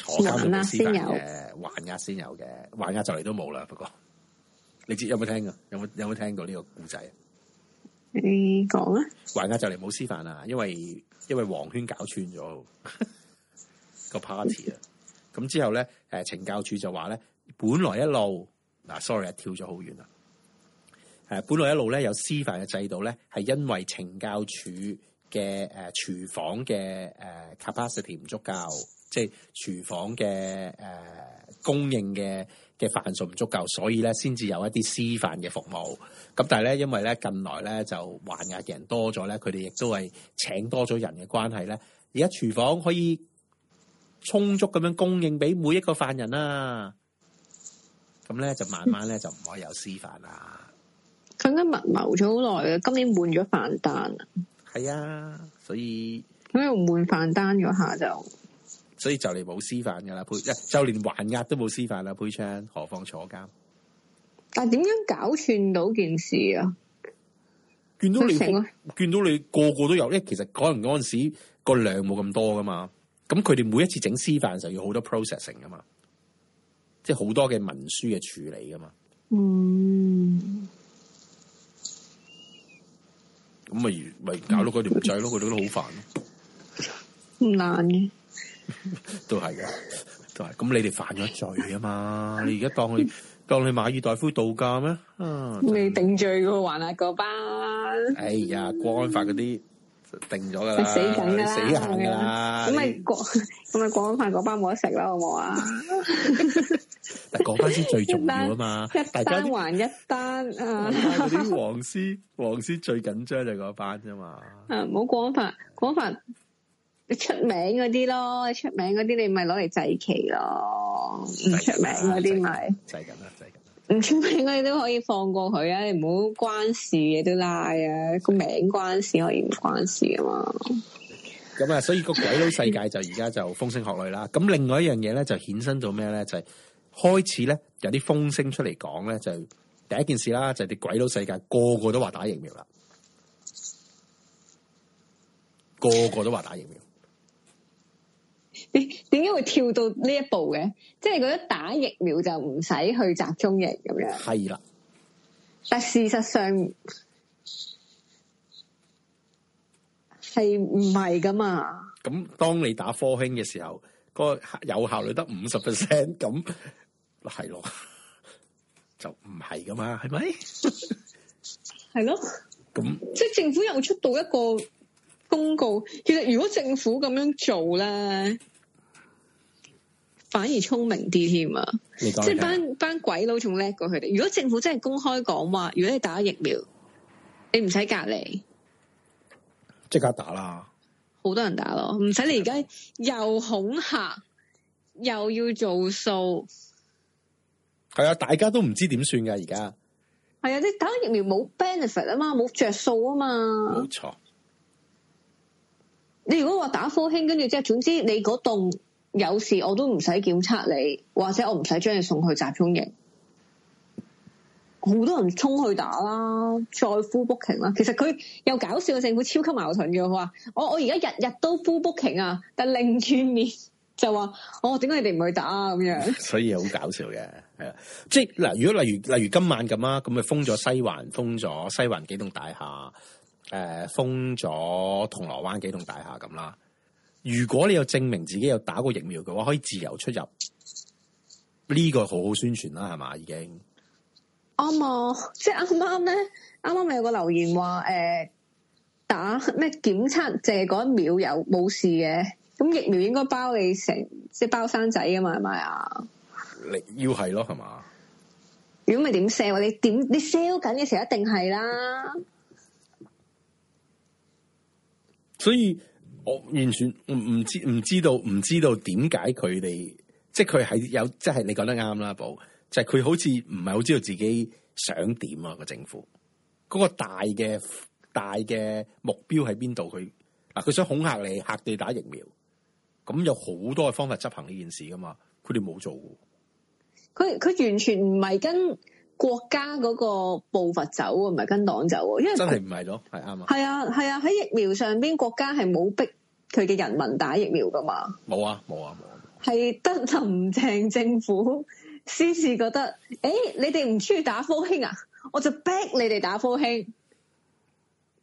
坐監、啊、先有嘅，還押先有嘅，還押就嚟都冇啦。不過你知有冇聽噶？有冇有冇聽過呢個故仔？你講啊！還押就嚟冇師範啦，因為因為黃圈搞串咗個 party 啊。咁 *laughs* *laughs* 之後咧，誒、呃，懲教署就話咧，本來一路嗱，sorry 啊，sorry, 跳咗好遠啦。誒、啊，本來一路咧有師範嘅制度咧，係因為懲教署嘅誒廚房嘅誒、呃、capacity 唔足夠。即係廚房嘅誒、呃、供應嘅嘅飯數唔足夠，所以咧先至有一啲私飯嘅服務。咁但係咧，因為咧近來咧就還押嘅人多咗咧，佢哋亦都係請多咗人嘅關係咧。而家廚房可以充足咁樣供應俾每一個犯人啦。咁咧就慢慢咧就唔可以有私飯啦。咁樣密謀咗好耐嘅，今年換咗飯單。係啊，所以因為換飯單嗰下就。所以就嚟冇司法噶啦，就就連還押都冇司法啦，陪槍何況坐監？但係點樣搞串到件事啊？見到你見到你個個都有咧，其實可能嗰陣時個量冇咁多噶嘛，咁佢哋每一次整司法嘅時候要好多 processing 噶嘛，即係好多嘅文書嘅處理噶嘛。嗯。咁咪咪搞到佢哋唔制咯，佢哋都好煩咯。唔 *laughs* *laughs* 難嘅。都係嘅，都係。咁你哋犯咗罪啊嘛？你而家當你當佢馬爾代夫度假咩？啊，未定罪嗰個還係嗰班。哎呀，國安法嗰啲定咗噶啦，死梗噶啦，死硬噶啦。咁咪國咁咪國安法嗰班冇得食啦，好唔好啊？但係講翻先最重要啊嘛，一單還一單啊。嗰啲黃絲黃絲最緊張就係嗰班啫嘛。啊，冇國安法，國安法。出名嗰啲咯，出名嗰啲你咪攞嚟祭旗咯。唔了出名嗰啲咪就係咁啦，就係咁。唔出名嗰啲都可以放過佢啊！你唔好關事嘅都拉啊，個名關事可以唔關事噶嘛。咁啊，所以個鬼佬世界就而家就風聲鶴唳啦。咁 *laughs* 另外一樣嘢咧就衍生到咩咧？就係、是、開始咧有啲風聲出嚟講咧，就是、第一件事啦，就係啲鬼佬世界個個都話打疫苗啦，個個都話打疫苗。個個都話打疫苗點點解會跳到呢一步嘅？即係覺得打疫苗就唔使去集中營咁樣。係啦，但事實上係唔係噶嘛？咁當你打科興嘅時候，個有效率得五十 percent 咁，係咯，就唔係噶嘛？係咪？係 *laughs* 是咯那。咁即係政府又出到一個公告。其實如果政府咁樣做咧。反而聰明啲添啊！即係班班鬼佬仲叻過佢哋。如果政府真係公開講話，如果你打疫苗，你唔使隔離，即刻打啦，好多人打咯，唔使你而家又恐嚇，又要做數。係啊，大家都唔知點算噶而家。係啊，你打疫苗冇 benefit 啊嘛，冇着數啊嘛。冇錯。你如果話打科興，跟住即係總之你嗰棟。有事我都唔使檢測你，或者我唔使將你送去集中營。好多人衝去打啦，再 full booking 啦。其實佢又搞笑嘅政府，超級矛盾嘅。佢話：我我而家,日日都 full booking 啊，但另一面就話：我點解你哋唔去打咁樣？所以好搞笑嘅，係啦，即係嗱，如果例如例如今晚咁啊，咁咪封咗西環，封咗西環幾棟大廈，誒、呃，封咗銅鑼灣幾棟大廈咁啦。如果你有證明自己有打過疫苗嘅話，可以自由出入。呢、這個很好好宣傳啦，係嘛已經、哦。啱啊，即係啱啱咧，啱啱咪有個留言話，誒、呃，打咩檢測，借嗰一秒有冇事嘅？咁疫苗應該包你成，即係包生仔噶嘛？係咪啊？你要係咯，係嘛？如果咪點 sell 你點你 sell 緊嘅時候一定係啦。所以。我完全唔唔知唔知道唔知道點解佢哋即係佢係有即係你講得啱啦，寶就係、是、佢好似唔係好知道自己想點啊個政府，嗰、那個大嘅大嘅目標喺邊度？佢嗱，佢想恐嚇你，嚇你打疫苗，咁有好多嘅方法執行呢件事噶嘛？佢哋冇做，佢佢完全唔係跟國家嗰個步伐走，走啊，唔係跟黨走啊，因為真係唔係咯，係啱啊，係啊係啊喺疫苗上邊國家係冇逼。佢嘅人民打疫苗噶嘛？冇啊，冇啊，冇啊！係得、啊、林鄭政府先至覺得，誒、欸，你哋唔中意打科興啊，我就逼你哋打科興。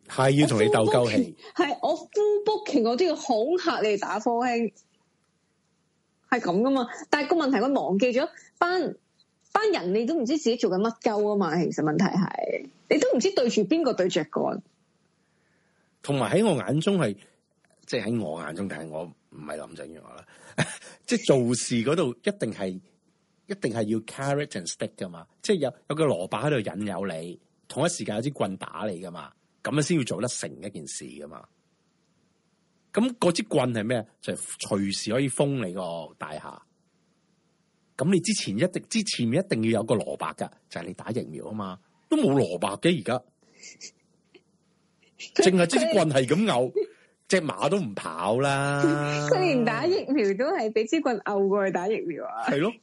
係要同你鬥鳩氣。係我呼 booking 我都要恐吓你哋打科興。係咁噶嘛？但係個問題，佢忘記咗班班人你不，你都唔知自己做緊乜鳩啊嘛？其實問題係，你都唔知對住邊個對著幹。同埋喺我眼中係。即係喺我眼中睇，我唔係林鄭月娥啦。 *laughs* 即係做事嗰度一定係一定係要 carrot and stick 噶嘛。即係有有個蘿蔔喺度引誘你，同一時間有支棍打你噶嘛。咁樣先要做得成一件事噶嘛。咁嗰支棍係咩？就係隨時可以封你個大廈。咁你之前一定之前一定要有個蘿卜噶，就係你打疫苗啊嘛。都冇蘿蔔嘅，而家，淨係支支棍係咁拗。 *laughs* 隻馬都唔跑啦！佢連打疫苗都係俾支棍拗過去打疫苗啊！係咯，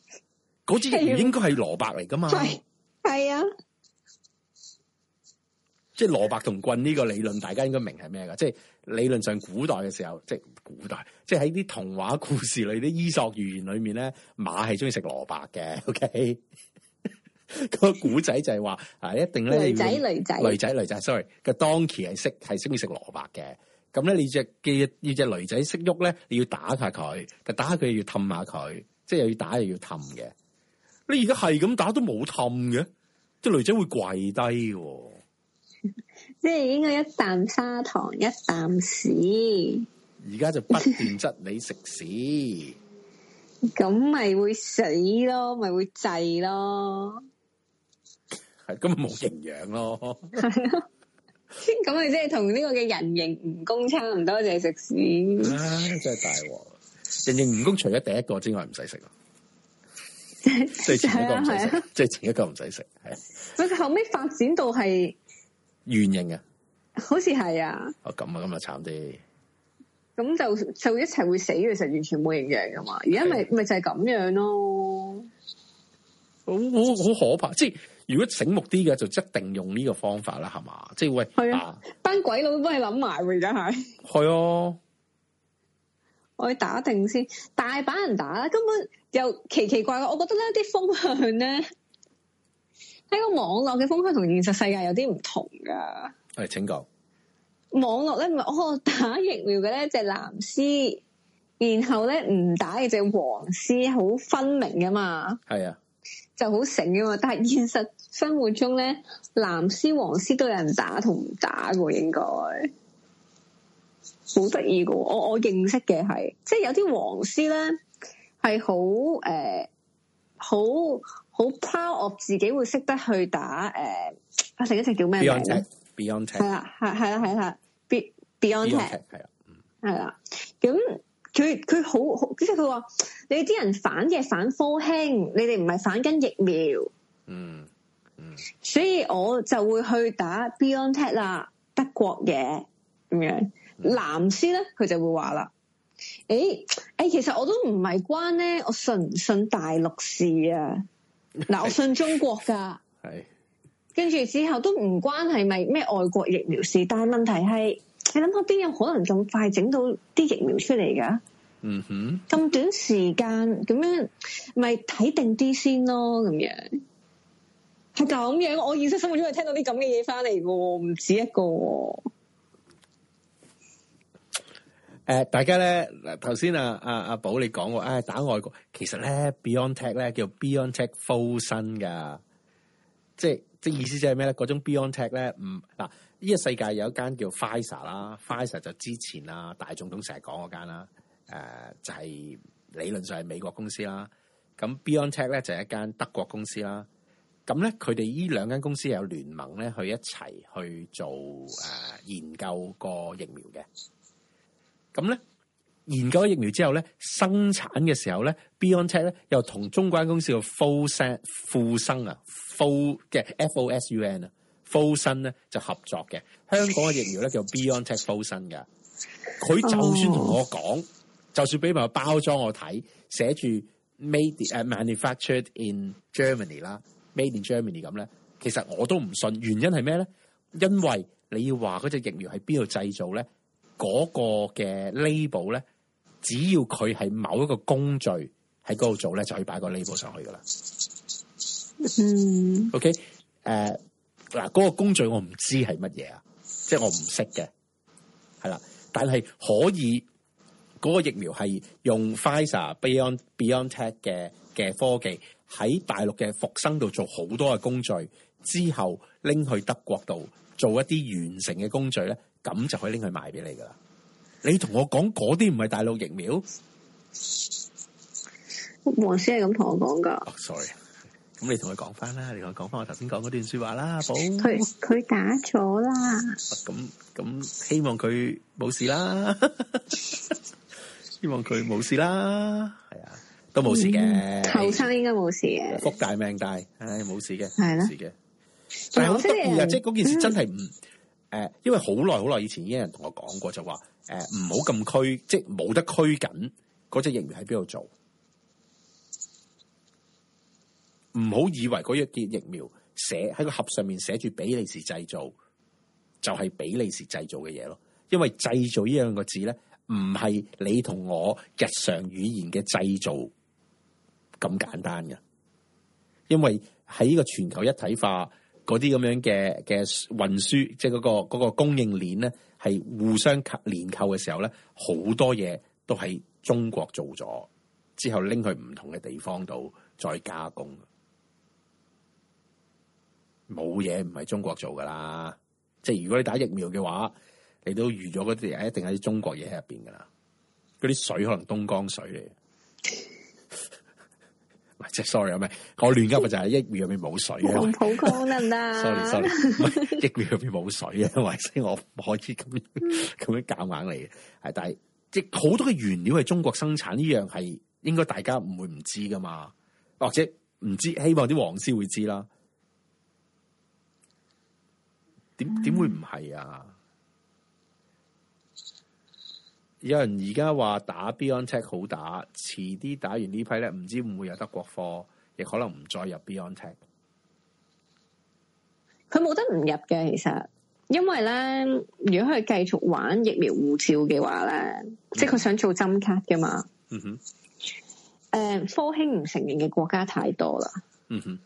嗰支疫苗應該係蘿蔔嚟噶嘛？係係啊！即係蘿蔔同棍呢個理論，大家應該明係咩噶？即係理論上古代嘅時候，即係古代，即係喺啲童話故事裏啲伊索寓言裏面咧，馬係中意食蘿蔔嘅。OK， *laughs* 個古仔就係話啊， *laughs* 一定咧女仔是女仔女仔女仔，sorry，個 Donkey 係係中意食蘿蔔嘅。是咁咧，你只嘅要隻女仔識喐咧，你要打下佢，但打下佢又要氹下佢，即係又要打又要氹嘅。你而家係咁打都冇氹嘅，啲女仔會跪低喎。即係應該一啖砂糖一啖屎，而家就不斷質你食屎，咁咪 *laughs* 會死咯，咪會滯咯，係咁冇營養咯，係咁 *laughs* 你即係同呢個嘅人形蜈蚣差唔多，就係食屎。真係大鑊！人形蜈蚣除咗第一個之外唔使食，即係 *laughs* 前一個唔使食，啊啊、即係前一個唔使食。係佢、啊、後尾發展到係圓形啊，好似係啊。哦，咁啊，咁啊，慘啲。咁就就一齊會死嘅，其實完全冇營養噶嘛。而家咪咪就係、是、咁、啊、樣咯。好好好可怕，即係。如果醒目啲嘅就一定用呢個方法啦，係嘛？即係喂，係啊，打班鬼佬幫你諗埋喎，而家係。係哦、啊，我去打定先，大把人打啦，根本又奇奇怪怪。我覺得呢啲風向咧，喺個網絡嘅風向同現實世界有啲唔同噶。誒，請講。網絡咧咪哦打疫苗嘅咧只藍絲，然後咧唔打嘅只黃絲好分明噶嘛。係啊。就好醒噶嘛，但係現實生活中咧，藍絲黃絲都有人打同唔打噶，應該好得意噶。我我認識嘅係，即係有啲黃絲咧係好誒，好好 proud of 自己會識得去打誒，呃，一隻叫咩名？BioNTech 係啦，係係啦係啦，Be BioNTech 係啦，嗯，係啦，咁。佢佢好好，即係佢話，你啲人反嘅反科興，你哋唔係反緊疫苗。嗯嗯，嗯所以我就會去打 BioNTech 啦，德國嘢咁樣。藍絲咧，佢就會話啦，誒、欸、誒、欸，其實我都唔係關咧，我信唔信大陸事啊？嗱， *laughs* 我信中國噶，係。 *laughs* 跟住之後都唔關係，咪咩外國疫苗事？但係問題係。你諗下，邊有可能仲快整到啲疫苗出嚟噶？嗯哼，咁短時間咁樣，咪睇定啲先咯。咁樣係咁樣，我現實生活中係聽到啲咁嘅嘢翻嚟噶，唔止一個。誒、呃，大家咧，嗱頭先啊，阿阿寶你講過，誒、哎、打外國，其實咧 BioNTech 咧叫 BioNTech Fosun 噶，即係即係意思即係咩咧？嗰種 BioNTech 咧，唔、嗯、嗱。呢個世界有一間叫 Pfizer 啦，Pfizer 就之前啊大總統成日講嗰間啦，誒、呃、就係、是、理論上係美國公司啦。咁 BioNTech 咧就係一間德國公司啦。咁咧佢哋呢兩間公司有聯盟咧去一齊去做誒、呃、研究個疫苗嘅。咁咧研究咗疫苗之後咧生產嘅時候咧 BioNTech 咧又同中關公司個 f u l l s e t 富生啊 F u l l 嘅 Fosun 啊。波身咧就合作嘅，香港嘅疫苗咧叫 Beyond Tech 波身噶。佢就算同我講，oh. 就算俾埋個包裝我睇，寫住 Made 誒 Manufactured in Germany 啦，Made in Germany 咁咧，其實我都唔信。原因係咩咧？因為你要話嗰隻疫苗喺邊度製造咧，嗰、那個嘅 label 咧，只要佢係某一個工序喺嗰度做咧，就可以擺個 label 上去噶啦。嗯。Mm. OK，誒、uh,。嗱，嗰個工序我唔知係乜嘢啊，即係我唔識嘅，係啦。但係可以嗰個疫苗係用 Fizer Beyond、Beyond Tech 嘅嘅科技喺大陸嘅復生度做好多嘅工序，之後拎去德國度做一啲完成嘅工序咧，咁就可以拎去賣俾你噶啦。你同我講嗰啲唔係大陸疫苗，黃師係咁同我講噶。Oh, sorry. 咁你同佢講翻啦，你同佢講翻我頭先講嗰段說話啦。寶，佢佢打咗啦。咁咁，希望佢冇事啦。 *laughs* 希望佢冇事啦。係啊，都冇事嘅。後生、嗯、應該冇事嘅。福大命大，唉，冇事嘅，係啦的，冇事嘅。但係好得意啊，嗯、即係嗰件事真係唔、誒，因為好耐好耐以前已經有人同我講過就，就話誒唔好咁拘，即係冇得拘緊，嗰、那、隻、個、疫苗喺邊度做。唔好以為嗰一件疫苗在寫喺個盒上面寫住比利時製造，就係比利時製造嘅嘢咯因為製造呢兩個字咧，唔係你同我日常語言嘅製造咁簡單嘅。因為喺呢個全球一體化嗰啲咁樣嘅嘅運輸，即係嗰個個供應鏈咧，係互相扣連扣嘅時候咧，好多嘢都係中國做咗之後拎去唔同嘅地方度再加工。冇嘢唔係中國做噶啦，即係如果你打疫苗嘅話，你都預咗嗰啲人一定喺中國嘢喺入邊噶啦。嗰啲水可能東江水嚟，唔即係 sorry，啊咩？我亂急我就係疫苗入邊冇水啊，普通得唔得？sorry sorry，疫苗入邊冇水啊，為使我唔可以咁咁樣夾 *laughs* 硬嚟嘅係，但係即係好多嘅原料係中國生產，呢樣係應該大家唔會唔知噶嘛，或者唔知，希望啲黃絲會知啦。點點會唔係啊？嗯、有人而家話打 BioNTech 好打，遲啲打完呢批咧，唔知會唔會有德國貨，亦可能唔再入 BioNTech。佢冇得唔入嘅，其實，因為咧，如果佢繼續玩疫苗護照嘅話咧，即係佢想做針卡嘅嘛。嗯哼。誒，科興唔承認嘅國家太多啦。嗯哼。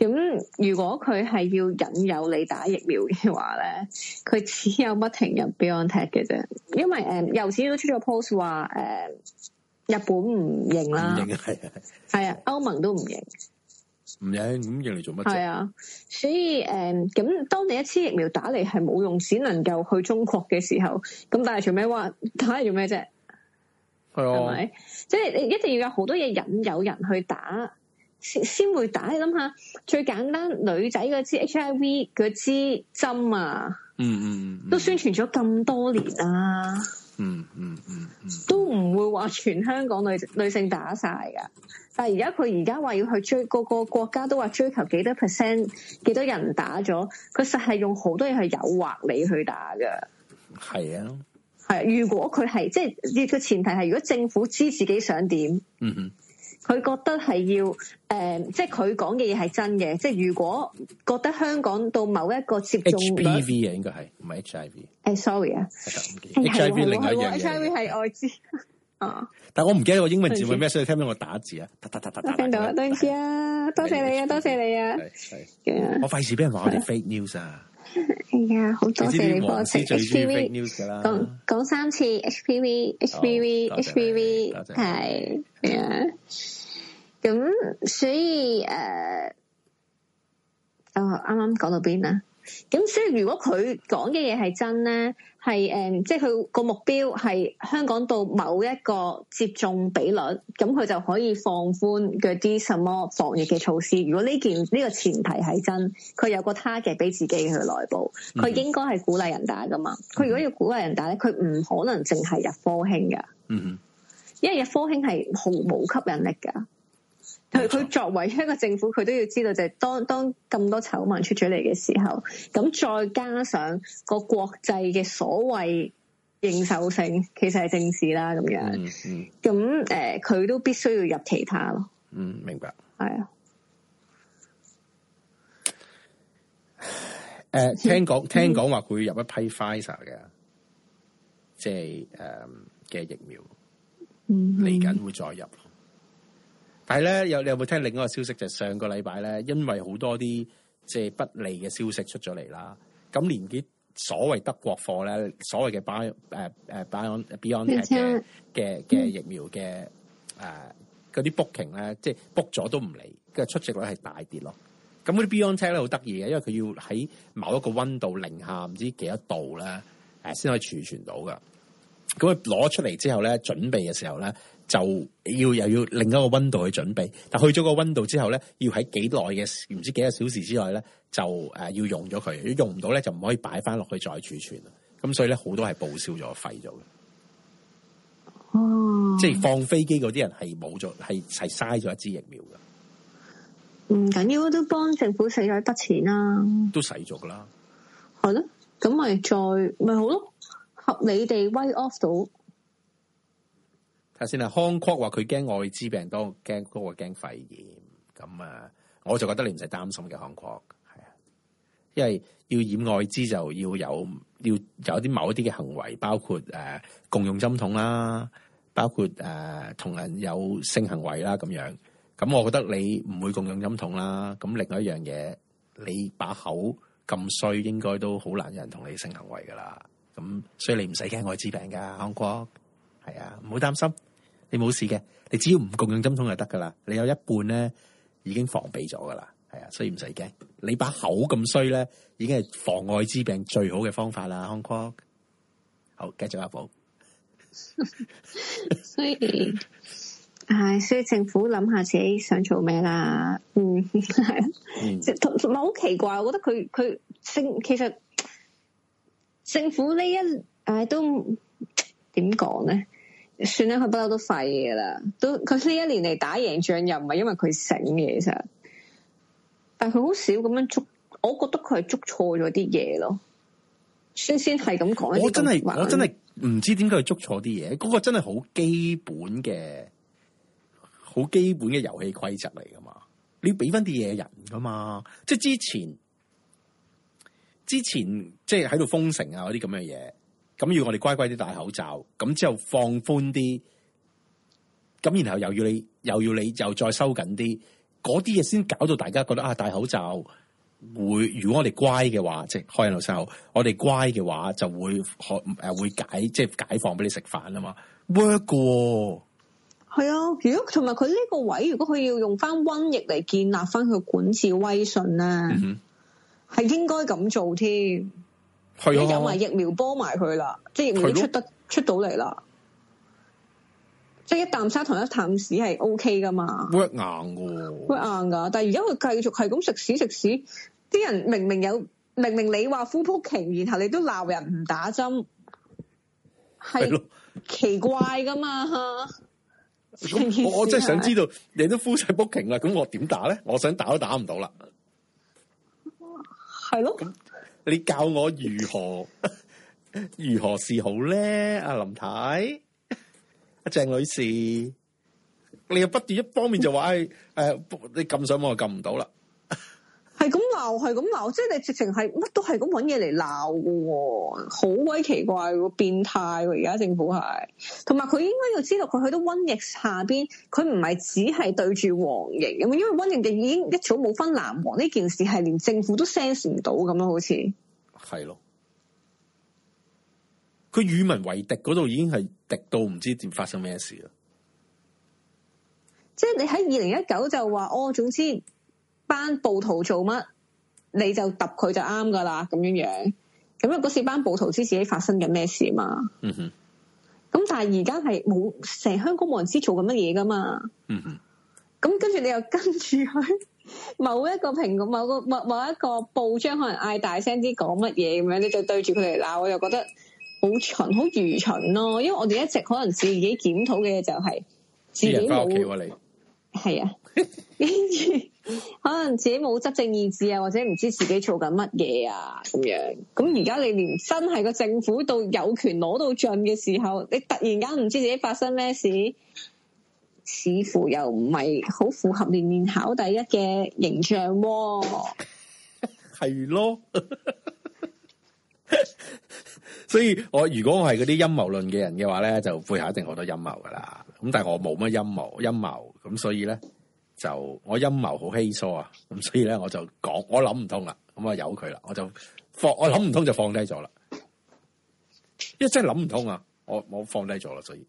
咁如果佢係要引誘你打疫苗嘅話咧，佢只有不停入 Beyond Tech 嘅啫。因為誒、呃，由此都出咗 post 話誒，日本唔認啦，係啊，歐盟都唔認，唔認咁認嚟做乜啫？係啊，所以誒，咁、呃、當你一次疫苗打嚟係冇用，只能夠去中國嘅時候，咁但嚟做咩話？打嚟做咩啫？係咪的？即係你一定要有好多嘢引誘人去打。先先會打，你諗下最簡單女仔嗰支 HIV 嗰支針啊，嗯嗯，嗯嗯都宣傳咗咁多年啦、啊嗯，嗯嗯嗯，嗯都唔會話全香港女女性打曬噶。但係而家佢而家話要去追，個個國家都話追求幾多 percent 幾多人打咗，佢實係用好多嘢去誘惑你去打噶。係啊，係。如果佢係即係呢個前提係，如果政府知自己想點，嗯哼佢覺得係要誒，即係佢講嘅嘢係真嘅。即係如果覺得香港到某一個接觸 h b v 啊，應該係唔係 HIV？誒，sorry 啊，HIV 另一樣嘢係外資啊。但係我唔記得個英文字咩，所以聽到我打字啊。聽到，多謝你啊，多謝你啊。我費事俾人話我啲 fake news 啊。 *laughs* 哎呀，好多謝，謝你幫我食 H P V，講講三次 H P V H P V H P V 係、哦，咁所以誒、呃，哦啱啱講到邊啊？咁所以如果佢講嘅嘢係真咧，係誒，即係佢個目標係香港到某一個接種比率，咁佢就可以放寬嘅啲什麼防疫嘅措施。如果呢件呢、呢個前提係真，佢有個 target 俾自己去內部，佢應該係鼓勵人打噶嘛。佢如果要鼓勵人打咧，佢唔可能淨係入科興㗎，嗯、哼因為入科興係毫冇吸引力噶。佢佢作為一個政府，佢都要知道就，就係當當咁多醜聞出咗嚟嘅時候，咁再加上個國際嘅所謂認受性，其實係政治啦咁樣。咁誒、嗯，佢、嗯呃、都必須要入其他咯。嗯，明白。係啊。誒、呃，聽講、嗯、聽講話，佢入一批 FISA 嘅，即係誒嘅疫苗，嚟緊會再入。嗯嗯。係咧，有你有冇聽另外一個消息？就是、上個禮拜咧，因為好多啲即係不利嘅消息出咗嚟啦。咁連結所謂德國貨咧，所謂嘅 Bio 誒誒 Biontech 嘅嘅疫苗嘅誒嗰啲 booking 咧，即係、嗯啊、book 咗都唔嚟，跟住出席率係大跌咯。咁嗰啲 Biontech 咧好得意嘅，因為佢要喺某一個溫度零下唔知幾多度咧誒先可以儲存到噶。咁佢攞出嚟之後咧，準備嘅時候咧。就要又要另一個溫度去準備，但去咗個溫度之後咧，要喺幾耐嘅唔知幾個小時之內咧，就、呃、要用咗佢，如果用唔到咧，就唔可以擺翻落去再儲存啦。咁所以咧，好多係報銷咗，廢咗嘅。哦，即係放飛機嗰啲人係冇咗，係係嘥咗一支疫苗噶。唔緊要，都幫政府使咗筆錢啦，都使咗噶啦。係咯，咁咪再咪好咯，合理地 write off 到。先啦，康確話佢驚艾滋病多，驚嗰個驚肺炎，咁啊，我就覺得你唔使擔心嘅康確，係啊，因為要染艾滋就要有要有啲某一啲嘅行為，包括誒、呃、共用針筒啦，包括誒同、呃、人有性行為啦咁樣，咁我覺得你唔會共用針筒啦，咁另外一樣嘢，你把口咁衰，應該都好難有人同你性行為噶啦，咁所以你唔使驚艾滋病噶康確，係啊，唔好擔心。你冇事嘅，你只要唔共用針筒就得噶啦。你有一半咧已經防備咗噶啦，係啊，所以唔使驚。你把口咁衰咧，已經係防艾滋病最好嘅方法啦。Hong Kong，好，繼續阿寶。寶 *laughs* 所以，唉，所以政府諗下自己想做咩啦。嗯，係啊，同埋好奇怪，我覺得佢佢其實政府呢一唉都點講咧？算啦，佢不嬲都廢嘅啦，都佢呢一年嚟打贏仗，又唔係因為佢醒嘅。其實，但係佢好少咁樣捉，我覺得佢係捉錯咗啲嘢咯。先先係咁講，我真係我真係唔知點解佢捉錯啲嘢，嗰個真係好基本嘅，好基本嘅遊戲規則嚟噶嘛？你要俾翻啲嘢人噶嘛？即係之前，之前即係喺度封城啊嗰啲咁嘅嘢。那些咁要我哋乖乖啲戴口罩，咁之後放寬啲，咁然後又要你又要你又再收緊啲，嗰啲嘢先搞到大家覺得啊戴口罩會，如果我哋乖嘅話，即係開音老師我哋乖嘅話就會開誒會解即係解放俾你食飯啊嘛，work 嘅、哦，係啊，如果同埋佢呢個位，如果佢要用翻瘟疫嚟建立翻佢管治威信咧，係、嗯、哼應該咁做添。啊、你有埋疫苗波埋佢啦，即係疫苗都出得的出到嚟啦，的即係一啖沙糖一啖屎係 O K 噶嘛？屈硬嘅、哦，屈硬噶，但係而家佢繼續係咁食屎食屎，啲人明明有明明你話 full booking 然後你都鬧人唔打針，係咯，奇怪噶嘛？咁我真係想知道你都 full 晒 booking 啦，咁我點打咧？我想打都打唔到啦，係咯。你教我如何 *laughs* 如何是好咧？阿林太，阿鄭女士，你又不斷一方面就話誒，誒、 *laughs* 哎，你撳上網就撳唔到啦。係咁鬧，係咁鬧，即係你直情係乜都係咁搵嘢嚟鬧喎，好鬼奇怪，變態。而家政府係，同埋佢應該要知道，佢去到瘟疫下邊，佢唔係只係對住王疫黃營咁，因為瘟疫嘅已經一早冇分藍黃，呢件事係連政府都 sense 唔到咁樣，好似係咯。佢與民為敵嗰度已經係敵到唔知點發生咩事啦。即係你喺二零一九就話哦，總之。班暴徒做乜，你就揼佢就啱噶啦，咁樣樣。咁啊，嗰時班暴徒知自己發生緊咩事嘛？嗯哼。咁但係而家係冇成香港冇人知做緊乜嘢噶嘛？嗯嗯哼。咁跟住你又跟住佢，某一個蘋果某個某某一個報章，可能嗌大聲啲講乜嘢咁樣，你就對住佢哋鬧，我又覺得好蠢，好愚蠢咯、哦。因為我哋一直可能自己檢討嘅就係自己冇。係啊。 *laughs* 可能自己冇執政意志啊，或者唔知自己做緊乜嘢啊，咁樣。咁而家你連真係個政府到有權攞到盡嘅時候，你突然間唔知自己發生咩事，似乎又唔係好符合年年考第一嘅形象，啊。係 *laughs* 是咯， *laughs* 所以我如果我係嗰啲陰謀論嘅人嘅話咧，就背後一定好多陰謀噶啦。咁但係我冇乜陰謀，陰謀咁所以咧。就我陰謀好稀疏啊，咁所以咧我就講，我諗唔通啦，咁啊由佢啦，我就放，我諗唔通就放低咗啦，因為真係諗唔通啊，我我放低咗啦，所以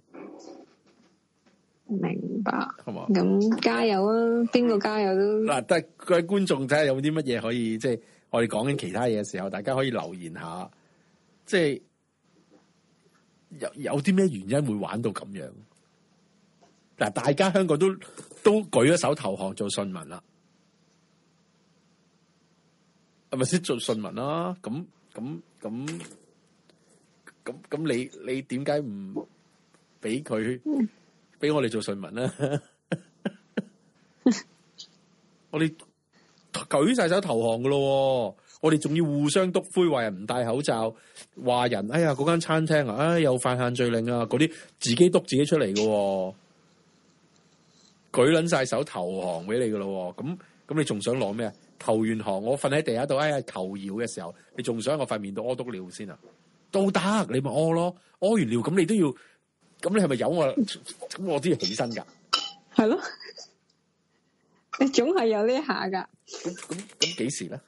明白，好嘛？咁加油啊，邊個加油都嗱，得各位觀眾睇下有啲乜嘢可以，即係我哋講緊其他嘢嘅時候，大家可以留言下，即係有有啲咩原因會玩到咁樣？嗱，大家香港都。都舉一手投降做順民啦，係咪先做順民啦？咁咁咁咁咁，你你點解唔俾佢俾我哋做順民咧？ *laughs* *laughs* 我哋舉晒手投降喇咯，我哋仲要互相督灰話人唔戴口罩，話人哎呀嗰間餐廳啊，唉又犯限聚令啊，嗰啲自己督自己出嚟喎。舉撚晒手投降俾你噶咯，咁咁你仲想攞咩？投完降，我瞓喺地下度，哎呀，求饒嘅時候，你仲想我塊面度屙督尿先啊？都得，你咪屙咯，屙完尿，咁你都要，咁你係咪有我？咁、嗯、我都要起身噶，係咯，你總係有呢一下噶。咁咁咁幾時咧？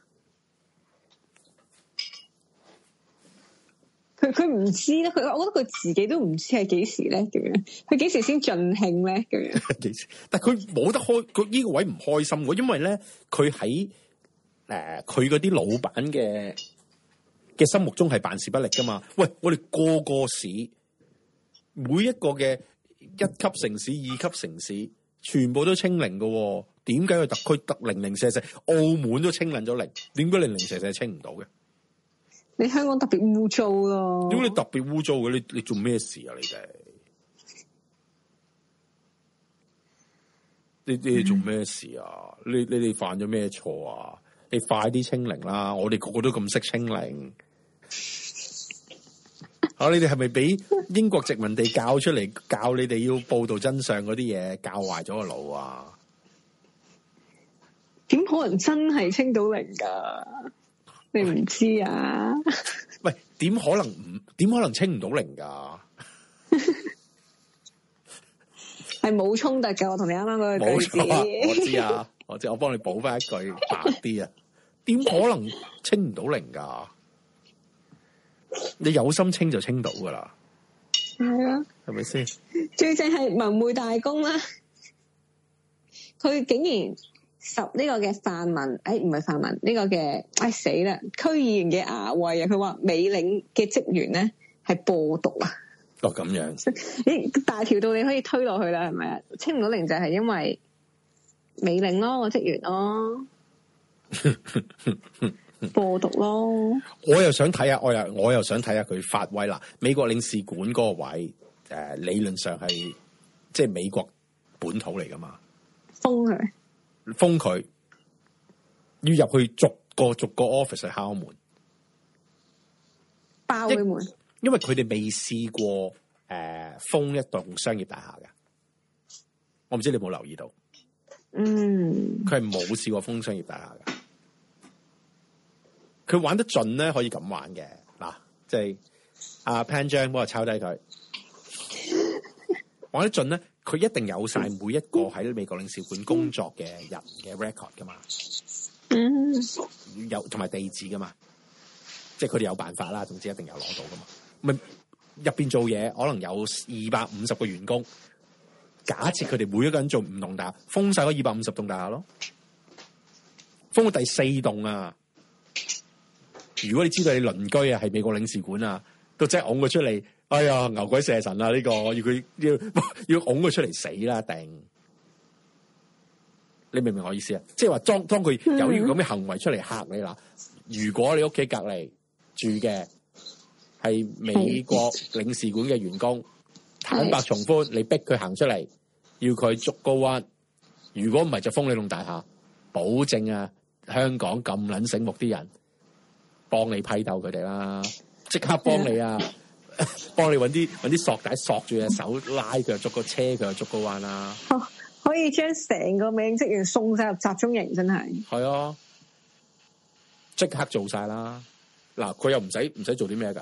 佢唔知咧，佢我覺得佢自己都唔知係幾時咧，咁樣佢幾時先盡興咧，咁樣。幾時 *laughs* 但係佢冇得開，佢呢個位唔開心嘅，因為咧佢喺誒佢嗰啲老闆嘅嘅心目中係辦事不力噶嘛。喂，我哋個個市每一個嘅一級城市，二級城市，全部都清零嘅，啊，點解個特區特零零舍舍？澳門都清零咗零，點解零零舍舍清唔到嘅？你香港特別污糟咯！點解你特別污糟嘅，你你做咩事啊？你哋？你你做咩事啊？嗯、你你哋犯咗咩錯啊？你快啲清零啦！我哋個個都咁識清零。 *laughs* 你哋係咪俾英國殖民地教出嚟？教你哋要報道真相嗰啲嘢，教壞咗個腦啊？點可能真係清到零噶？你唔知啊？喂，點可能唔點可能清唔到零噶？係冇衝突噶，我同你啱啱嗰句句子，啊，我知啊， *laughs* 我即係我幫你補翻一句白啲啊，點可能清唔到零噶？你有心清就清到噶啦，係啊，係咪先？最正係文匯大公啦，佢竟然。十呢個嘅泛民，誒唔係泛民呢，這個嘅，哎死啦！區議員嘅牙位啊，佢話美領嘅職員咧係播毒啊！哦咁樣，咦 *laughs* 大條道理你可以推落去啦，係咪啊？清唔到零就係因為美領咯，個職員咯， *laughs* 播毒咯。我又想睇下，我又我又想睇下佢發威啦！美國領事館嗰個位，誒、呃、理論上係即係美國本土嚟噶嘛？封佢。封佢，要入去逐個逐個 office 去敲門，爆佢門，因為佢哋未試過誒、呃、封一棟商業大廈嘅，我唔知你有冇留意到，嗯，佢係冇試過封商業大廈嘅，佢玩得盡咧，可以咁玩嘅嗱、啊，即係阿 Panjang 幫我抄低佢，玩得盡咧。佢一定有晒每一個喺美國領事館工作嘅人嘅 record 噶嘛，有同埋地址噶嘛，即係佢哋有辦法啦。總之一定有攞到噶嘛。咪入邊做嘢可能有二百五十個員工，假設佢哋每一個人做唔同大，封晒嗰二百五十棟大廈咯，封咗第四棟啊！如果你知道你鄰居啊係美國領事館啊，都即係㧬佢出嚟。哎呀，牛鬼蛇神啊，呢個我要佢要要拱佢出嚟死啦，定你明唔明我意思啊？即係話當當佢有呢咁嘅行為出嚟吓你啦。如果你屋企隔籬住嘅係美國領事館嘅員工，的坦白從寬，你逼佢行出嚟，要佢逐高彎。如果唔係，就封你棟大廈。保證啊，香港咁撚醒目啲人幫你批鬥佢哋啦，即刻幫你啊！幫 *laughs* 你搵啲搵啲索帶索住隻手拉佢，捉個車佢又捉個彎啦、哦。可以將成個名職員送晒入集中營，真係。係啊。即刻做晒啦！嗱，佢又唔使唔使做啲咩噶？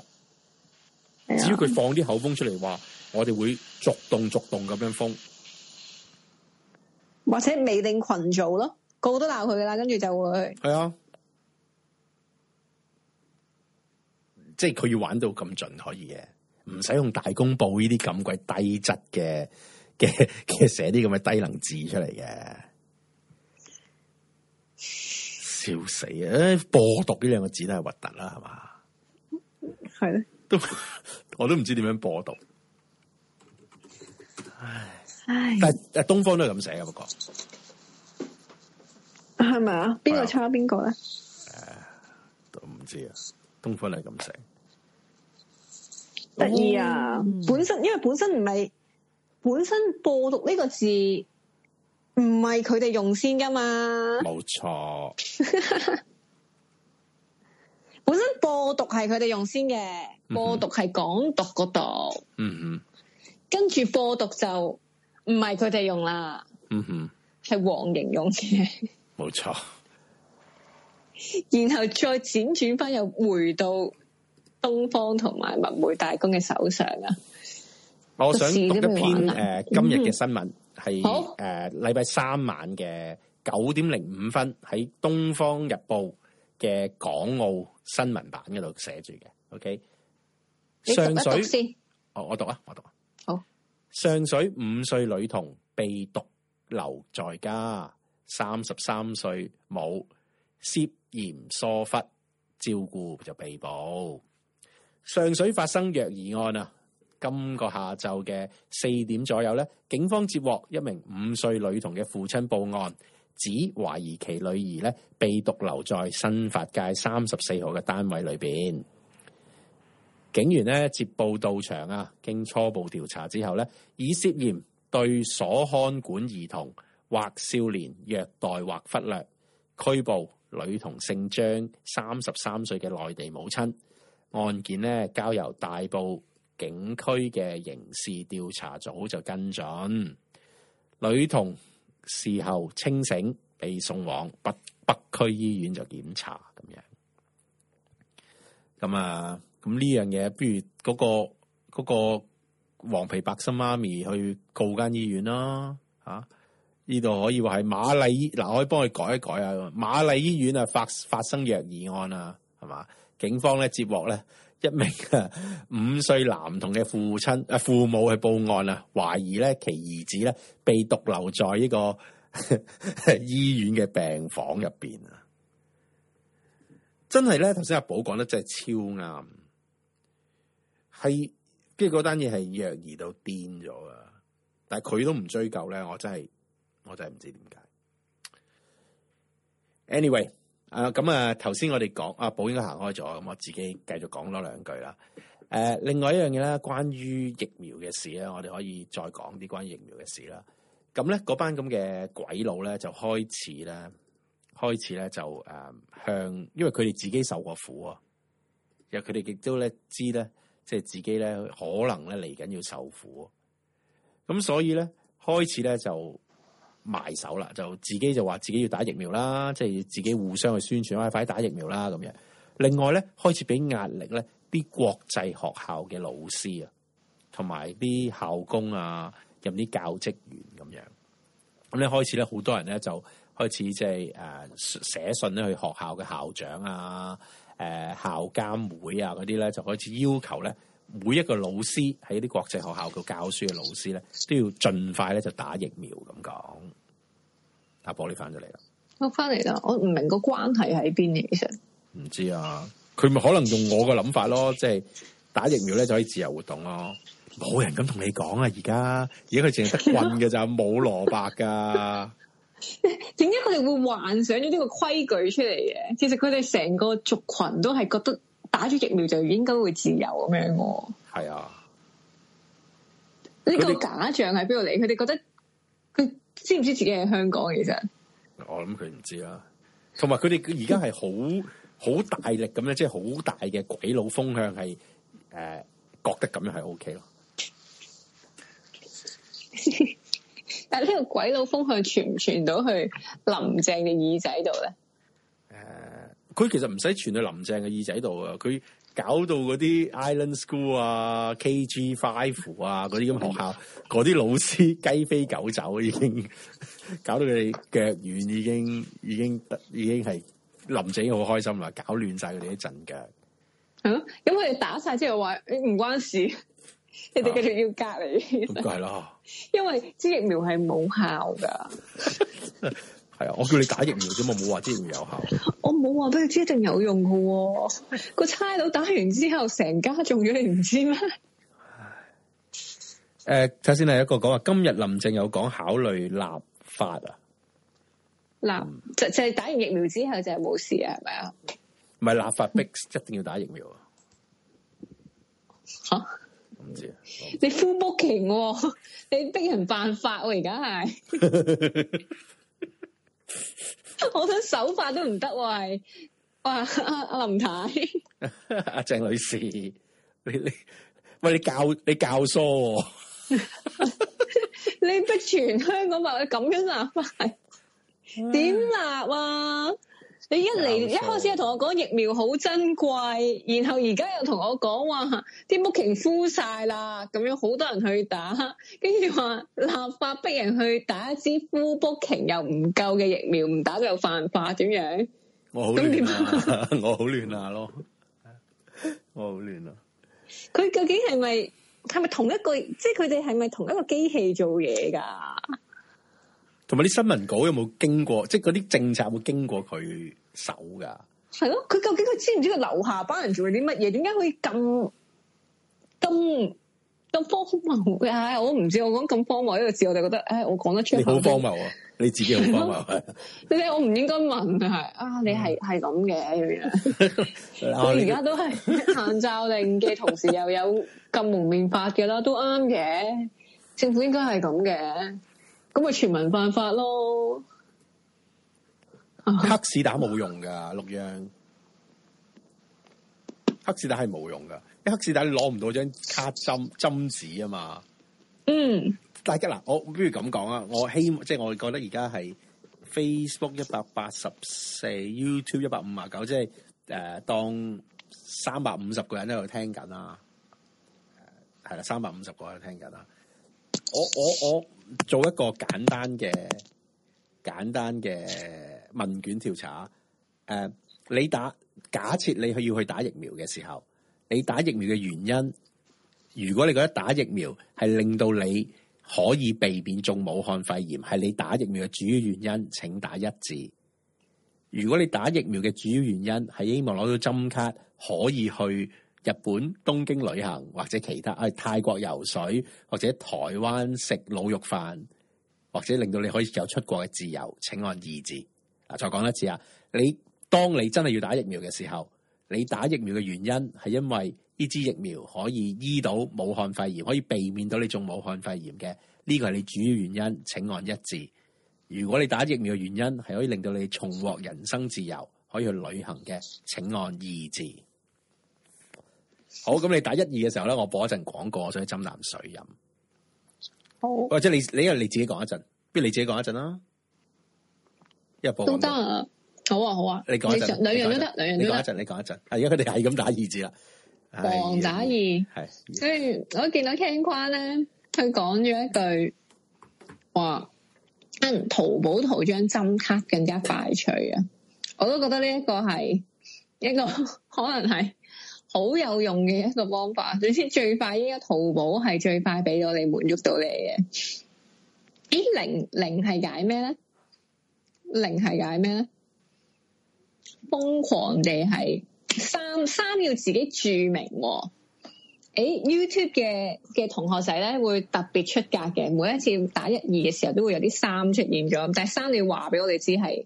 啊、只要佢放啲口風出嚟話，我哋會逐棟逐棟咁樣封，或者未定群組咯，個個都鬧佢噶啦，跟住就會。係啊。即係佢要玩到咁盡可以嘅，唔使用，用大公報呢啲咁鬼低質嘅嘅嘅寫啲咁嘅低能字出嚟嘅，笑死啊！播毒呢兩個字都係核突啦，係嘛？係咯的，都我都唔知點樣播毒。唉，唉但係但東方都係咁寫嘅，不過。係咪啊？邊個抄邊個咧？誒，都唔知啊。東方都係咁寫。 *laughs* 得意啊，哦！本身因為本身唔係本身播毒呢個字唔係佢哋用先噶嘛，冇錯。本身播毒係佢哋用是他們先嘅，播毒係港獨嗰度。嗯嗯，跟住播毒就唔係佢哋用啦。嗯哼是，係黃營用嘅，冇錯。然後再輾轉翻又回到，東方同埋文匯、大公嘅手上啊，我想讀一篇誒、呃、今日嘅新聞係。嗯、是好誒，禮拜、呃、三晚嘅九點零五分喺《東方日報》嘅港澳新聞版嗰度寫住嘅。O、okay? K，上水哦，我讀啊，我讀啊。好，上水五歲女童被獨留在家，三十三歲冇涉嫌疏忽照顧就被捕。上水發生虐兒案啊！今個下晝嘅四點左右咧，警方接獲一名五歲女童嘅父親報案，指懷疑其女兒咧被獨留在新發界三十四號嘅單位裏邊。警員咧接報到場啊，經初步調查之後咧，以涉嫌對所看管兒童或少年虐待或忽略，拘捕女童姓張，三十三歲嘅內地母親。案件咧交由大埔警區嘅刑事調查組就跟進，女童事後清醒，被送往北北區醫院就檢查咁樣。咁啊，咁呢樣嘢不如嗰個嗰個黃皮白心媽咪去告間醫院啦，吓呢度可以話係瑪麗，嗱、啊、可以幫佢改一改啊，瑪麗醫院啊發發生藥兒案啦、啊，係嘛？警方咧接獲咧一名五歲男童嘅父親誒父母去報案啊，懷疑咧其兒子咧被獨留在呢個 *laughs* 醫院嘅病房入邊啊！真係咧，頭先阿寶講得真係超啱，係跟住嗰單嘢係虐兒到癲咗啊！但係佢都唔追究咧，我真係我真係唔知點解。Anyway。啊咁啊！頭先我哋講啊，寶應該行開咗，咁我自己繼續講多兩句啦。誒、啊，另外一樣嘢咧，關於疫苗嘅事咧，我哋可以再講啲關於疫苗嘅事啦。咁咧，嗰班咁嘅鬼佬咧，就開始咧，開始咧就誒向，因為佢哋自己受過苦啊，因為佢哋亦都咧知咧，即係自己咧可能咧嚟緊要受苦，咁所以咧開始咧就埋手啦，就自己就話自己要打疫苗啦，即係自己互相去宣傳，快啲打疫苗啦咁樣。另外咧，開始俾壓力咧，啲國際學校嘅老師啊，同埋啲校工啊，任啲教職員咁樣。咁咧開始咧，好多人咧就開始即係誒寫信咧去學校嘅校長啊、誒校監會啊嗰啲咧，就開始要求咧。每一個老師喺啲國際學校嘅教書嘅老師咧，都要盡快咧就打疫苗咁講。阿波，你翻咗嚟啦，我翻嚟啦，我唔明個關係喺邊嘅，其實唔知啊。佢咪可能用我個諗法咯，即係打疫苗咧就可以自由活動咯。冇人咁同你講啊，而家而家佢淨係得棍嘅咋，冇蘿蔔噶。點解佢哋會幻想咗呢個規矩出嚟嘅？其實佢哋成個族群都係覺得。打咗疫苗就應該會自由咁樣，係啊？呢個假象喺邊度嚟？佢哋覺得佢知唔知自己喺香港？其實我諗佢唔知啊。同埋佢哋而家係好好大力咁樣，即係好大嘅鬼佬風向，係誒、呃、覺得咁樣係 O K 咯。 *laughs* 但係呢個鬼佬風向傳唔傳到去林鄭嘅耳仔度咧？佢其實唔使傳去林鄭嘅耳仔度啊！佢搞到嗰啲 Island School 啊、KG Five 啊嗰啲咁學校，嗰啲老師雞飛狗走，啊，已經搞到佢哋腳軟，已經已經已經係林鄭好開心啦！搞亂晒佢哋一陣腳啊！咁佢哋打晒之後話唔關事，你哋繼續要隔離，係咯、啊？ *laughs* 因為支疫苗係冇效噶。 *laughs* 我叫你打疫苗啫嘛，冇話之前有效。我冇話俾你知一定有用噶，個差佬打完之後成家中咗，你唔知咩？誒，首先係一個講話，今日林鄭有講考慮立法啊，嗱，就就係打完疫苗之後就係冇事啊，係咪啊？唔係立法逼，一定要打疫苗啊！吓，唔知啊？你 full booking 喎，你逼人犯法喎，哦，而家係。 *laughs* 我想手法都唔得，係哇阿林太阿鄭、 *laughs* 啊、女士，你你喂你教你教唆、哦？ *laughs* *laughs* 你逼全香港話咁樣立法？點立啊？你一嚟一開始就同我講疫苗好珍貴，然後而家又同我講話啲 booking full 晒啦，咁樣好多人去打，跟住話立法逼人去打一支 full booking 又唔夠嘅疫苗，唔打又犯法點樣？我好亂，我好亂下咯，我好亂啊！佢究竟係咪係咪同一個？即係佢哋係咪同一個機器做嘢㗎？同埋啲新聞稿有冇經過？即係嗰啲政策有冇經過佢？手噶，係咯，佢究竟佢知唔知佢樓下班人做緊啲乜嘢？點解可以咁咁咁荒謬嘅？唉，我唔知，我講咁荒謬呢個字，我就覺得誒，我講得出。你好荒謬啊！ *laughs* 你自己好荒謬。 *laughs* *laughs* 你我唔應該問係。啊，你係係咁嘅，你而家都係限罩令嘅，同時又有禁蒙面法嘅啦，都啱嘅。政府應該係咁嘅，咁咪全民犯法咯。Oh. 黑市打冇用噶，六樣，黑市打係冇用噶。黑你黑市打攞唔到張卡針針紙啊嘛。嗯，大家嗱，我不如咁講啊。我希望即係我覺得而家係 Facebook 一百八十四，YouTube 一百五啊九，即係誒，當三百五十個人喺度聽緊啦。係、呃、啦，三百五十個喺度聽緊啦。我我我做一個簡單嘅，簡單嘅。問卷調查、呃，你打假設你去要去打疫苗嘅時候，你打疫苗嘅原因，如果你覺得打疫苗係令到你可以避免中武漢肺炎，係你打疫苗嘅主要原因，請打一字。如果你打疫苗嘅主要原因係希望攞到針卡可以去日本東京旅行，或者其他啊泰國游水，或者台灣食魯肉飯，或者令到你可以有出國嘅自由，請按二字。再講一次啊！你當你真係要打疫苗嘅時候，你打疫苗嘅原因係因為呢支疫苗可以醫到武漢肺炎，可以避免到你中武漢肺炎嘅，呢個係你主要原因，請按一字。如果你打疫苗嘅原因係可以令到你重獲人生自由，可以去旅行嘅，請按二字。好，咁你打一二嘅時候咧，我播一陣廣告，所以斟啖水飲。好，或者你你又你自己講一陣，不如你自己講一陣啦。都得，啊，好啊好啊。你講一陣，兩樣說都得，兩樣都得。你講一陣，你講一陣。啊，而家佢哋係咁打二字啦，狂打二。係、哎呀，跟住我見到 King 坤咧，佢講咗一句，話，嗯，淘寶圖張針卡更加快脆啊！ *laughs* 我都覺得呢一個係一個可能係好有用嘅一個方法。 *laughs* 總之最快，依家淘寶係最快俾到你滿足到你嘅。誒，零零係解咩咧？零係解咩咧？瘋狂地係三三要自己注明，哦。誒，YouTube 嘅嘅同學仔咧會特別出格嘅，每一次打一二嘅時候都會有啲三出現咗。但係三你要話俾我哋知係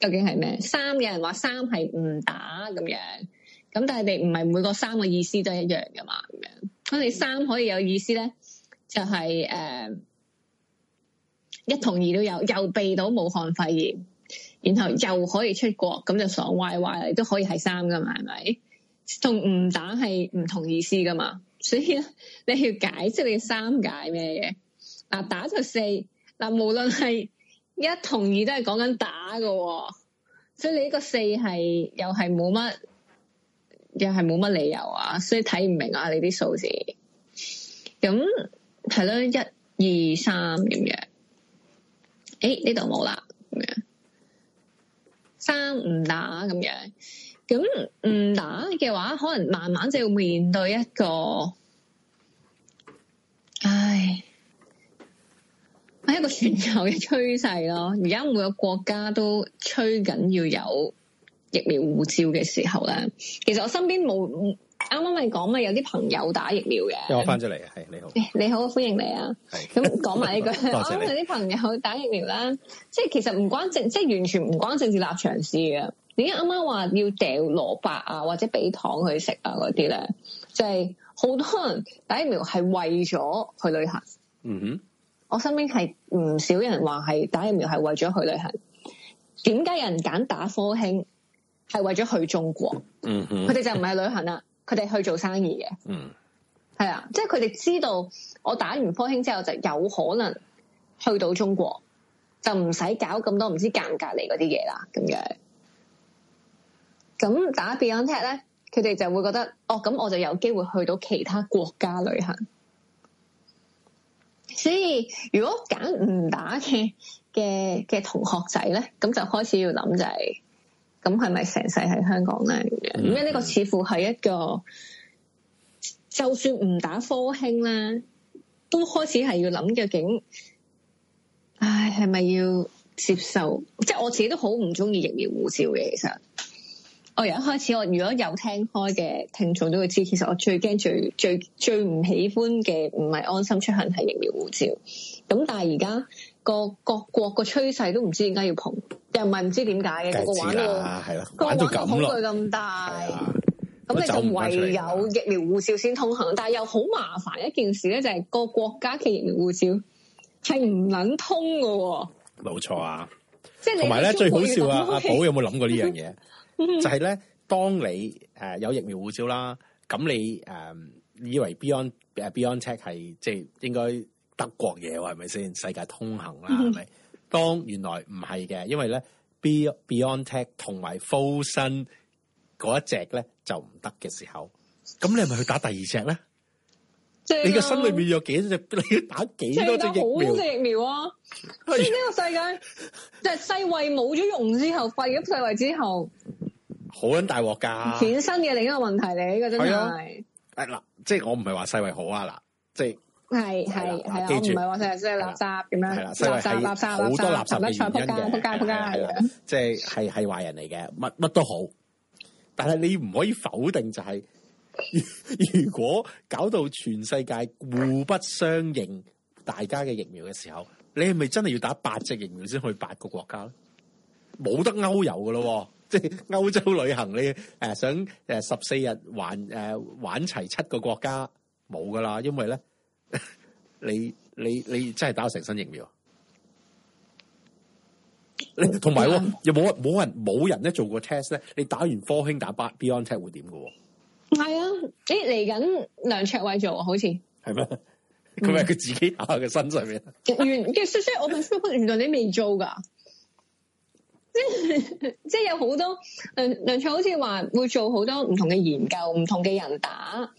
究竟係咩？三有人話三係唔打咁樣，咁但係你唔係每個三個意思都係一樣噶嘛？咁樣，我哋三可以有意思咧，就係、是、誒。呃一、同二都有，又避到武漢肺炎，然後又可以出國，咁就爽歪歪啦。都可以係三噶嘛，係咪？同唔打係唔同意思噶嘛，所以你要解釋你三解咩嘢？打就四嗱，無論係一、同二都係講緊打噶、哦，所以你呢個四係又係冇乜，又係冇乜理由啊。所以睇唔明啊，你啲數字咁係咯，一二三咁樣？誒，呢度冇啦，咁樣，生唔打咁樣，咁唔打嘅話，可能慢慢就要面對一個，唉，一個全球嘅趨勢咯。而家每個國家都吹緊要有疫苗護照嘅時候咧，其實我身邊冇。啱啱咪講咪有啲朋友打疫苗嘅。我返咗嚟，係你好。你好，歡迎你啊！咁講埋呢句。啱啱 *laughs* 你有啲朋友打疫苗啦，即係其實唔關政，即係完全唔關政治立場事嘅。點解啱啱話要掉蘿蔔啊，或者俾糖去食啊嗰啲咧？就係、是、好多人打疫苗係為咗去旅行。嗯哼，我身邊係唔少人話係打疫苗係為咗去旅行。點解有人揀打科興係為咗去中國？嗯哼，佢哋就唔係旅行啦。 *laughs* 佢哋去做生意嘅，嗯，係啊，即係佢哋知道我打完科興之後就有可能去到中國，就唔使搞咁多唔知隔唔隔離嗰啲嘢啦，咁樣子。咁打 BioNTech 咧，佢哋就會覺得，哦，咁我就有機會去到其他國家旅行。所以如果揀唔打嘅嘅嘅同學仔咧，咁就開始要諗就係、是。咁係咪成世喺香港咧？咁因為呢個似乎係一個，就算唔打科興咧，都開始係要諗究竟，唉，係咪要接受？即係我自己都好唔中意疫苗護照嘅。其實我由一開始我如果有聽開嘅聽眾都會知，其實我最驚最最最唔喜歡嘅唔係安心出行，係疫苗護照。咁但係而家。各各國個趨勢都唔知點解要碰，又唔係唔知點解嘅，個玩到，的玩到咁恐懼咁大。咁你就唯有疫苗護照先通行，但係又好麻煩一件事咧，就係個國家嘅疫苗護照係唔撚通噶。冇錯啊，即係同埋咧，最好笑啊！阿寶有冇諗過這件事 *laughs* 呢樣嘢？就係咧，當你誒有疫苗護照啦，咁你誒、um, 以為 Beyond,、uh, Beyond 誒 Beyond Check 係即係、就是、應該？德國嘢喎，係咪先？世界通行啦，係咪？Mm hmm. 當原來唔係嘅，因為咧，BioNTech 同埋 Fosun 嗰一隻咧就唔得嘅時候，咁你係咪去打第二隻咧？呀你嘅心裏面有幾隻？你要打幾多隻疫苗？疫苗啊！所以呢個世界，即係世衛冇咗用之後，發現世衛之後，好撚大鑊噶！衍生嘅另一個問題嚟，呢個真係。誒嗱、哎，即係我唔係話世衛好啊，嗱，即係。係係係啊，唔係話成日即係垃圾咁樣，垃圾垃圾垃圾，好多垃圾,垃圾,垃圾,垃圾原因嘅，即係係係壞人嚟嘅，乜乜都好，但係你唔可以否定、就係，就係如果搞到全世界互不相認，大家嘅疫苗嘅時候，你係咪真係要打八隻疫苗先去八個國家咧？冇得歐遊噶咯，即係歐洲旅行你誒、呃、想誒十四日玩誒、呃、玩齊七個國家冇噶啦，因為咧。你你你真係打成身疫苗，冇人你同埋又冇冇人冇人咧做過 test 咧？你打完科興打 beyond test 會點噶係啊，誒嚟緊梁卓偉做，好似係咩？佢係佢自己打嘅身上面？原即係我問 super，原來你未做噶？即係即係有好多梁梁卓好似話會做好多唔同嘅研究，唔同嘅人打。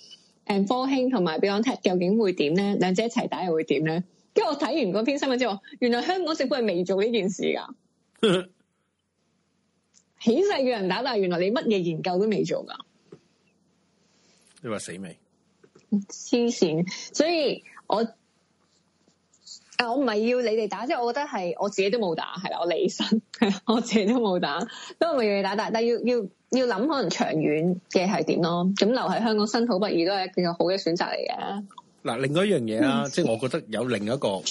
誒科興同埋 BioNTech 究竟會點咧？兩者一齊打又會點咧？跟住我睇完嗰篇新聞之後，原來香港政府係未做呢件事噶， *laughs* 起勢嘅人打，但係原來你乜嘢研究都未做噶。你話死未？黐線！所以我。啊！我唔係要你哋打，即係我覺得係我自己都冇打，係啦，我理身，係 *laughs* 我自己都冇打，都唔係要你打，但但要要要諗可能長遠嘅係點咯？咁留喺香港，生土不二都係一個好嘅選擇嚟嘅。嗱，另外一樣嘢啦，即係我覺得有另一個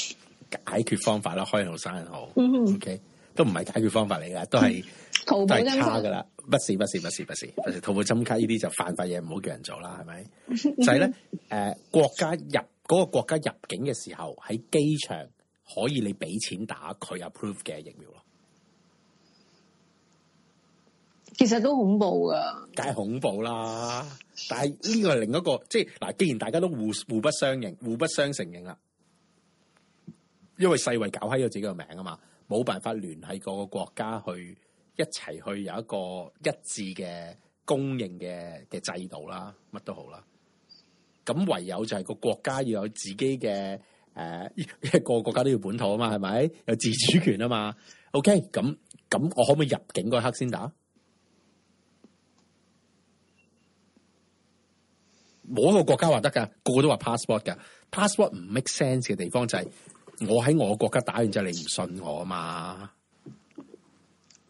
解決方法啦，開後山好，OK，都唔係解決方法嚟噶，都係淘寶差噶啦，不是不是不是不是，淘寶針卡呢啲就犯法嘢，唔好叫人做啦，係咪？ *laughs* 就係、是、咧，誒、呃，國家入。嗰個國家入境嘅時候，喺機場可以你俾錢打佢 approve 嘅疫苗咯，其實都恐怖噶，梗係恐怖啦。但係呢個係另一個，即係嗱，既然大家都互互不相認、互不相承認啦，因為世衛搞喺咗自己個名啊嘛，冇辦法聯繫各個國家去一齊去有一個一致嘅公認嘅嘅制度啦，乜都好啦。咁唯有就係個國家要有自己嘅誒，一、呃、個國家都要本土啊嘛，係咪有自主權啊嘛？OK，咁咁我可唔可以入境嗰刻先打？冇一個國家話得噶，個個都話 passport 噶，passport 唔 make sense 嘅地方就係我喺我國家打完之後，你唔信我啊嘛？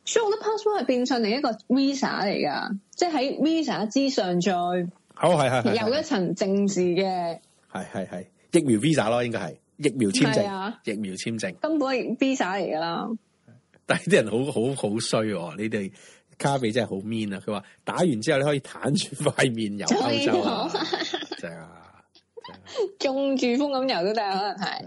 所以我覺得 passport 係變相另一個 visa 嚟噶，即係喺 visa 之上再。好係係有一層政治嘅係係係疫苗 visa 咯，應該係疫苗簽證，疫苗簽證根本係 visa 嚟噶啦。但係啲人好好好衰喎，你哋卡比真係好 mean 啊！佢話打完之後你可以坦住塊面遊歐洲，正啊！正啊！中住風咁遊都得，可能係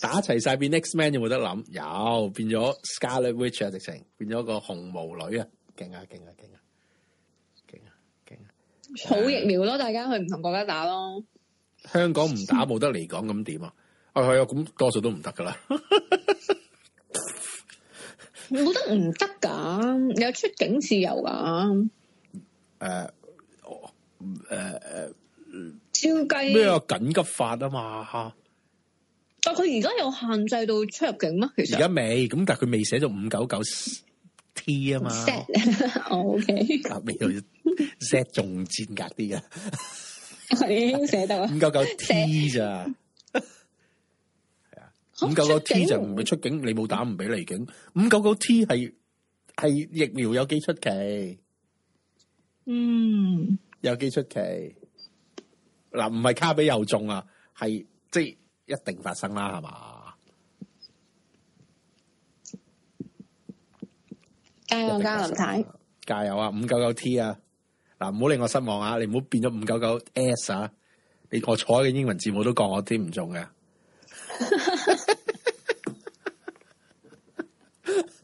打齊晒變 X-Man 有冇得諗？有變咗 Scarlet Witch 啊。直情變咗個紅毛女啊！勁啊勁啊勁啊！好疫苗咯，呃、大家去唔同國家打咯。香港唔打冇 *laughs* 得嚟講咁點啊？啊係啊，咁多數都唔 *laughs* 得噶啦。冇得唔得噶？你有出境自由噶。誒、呃，我誒誒，照計咩緊急法嘛啊嘛吓？但佢而家有限制到出入境咩？其實而家未咁，但係佢未寫咗五九九 T 啊嘛。set，OK。未覺 *laughs* Okay. *laughs* 石仲賤格啲嘅，我哋已經寫到五九九 T 咋？係啊，五九九 T 就唔會出境，你冇打唔俾離境。五九九 T 係係疫苗有幾出奇？嗯，有幾出奇？嗱，唔係卡比又中啊，係即係一定發生啦，係嘛？加油，加林太，加油啊！五九九 T 啊！唔好令我失望啊！你唔好變咗五九九 S 啊！你我彩嘅英文字母都講，我啲唔中嘅。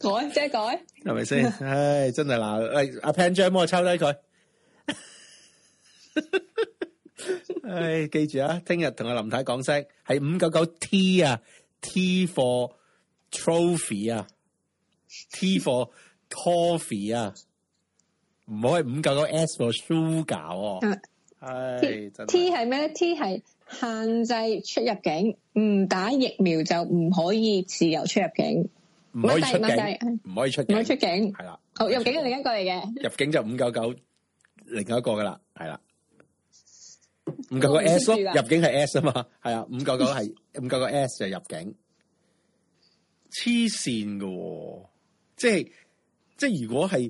改即係改，係咪先？ *laughs* 唉，真係嗱，阿 Pan 將幫我抽低佢。 *laughs* 唉，記住啊！聽日同阿林太講聲，係五九九 T 啊，T for trophy 啊，T for coffee 啊。唔可以五九九 S 做 Sugar 係、哦啊哎、T 係咩咧？T 係限制出入境，唔打疫苗就唔可以自由出入境，唔可以出境，唔是可以出境，唔是可以出境。係啦，好入境另一個嚟嘅，入境就五九九另一個噶啦，係啦，五九九 S 咯， 入境係 S 啊嘛，係啊，五九九係五九九 S 就入境，黐線噶，即係即係如果係。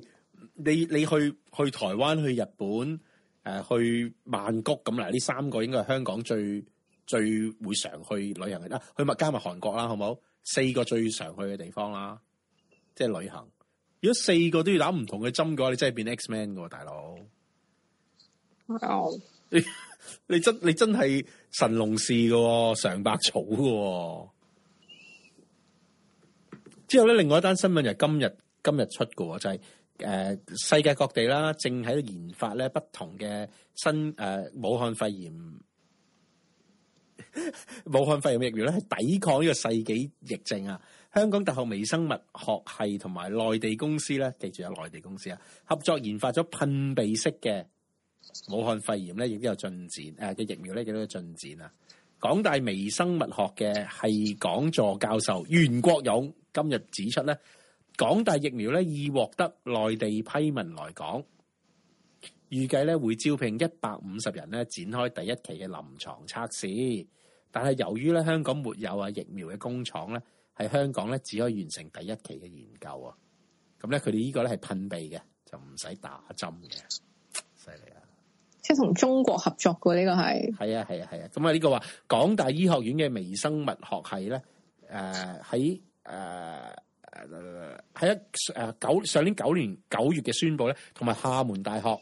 你你去去台灣去日本誒、呃、去曼谷咁啦，呢三個應該係香港最最會常去旅行嘅啦。去埋加埋韓國啦，好冇？四個最常去嘅地方啦，即係旅行。如果四個都要打唔同嘅針嘅話，你真係變 Xman 嘅大佬。你喵 *laughs* 你真你真係神龍氏嘅，常百草嘅、哦。之後咧，另外一單新聞就係今日今日出嘅、哦，就係、是。誒，世界各地啦，正喺度研發咧不同嘅新誒、呃、武漢肺炎 *laughs* 武漢肺炎疫苗咧，係抵抗呢個世紀疫症啊！香港大學微生物學系同埋內地公司咧，記住有內地公司啊，合作研發咗噴鼻式嘅武漢肺炎咧，亦都有進展。誒、呃，嘅疫苗咧，亦都有進展啊？港大微生物學嘅係講座教授袁國勇今日指出咧。港大疫苗咧已獲得內地批文來港，預計咧會招聘一百五十人咧展開第一期嘅臨床測試。但係由於咧香港沒有啊疫苗嘅工廠咧，喺香港咧只可以完成第一期嘅研究啊。咁咧佢哋呢個咧係噴鼻嘅，就唔使打針嘅，犀利啊！即係同中國合作嘅呢個係，係啊係啊係啊。咁啊呢個話港大醫學院嘅微生物學系咧，誒喺誒。喺一誒九上年九年九月嘅宣布，咧，同埋廈門大學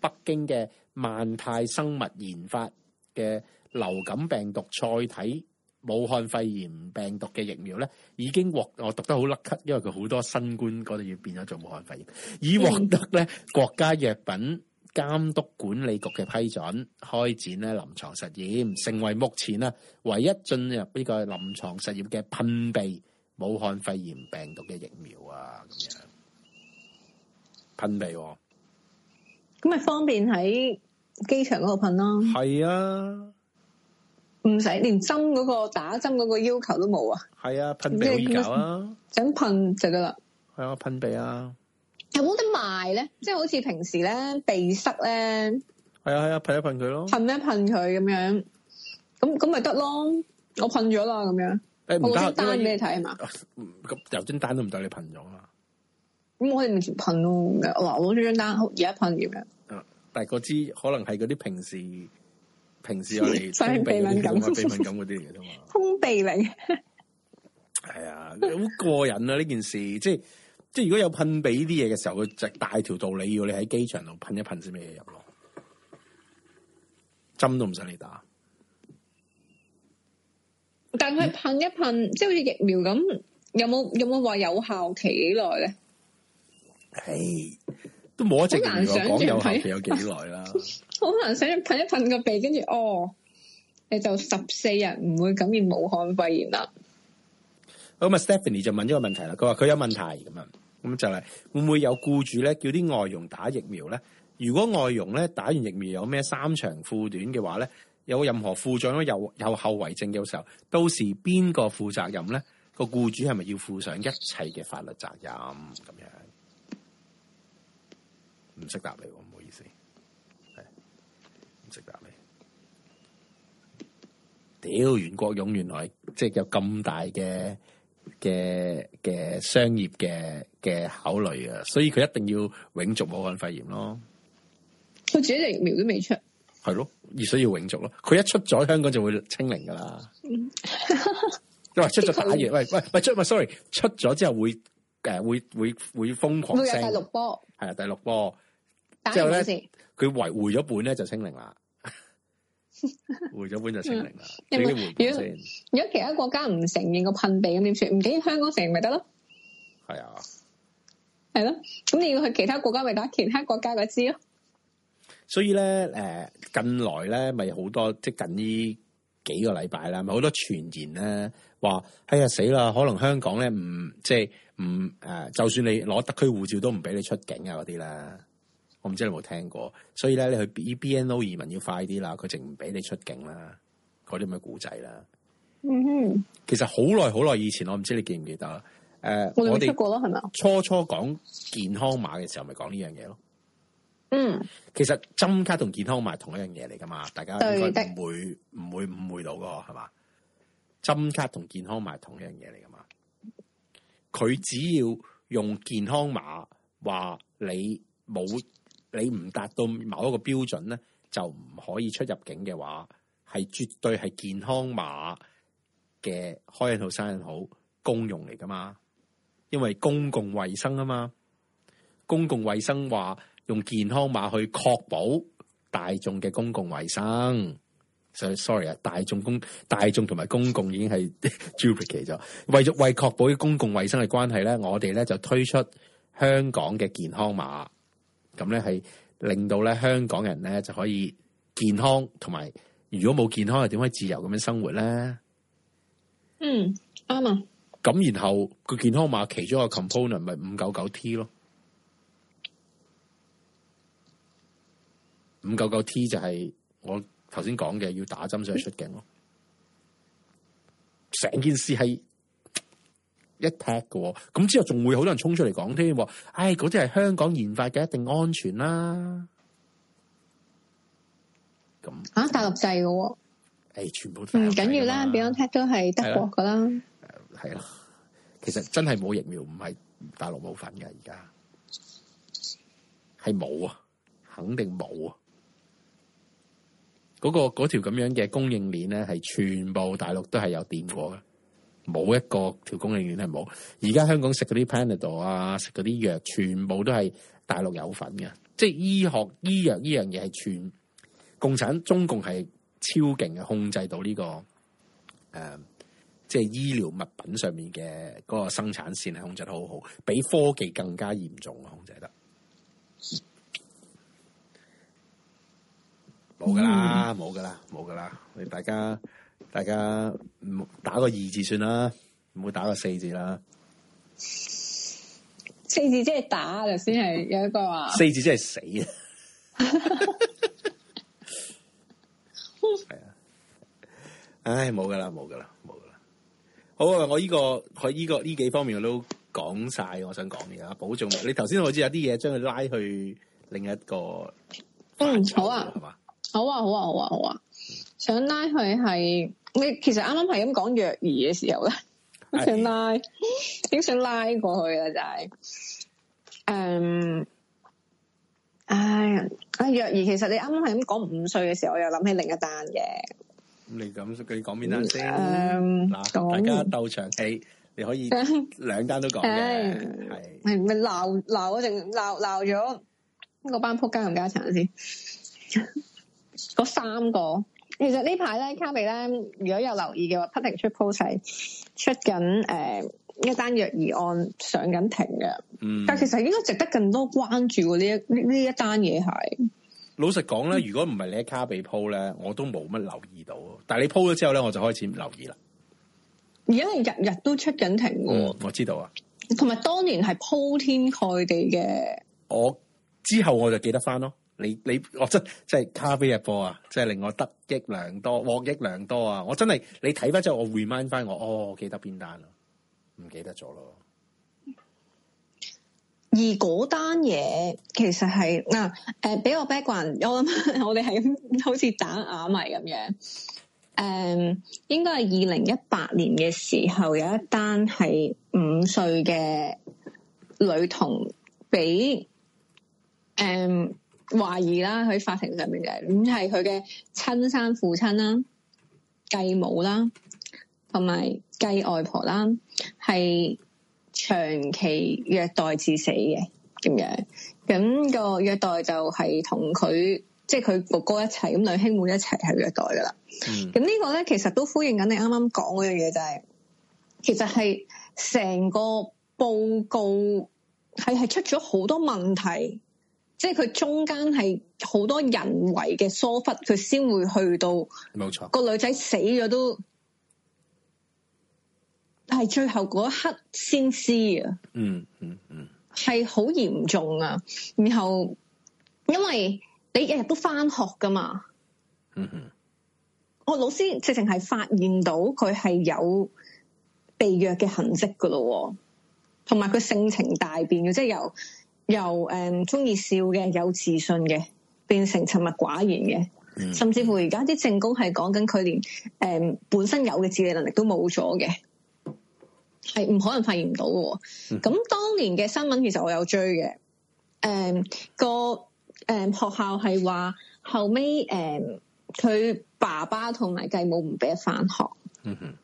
北京嘅萬泰生物研發嘅流感病毒載體、武漢肺炎病毒嘅疫苗咧，已經獲我讀得好甩咳，因為佢好多新冠嗰度要變咗做武漢肺炎，已獲得咧國家藥品監督管理局嘅批准開展咧臨床實驗，成為目前咧唯一進入呢個臨床實驗嘅噴鼻。武漢肺炎病毒嘅疫苗啊，咁樣噴鼻，哦，咁咪方便喺機場嗰度噴咯。係啊，唔使連針嗰，嗰個打針嗰個要求都冇啊。係啊，噴鼻可以搞啦，想噴就得啦。係啊，噴鼻啊，有冇得賣咧？即係好似平時咧，鼻塞咧，係啊係啊，噴一噴佢咯，噴一噴佢咁樣，咁咁咪得咯。我噴咗啦，咁樣。欸、打我攞張單俾你睇係嘛？咁有張單都唔帶你噴咗嘛？咁我哋唔識噴咯。我話我攞張單而家噴點樣？但係嗰支可能係嗰啲平時平時我哋鼻敏感、鼻敏感嗰啲嚟嘅嘛。通鼻靈，係啊，好過癮啊！呢件事即係即係，如果有噴鼻啲嘢嘅時候，佢就大條道理要你喺機場度噴一噴先俾你入咯。針都唔使你打。但佢噴一噴，嗯、即係好似疫苗咁，有冇有冇話有，有，有效期幾耐咧？係都冇一直好難想住有有效期有幾耐啦。好難想噴一噴，噴 *laughs* 一噴個鼻，跟住哦，你就十四日唔會感染武漢肺炎啦。咁啊，Stephanie 就問咗個問題啦。佢話佢有問題咁啊，咁就係會唔會有雇主咧叫啲外傭打疫苗咧？如果外傭咧打完疫苗有咩三長褲短嘅話咧？有任何副作用有有後遺症嘅時候，到時邊個負責任咧？個僱主係咪要負上一切嘅法律責任咁樣？唔識答你，唔好意思，唔識答你。屌袁國勇，原來即係有咁大嘅嘅嘅商業嘅嘅考慮啊！所以佢一定要永續武漢肺炎咯。佢自己只疫苗都未出。係咯，熱水要永續咯。佢一出咗，香港就會清零噶啦。因為 *laughs* 出咗打嘢， *laughs* 喂喂喂出，sorry，出咗之後會誒、呃、會會會瘋狂升，第六波係啊，第六波。打之後咧，佢回回咗本咧就清零啦，回咗本就清零啦。 *laughs* 回零如果如果其他國家唔承認個噴鼻咁點算？唔見香港承認咪得咯？係啊，係咯。咁你要去其他國家咪打其他國家嘅支咯。所以咧，誒近來咧，咪好多即近呢幾個禮拜啦，咪好多傳言咧，話哎呀死啦，可能香港咧唔即係唔誒，就算你攞特區護照都唔俾你出境啊嗰啲啦。我唔知你有冇聽過，所以咧你去 B B N O 移民要快啲啦，佢直唔俾你出境啦，嗰啲咁嘅故仔啦。嗯哼，其實好耐好耐以前，我唔知你記唔記得誒，我哋初初講健康碼嘅時候這，咪講呢樣嘢咯。嗯，其實針卡同健康碼係同一樣嘢嚟噶嘛，大家唔會唔的會誤會到噶係嘛？針卡同健康碼係同一樣嘢嚟噶嘛？佢只要用健康碼，話你冇你唔達到某一個標準咧，就唔可以出入境嘅話，係絕對係健康碼嘅開印好、生印好公用嚟噶嘛？因為公共衛生啊嘛，公共衛生話。用健康碼去確保大眾嘅公共衛生，sorry sorry 啊，大眾公大眾同埋公共已經係 duplicate 咗，為咗為確保啲公共衛生嘅關係咧，我哋咧就推出香港嘅健康碼，咁咧係令到咧香港人咧就可以健康，同埋如果冇健康又點可以自由咁樣生活咧？嗯，啱啊。咁然後個健康碼其中一個 component 咪五九九 T 咯。五九九 T 就係我頭先講嘅，要打針去出,出境咯。成件事係一踢嘅，咁之後仲會好多人衝出嚟講添。唉、哎，嗰啲係香港研發嘅，一定安全啦、啊。咁啊，大陸製嘅，誒、哎，全部都唔緊要啦 Biontech 都係德國㗎啦。係啦,啦，其實真係冇疫苗，唔係大陸冇份㗎。而家係冇啊，肯定冇啊。嗰、嗰個嗰條咁樣嘅供應鏈咧，係全部大陸都係有掂過嘅，冇一個條供應鏈係冇。而家香港食嗰啲 Panadol 啊，食嗰啲藥，全部都係大陸有份嘅。即係醫學醫藥呢樣嘢係全共產中共係超勁嘅控制到呢、呢個誒、嗯，即係醫療物品上面嘅嗰個生產線係控制得好好，比科技更加嚴重控制得。冇噶啦，冇噶啦，冇噶啦！你大家大家打個二字算啦，唔好打個四字啦。四字即係打頭先係有一個啊。四字即係死啊！係 *laughs* *laughs* 啊，唉，冇噶啦，冇噶啦，冇噶啦。好啊，我依、這個佢依、這個呢幾方面我都講晒，我想講嘅啊，保重。你頭先好似有啲嘢將佢拉去另一個。嗯，好啊，係嘛？好啊好啊好啊好啊，好啊！想拉佢係你，其實啱啱係咁講若兒嘅時候咧，的想拉點算想拉過去啊！就係，嗯、um, 哎，唉，阿若兒，其實你啱啱係咁講五歲嘅時候，我又諗起另一單嘅。咁你咁佢講邊單先？嗱、嗯，大家鬥長氣，嗯、你可以兩單都講嘅，係咪鬧鬧一陣鬧鬧咗嗰班仆街同加產先？ *laughs* 嗰三個，其實呢排咧卡比咧，如果有留意嘅話，不停出 post 係出緊誒、呃、一單虐兒案上緊庭嘅，嗯、但其實應該值得更多關注嘅呢一呢一單嘢係。老實講咧，嗯、如果唔係你喺卡比 po 咧，我都冇乜留意到。但係你 po 咗之後咧，我就開始唔留意啦。而家係日日都出緊庭，我、嗯、我知道啊。同埋當年係鋪天蓋地嘅，我之後我就記得翻咯。你你我真即係卡比日播啊！即係令我得益良多、獲益良多啊！我真係你睇翻之後我 remind 翻我，哦，我記得邊單啊？唔記得咗咯？而嗰單嘢其實係嗱誒，俾、啊呃、我 background，我諗我哋係 *laughs* 好似打啞謎咁樣誒、嗯，應該係二零一八年嘅時候有一單係五歲嘅女童俾嗯。懷疑啦，喺法庭上面嘅，咁，係佢嘅親生父親啦、繼母啦、同埋繼外婆啦，係長期虐待致死嘅咁樣。咁、個虐待就係同佢，即係佢哥哥一齊，咁兩兄妹一齊係虐待噶啦。咁、嗯、呢個咧，其實都呼應緊你啱啱講嗰樣嘢，就係其實係成個報告係係出咗好多問題。即係佢中間係好多人為嘅疏忽，佢先會去到。冇錯。個女仔死咗都，係最後嗰一刻先知啊、嗯。嗯嗯嗯，係好嚴重啊。然後因為你日日都翻學噶嘛。嗯嗯。嗯我老師直情係發現到佢係有被虐嘅痕迹噶咯，同埋佢性情大變嘅，即係由。由誒，中意笑嘅有自信嘅，變成沉默寡言嘅，mm hmm. 甚至乎而家啲證供係講緊佢連誒、嗯、本身有嘅自理能力都冇咗嘅，係唔可能發現唔到嘅。咁、mm hmm. 當年嘅新聞其實我有追嘅，誒、嗯那個誒、嗯、學校係話後尾誒佢爸爸同埋繼母唔俾翻學，嗯、mm hmm.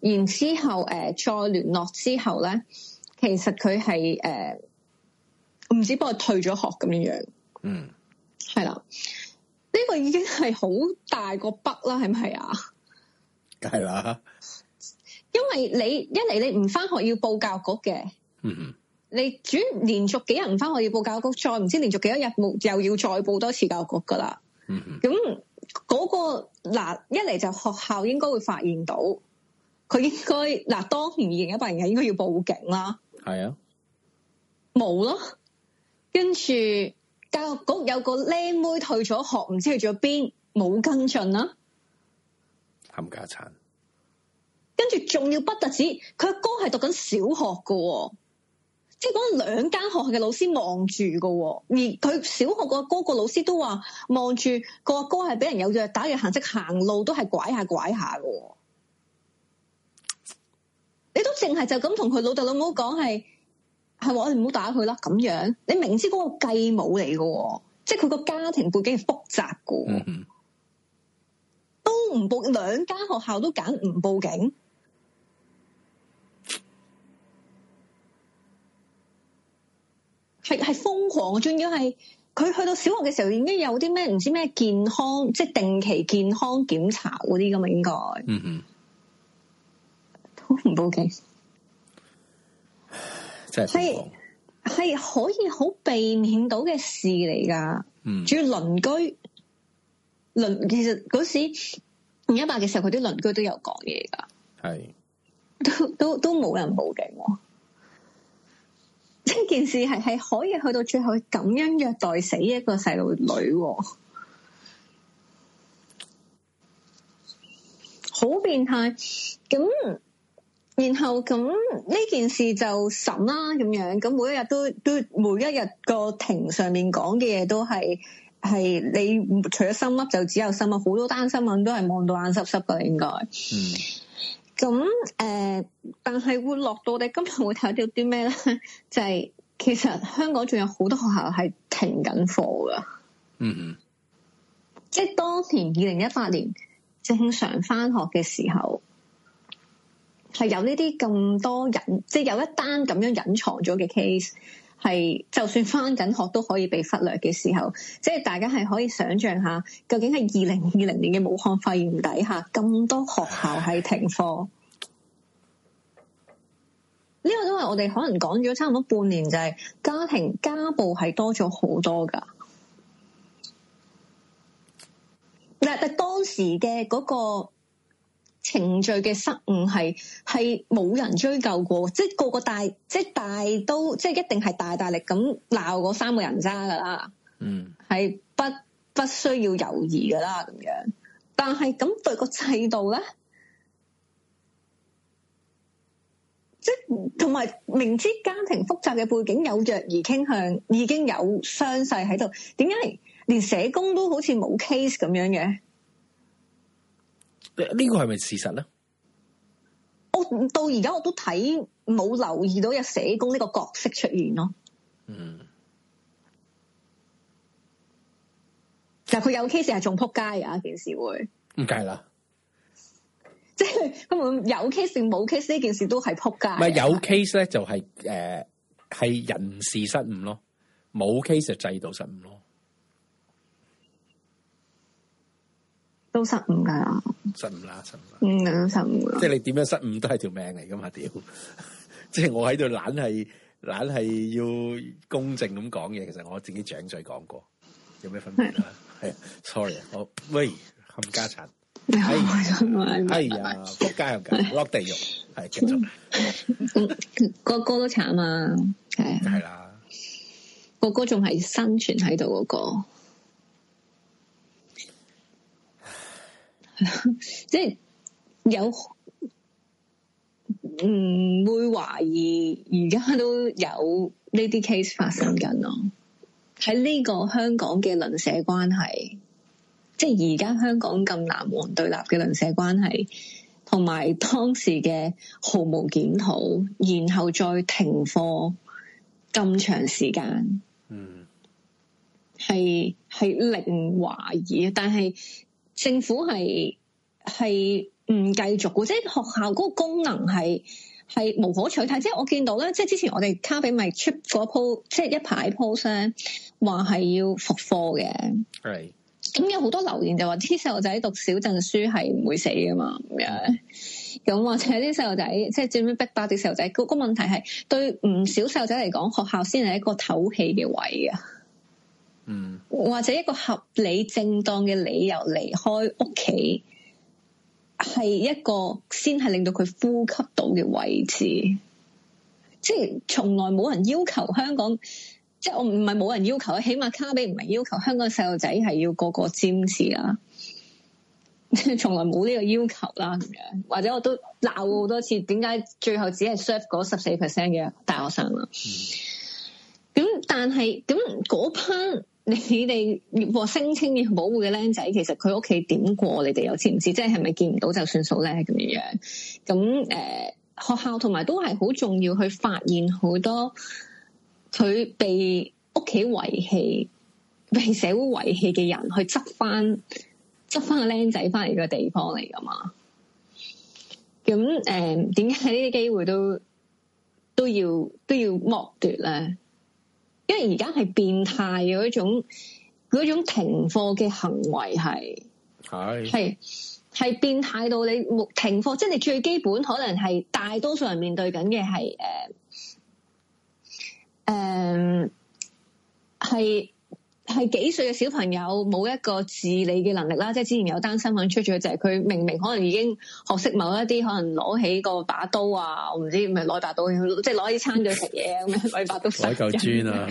然之後誒、呃、再聯絡之後咧，其實佢係誒。呃唔止不過退咗學咁樣樣，嗯，係啦，呢、這個已經係好大個筆啦，係咪？係啊？梗係啦，因為你一嚟你唔返學要報教育局嘅，嗯哼，你主連續幾日唔返學要報教育局，再唔知連續幾多日冇，又要再報多次教育局噶啦，咁嗰、嗯哼那個嗱一嚟就學校應該會發現到，佢應該嗱當唔認一百人嘅應該要報警的、嗯、哼啦，係啊，冇咯。跟住教育局有個僆妹退咗學，唔知去咗邊，冇跟進啦、啊。冚家鏟！跟住仲要不特止，佢阿哥係讀緊小學噶、哦，即係嗰兩間學校嘅老師望住噶，而佢小學個阿哥個老師都話望住個阿哥係俾人虐打嘅，行跡，行路都係拐下拐下噶、哦。你都淨係就咁同佢老豆老母講係。係話我哋唔好打佢啦，咁樣你明知嗰個繼母嚟喎、哦，即係佢個家庭背景係複雜嘅，嗯、哼都唔報兩間學校都揀唔報警，係係瘋狂啊！仲要係佢去到小學嘅時候已經有啲咩唔知咩健康，即係定期健康檢查嗰啲咁啊，應該嗯哼，都唔報警。係係可以好避免到嘅事嚟噶，主要鄰居鄰其實嗰時吳一霸嘅時候，佢啲鄰居都有講嘢噶，係是都都都冇人報警，啊，呢件事係係可以去到最後噉樣虐待死一個細路女，啊，好變態咁。然後咁呢件事就審啦，咁樣咁每一日都都每一日個庭上面講嘅嘢都係係你除咗心笠就只有心啊，好多單新聞都係望到眼濕濕噶，應該。嗯。咁誒、呃，但係會落到你今日會睇到啲咩咧？就係、是、其實香港仲有好多學校係停緊課噶。嗯嗯，即係當年二零一八年正常返學嘅時候。係有呢啲咁多人，即、就、係、是、有一單咁樣隱藏咗嘅 case，係就算返緊學都可以被忽略嘅時候，即、就、係、是、大家係可以想像下，究竟喺二零二零年嘅武漢肺炎底下咁多學校係停課。呢 *laughs* 個都係我哋可能講咗差唔多半年、就是，就係家庭家暴係多咗好多㗎。嗱，但當時嘅嗰、那個。程序嘅失誤係係冇人追究過，即係個個大，即係大都，即係一定係大大力咁鬧嗰三個人渣噶啦，嗯，係不不需要猶豫噶啦咁樣。但係咁對個制度咧，即係同埋明知家庭複雜嘅背景有虐兒傾向，已經有傷勢喺度，點解連社工都好似冇 case 咁樣嘅？呢個係咪事實咧？我、哦、到而家我都睇冇留意到有社工呢個角色出現咯。嗯，但係佢有 case 係仲扑街啊！件事會唔計啦，即係根本有 case 定冇 case 呢件事都係扑街。唔係有 case 咧就係誒係人事失誤咯，冇 case 就係制度失誤咯。都失誤噶啦，失誤啦，失誤。嗯，都失誤。即係你點樣失誤都係條命嚟噶嘛？屌！ *laughs* 即係我喺度懶係，懶係要公正咁講嘢。其實我自己掌嘴講過，有咩分別啊？係，sorry，我喂冚家鏟，係啊，仆街又梗，落地獄係。個個都慘啊，係啊，係啦，個個仲係生存喺度嗰個。即係、 *laughs* 就是，有唔會懷疑，而家都有呢啲 case 發生緊咯。喺呢、嗯、個香港嘅鄰舍關係，即係而家香港咁藍黃對立嘅鄰舍關係，同埋當時嘅毫無檢討，然後再停課咁長時間，嗯，係係零懷疑，但係。政府係係唔繼續嘅，即係學校嗰個功能係係無可取替。即係我見到咧，即係之前我哋卡比咪出過一鋪，即係一排 post 咧話係要復課嘅。係。咁有好多留言就話啲細路仔讀小陣書係唔會死嘅嘛，咁樣。咁或者啲細路仔即係點樣逼爆啲細路仔？個、嗰個問題係對唔少細路仔嚟講，學校先係一個透氣嘅位啊。嗯，或者一個合理正當嘅理由離開屋企，係一個先係令到佢呼吸到嘅位置，即係從來冇人要求香港，即係我唔係冇人要求，起碼卡比唔係要求香港嘅細路仔係要個個尖子啦，從來冇呢個要求啦咁樣，或者我都鬧好多次，點解最後只係 serve 嗰十四 percent 嘅大學生啦？咁、嗯、但係咁嗰班。你哋要聲稱要保護嘅僆仔，其實佢屋企點過？你哋又知唔知？即係係咪見唔到就算數咧？咁樣樣咁誒，學校同埋都係好重要，去發現好多佢被屋企遺棄、被社會遺棄嘅人，去執翻執翻個僆仔翻嚟嘅地方嚟噶嘛？咁誒，點解呢啲機會都都要都要剝奪咧？因為而家係變態嘅一種，嗰種停課嘅行為係係係變態到你停課，即係你最基本可能係大多數人面對緊嘅係誒誒係。呃呃係幾歲嘅小朋友冇一個自理嘅能力啦，即係之前有單身份出咗，就係、是、佢明明可能已經學識某一啲，可能攞起一個把刀啊，我唔知唔係攞把刀，即係攞啲餐具食嘢咁樣，攞 *laughs* 把刀食。買嚿磚啊！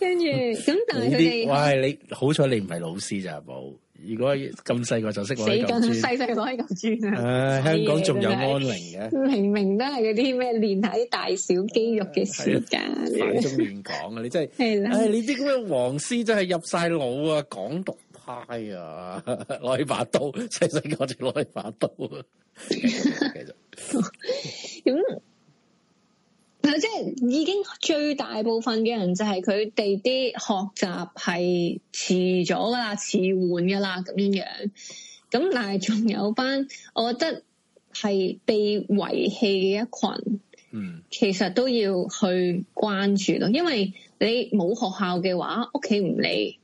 跟住咁，但係佢哋，喂，你好彩，你唔係老師就冇。如果咁細個就識死呢咁細細細攞呢咁磚啊！香港仲有安寧嘅、啊，明明都係嗰啲咩練喺大小肌肉嘅時間、啊。你中亂講啊！你真係，係啦的、哎，你啲咁嘅黃絲真係入晒腦啊！港獨派啊，攞起把刀，細細個就攞起把刀。其實，咁。 *laughs* 即係已經最大部分嘅人就，就係佢哋啲學習係遲咗噶啦，遲緩噶啦咁樣，咁但係仲有班，我覺得係被遺棄嘅一群，嗯，其實都要去關注咯，因為你冇學校嘅話，屋企唔理，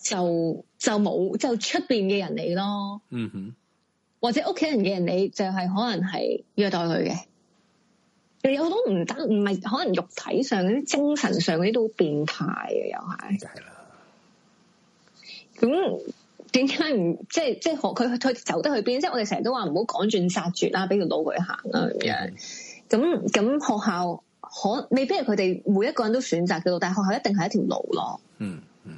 就就冇就出邊嘅人嚟咯，嗯哼，或者屋企人嘅人嚟就係、是、可能係虐待佢嘅。有好多唔單唔係，不是可能肉體上嗰啲，精神上嗰啲都好變態嘅，又係。係啦。咁點解唔即係即係學佢佢走得去邊？即係我哋成日都話唔好趕盡殺絕啦，啊，俾條路佢行啦。咁咁學校可未必係佢哋每一個人都選擇嘅路，但係學校一定係一條路咯。嗯嗯，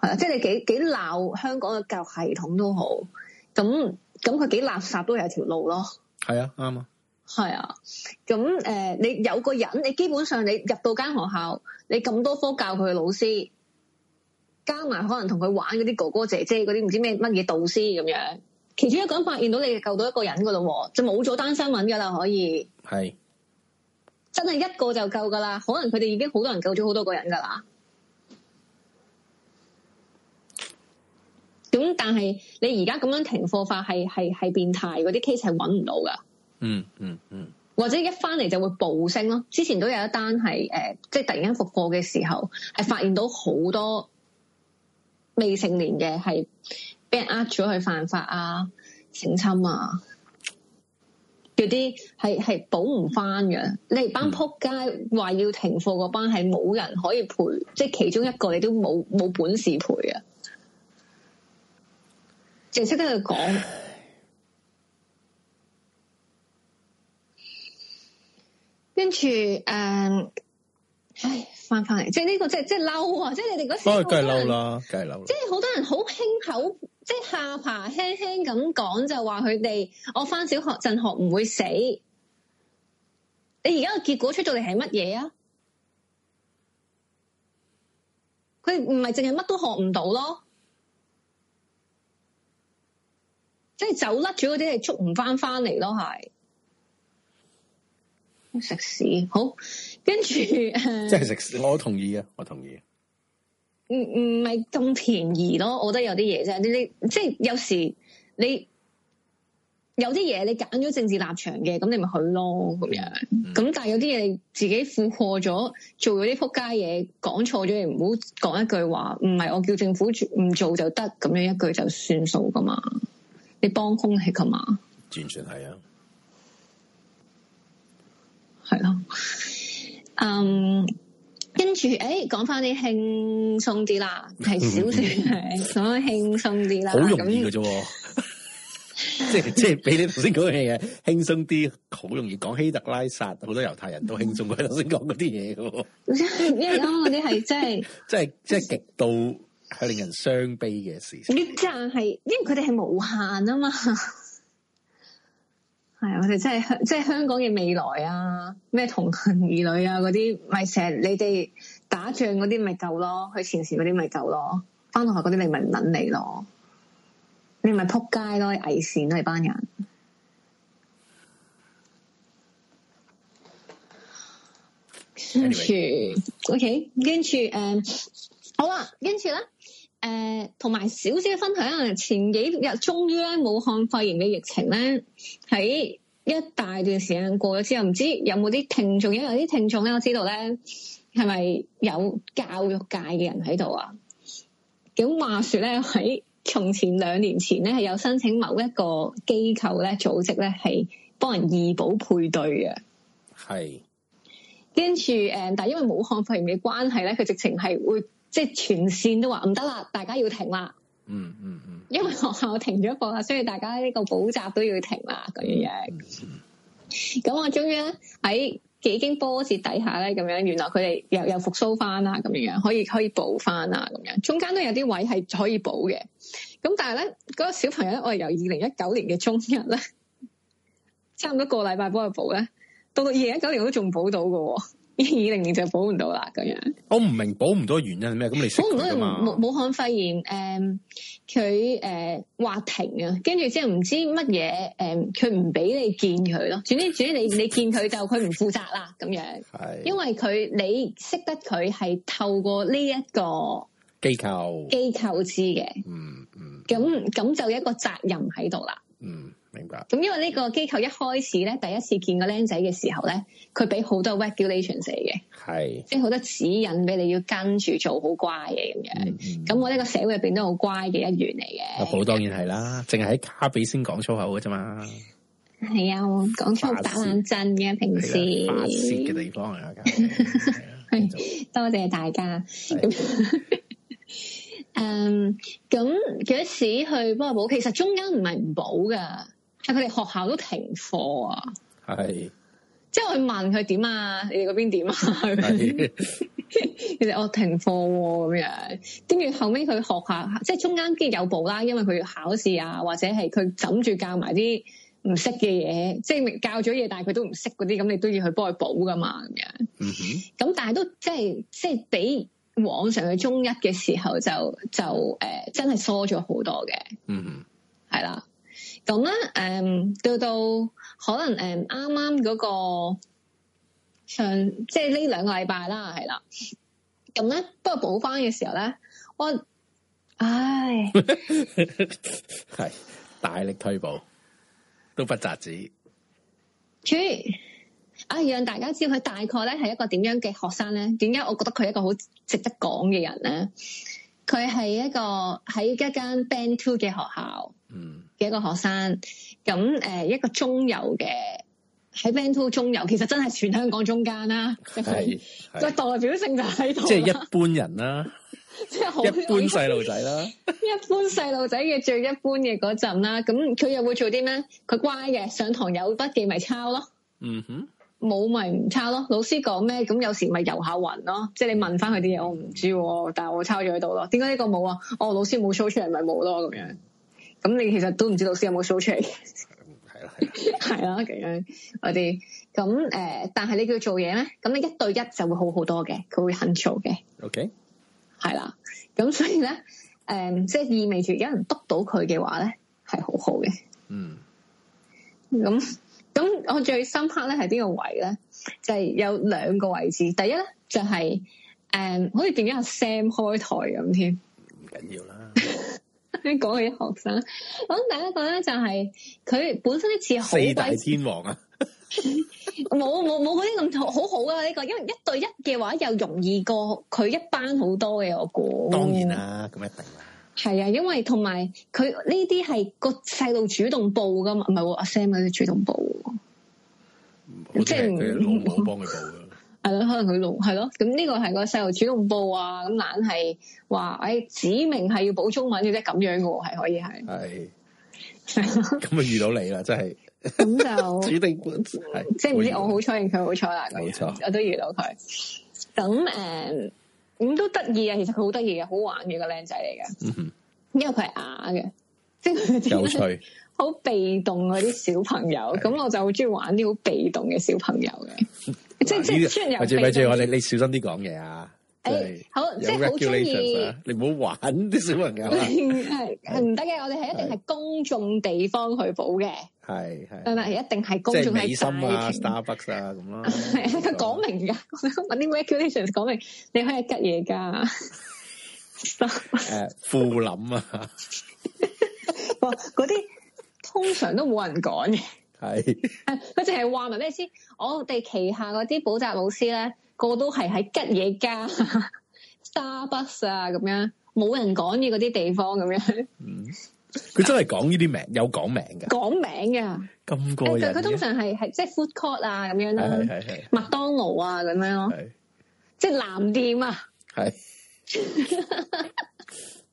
係、嗯、啊，即係你幾幾鬧香港嘅教育系統都好，咁咁佢幾垃圾都係一條路咯。係啊，啱啊。係啊，咁誒、呃，你有個人，你基本上你入到間學校，你咁多科教佢嘅老師，加埋可能同佢玩嗰啲哥哥姐姐嗰啲唔知咩乜嘢導師咁樣，其中一個人發現到你救到一個人噶咯，就冇咗單新聞噶啦，可以係，是真係一個就夠噶啦，可能佢哋已經好多人救咗好多個人噶啦。咁但係你而家咁樣停課法係係係變態，嗰啲 case 係揾唔到噶。嗯嗯嗯，嗯嗯，或者一翻嚟就會暴升咯。之前都有一單係誒，即係突然間復課嘅時候，係發現到好多未成年嘅係俾人呃咗去犯法啊、性侵啊，嗰啲係係補唔翻嘅。你班扑街話要停課，嗰班係冇人可以賠，即係其中一個你都冇冇本事賠啊，淨識得佢講。跟住，誒、嗯，唉，翻翻嚟，即係、這、呢個，即係即係嬲啊！即係你哋嗰次，梗係嬲啦，梗係嬲。即係好多人好、哦、輕口，即係下爬輕輕咁講，就話佢哋我翻小學陣學唔會死。你而家個結果出到嚟係乜嘢啊？佢唔係淨係乜都學唔到咯，即係走甩咗嗰啲係捉唔翻翻嚟咯，係。食屎好，跟住即係食屎，我同意啊，我同意不。唔唔係咁便宜咯，我覺得有啲嘢啫，你即係有時你有啲嘢你揀咗政治立場嘅，咁你咪去咯咁樣。咁、嗯、但係有啲嘢你自己附和咗，做咗啲扑街嘢，講錯咗，唔好講一句話。唔係我叫政府唔做就得，咁樣一句就算數噶嘛。你幫空氣㗎嘛，完全係啊。係咯，嗯，跟住誒，講翻啲輕鬆啲啦，係少少，講輕鬆啲啦，好 *laughs* 容易嘅啫，即係即係比你頭先講嘅嘢輕鬆啲，好 *laughs* 容易講希特拉殺好多猶太人都輕鬆過頭先講嗰啲嘢，因為講嗰啲係即係，即係即係極度係令人傷悲嘅事情，即係係，因為佢哋係無限啊嘛。係、哎，我哋真係香，即、就、係、是、香港嘅未來啊！咩同行兒女啊，嗰啲咪成日你哋打仗嗰啲咪夠咯，去前線嗰啲咪夠咯，返學校嗰啲你咪唔捻你咯，你咪扑街咯、啊，偽善咯，你班人。跟住 Anyway.，OK，跟住，誒、um,，好啊，跟住咧。誒，同埋、呃、小姐嘅分享，前幾日終於咧，武漢肺炎嘅疫情咧，喺一大段時間過咗之後，唔知有冇啲聽眾，因為啲聽眾咧，我知道咧，係咪有教育界嘅人喺度啊？咁話說咧，喺從前兩年前咧，係有申請某一個機構咧，組織咧，係幫人義保配對嘅，係，跟住，誒，但係因為武漢肺炎嘅關係咧，佢直情係會。即係全線都話唔得啦，大家要停啦、嗯。嗯嗯嗯，因為學校停咗課啦，所以大家呢個補習都要停啦，咁樣。咁、嗯嗯、我終於咧喺幾經波折底下咧，咁樣原來佢哋又又復甦翻啦，咁樣可以可以補翻啦，咁樣中間都有啲位係可以補嘅。咁但係咧，嗰、嗰個小朋友咧，我係由二零一九年嘅中一咧，差唔多個禮拜幫佢補咧，到2019到二零一九年我都仲補到噶。二零年就保唔到啦，咁樣。我唔明白保唔到原因係咩，咁你識得佢嘅嘛？保唔到因為武武漢肺炎，誒佢誒話停啊，跟住之後唔知乜嘢，誒佢唔俾你見佢咯。總之總之你你見佢就佢唔負責啦，咁樣。係。因為佢你識得佢係透過呢一個機構機構知嘅，嗯嗯。咁咁就一個責任喺度啦。嗯。咁因為呢個機構一開始咧，第一次見個僆仔嘅時候咧，佢俾好多 regulations 嚟嘅，即係好多指引俾你要跟住做好乖嘅咁樣。咁、嗯嗯、我呢個社會入邊都好乖嘅一員嚟嘅。阿寶當然係啦，淨係喺卡比先講粗口嘅啫嘛。係啊，講粗打冷震嘅平時。發洩嘅地方啊，多謝大家。的 *laughs* 嗯，咁幾多屎去波寶？其實中間唔係唔保噶。係佢哋學校都停課啊！係，即係我問佢點啊？你哋嗰邊點啊？是的 *laughs* 其實我停課喎，咁樣。跟住後尾，佢學校，即係中間啲有補啦，因為佢要考試啊，或者係佢諗住教埋啲唔識嘅嘢，即係教咗嘢，但係佢都唔識嗰啲，咁你都要去幫佢補㗎嘛這、嗯哼 但都，咁樣。咁但係都即係即係比往常嘅中一嘅時候就就誒、呃、真係疏咗好多嘅。嗯，係啦。咁咧，誒、嗯、到到可能誒啱啱嗰個上，即係呢兩個禮拜啦，係啦。咁咧，不過補翻嘅時候咧，我，唉，係 *laughs* *laughs* 大力推補，都不咋止。主啊、嗯，讓大家知道佢大概咧係一個點樣嘅學生咧？點解我覺得佢係一個好值得講嘅人咧？佢係一個喺一間 Band Two 嘅學校嘅一個學生，咁誒、嗯呃、一個中游嘅喺 Band Two 中游，其實真係全香港中間啦、啊，係個代表性就喺度即係一般人啦、啊，即係 *laughs* 好一般細路仔啦， *laughs* 一般細路仔嘅最一般嘅嗰陣啦，咁佢又會做啲咩？佢乖嘅，上堂有筆記咪抄咯。嗯哼。冇咪唔抄咯，老師講咩咁有時咪游下雲咯，即係你問翻佢啲嘢，我唔知，但係我抄咗喺度咯。點解呢個冇啊？哦，老師冇 show 出嚟咪冇咯，咁樣。咁你其實都唔知老師有冇 show 出嚟。係啊，係啊，咁 *laughs* 樣嗰啲。咁誒、呃，但係你叫做嘢咧，咁你一對一就會好好多嘅，佢會肯做嘅。OK。係啦，咁所以咧，誒、呃，即係意味住有人督到佢嘅話咧，係好好嘅。嗯。咁。咁我最深刻咧係邊個位咧，就係、是、有兩個位置。第一咧就係、是、誒、嗯，好似變咗阿 Sam 開台咁添。唔緊要啦，你講 *laughs* 起學生，咁第一個咧就係、是、佢本身一次四大天王啊，冇冇冇嗰啲咁好好啊呢、這個，因為一對一嘅話又容易過佢一班好多嘅，我估。當然啦，咁一定啦。係啊，因為同埋佢呢啲係個細路主動報噶嘛，唔係、啊、阿 Sam 嗰啲主動報，即係唔好幫佢報咯。係咯，可能佢老係咯，咁呢個係個細路主動報啊，咁硬係話，誒、哎、指明係要補中文嘅，即咁樣嘅，係可以係。係。咁啊遇到你啦，真係。咁就指定管，即係唔知我好彩定佢好彩啦。冇錯，我都遇到佢。咁誒。咁都得意啊！其實佢好得意嘅，好玩嘅個靚仔嚟嘅。因為佢係啞嘅，即係有趣，好被動嗰啲小朋友。咁的我就好中意玩啲好被動嘅小朋友嘅， *laughs* 即係哇即係咪住，我你你小心啲講嘢啊！好，即係好中意。你唔好玩啲小朋友。係係唔得嘅，我哋係一定係公眾地方去補嘅。係係，等等，一定係公眾係。即係美心啊，Starbucks 啊，咁咯。係佢講明噶，搵啲 regulations 講明，你可以吉嘢噶。誒，富林啊，哇，嗰啲通常都冇人講嘅。係佢淨係話咪咩意思？我哋旗下嗰啲補習老師咧。個都係喺吉野家、Starbucks 啊咁樣，冇人講嘢嗰啲地方咁樣。嗯，佢真係講呢啲名，有講名嘅。講名嘅。咁多人嘅。就佢通常係係即係 food court 啊咁樣咯，係係係。麥當勞啊咁樣咯，即係藍店啊。係。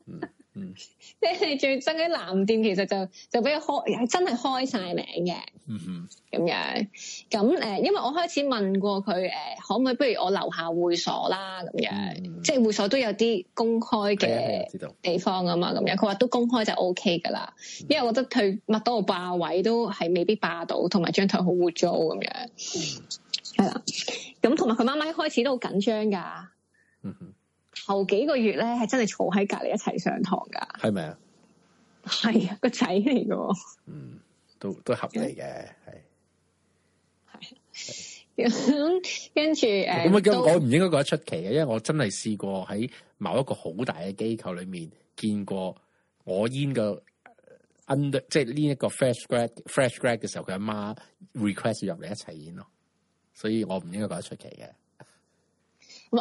嗯嗯。即係最憎啲藍店，其實就就俾佢開，真係開曬名嘅。嗯咁、mm hmm. 樣咁因為我開始問過佢可唔可以不如我樓下會所啦咁樣，mm hmm. 即係會所都有啲公開嘅地方啊嘛，咁、yeah, yeah, 樣佢話都公開就 O K 噶啦，mm hmm. 因為我覺得佢麥當勞霸位都係未必霸到，同埋張台好污糟咁樣。係啦、mm，咁同埋佢媽媽一開始都好緊張㗎。嗯、mm hmm. 後幾個月咧，係真係坐喺隔籬一齊上堂噶，係咪啊？係啊，個仔嚟噶，嗯，都都合理嘅，係、啊、係。咁跟住誒，咁我我唔應該覺得出奇嘅，因為我真係試過喺某一個好大嘅機構裏面見過我演個 under，即係呢一個 fresh grad fresh grad 嘅時候，佢阿媽 request 入嚟一齊演咯，所以我唔應該覺得出奇嘅。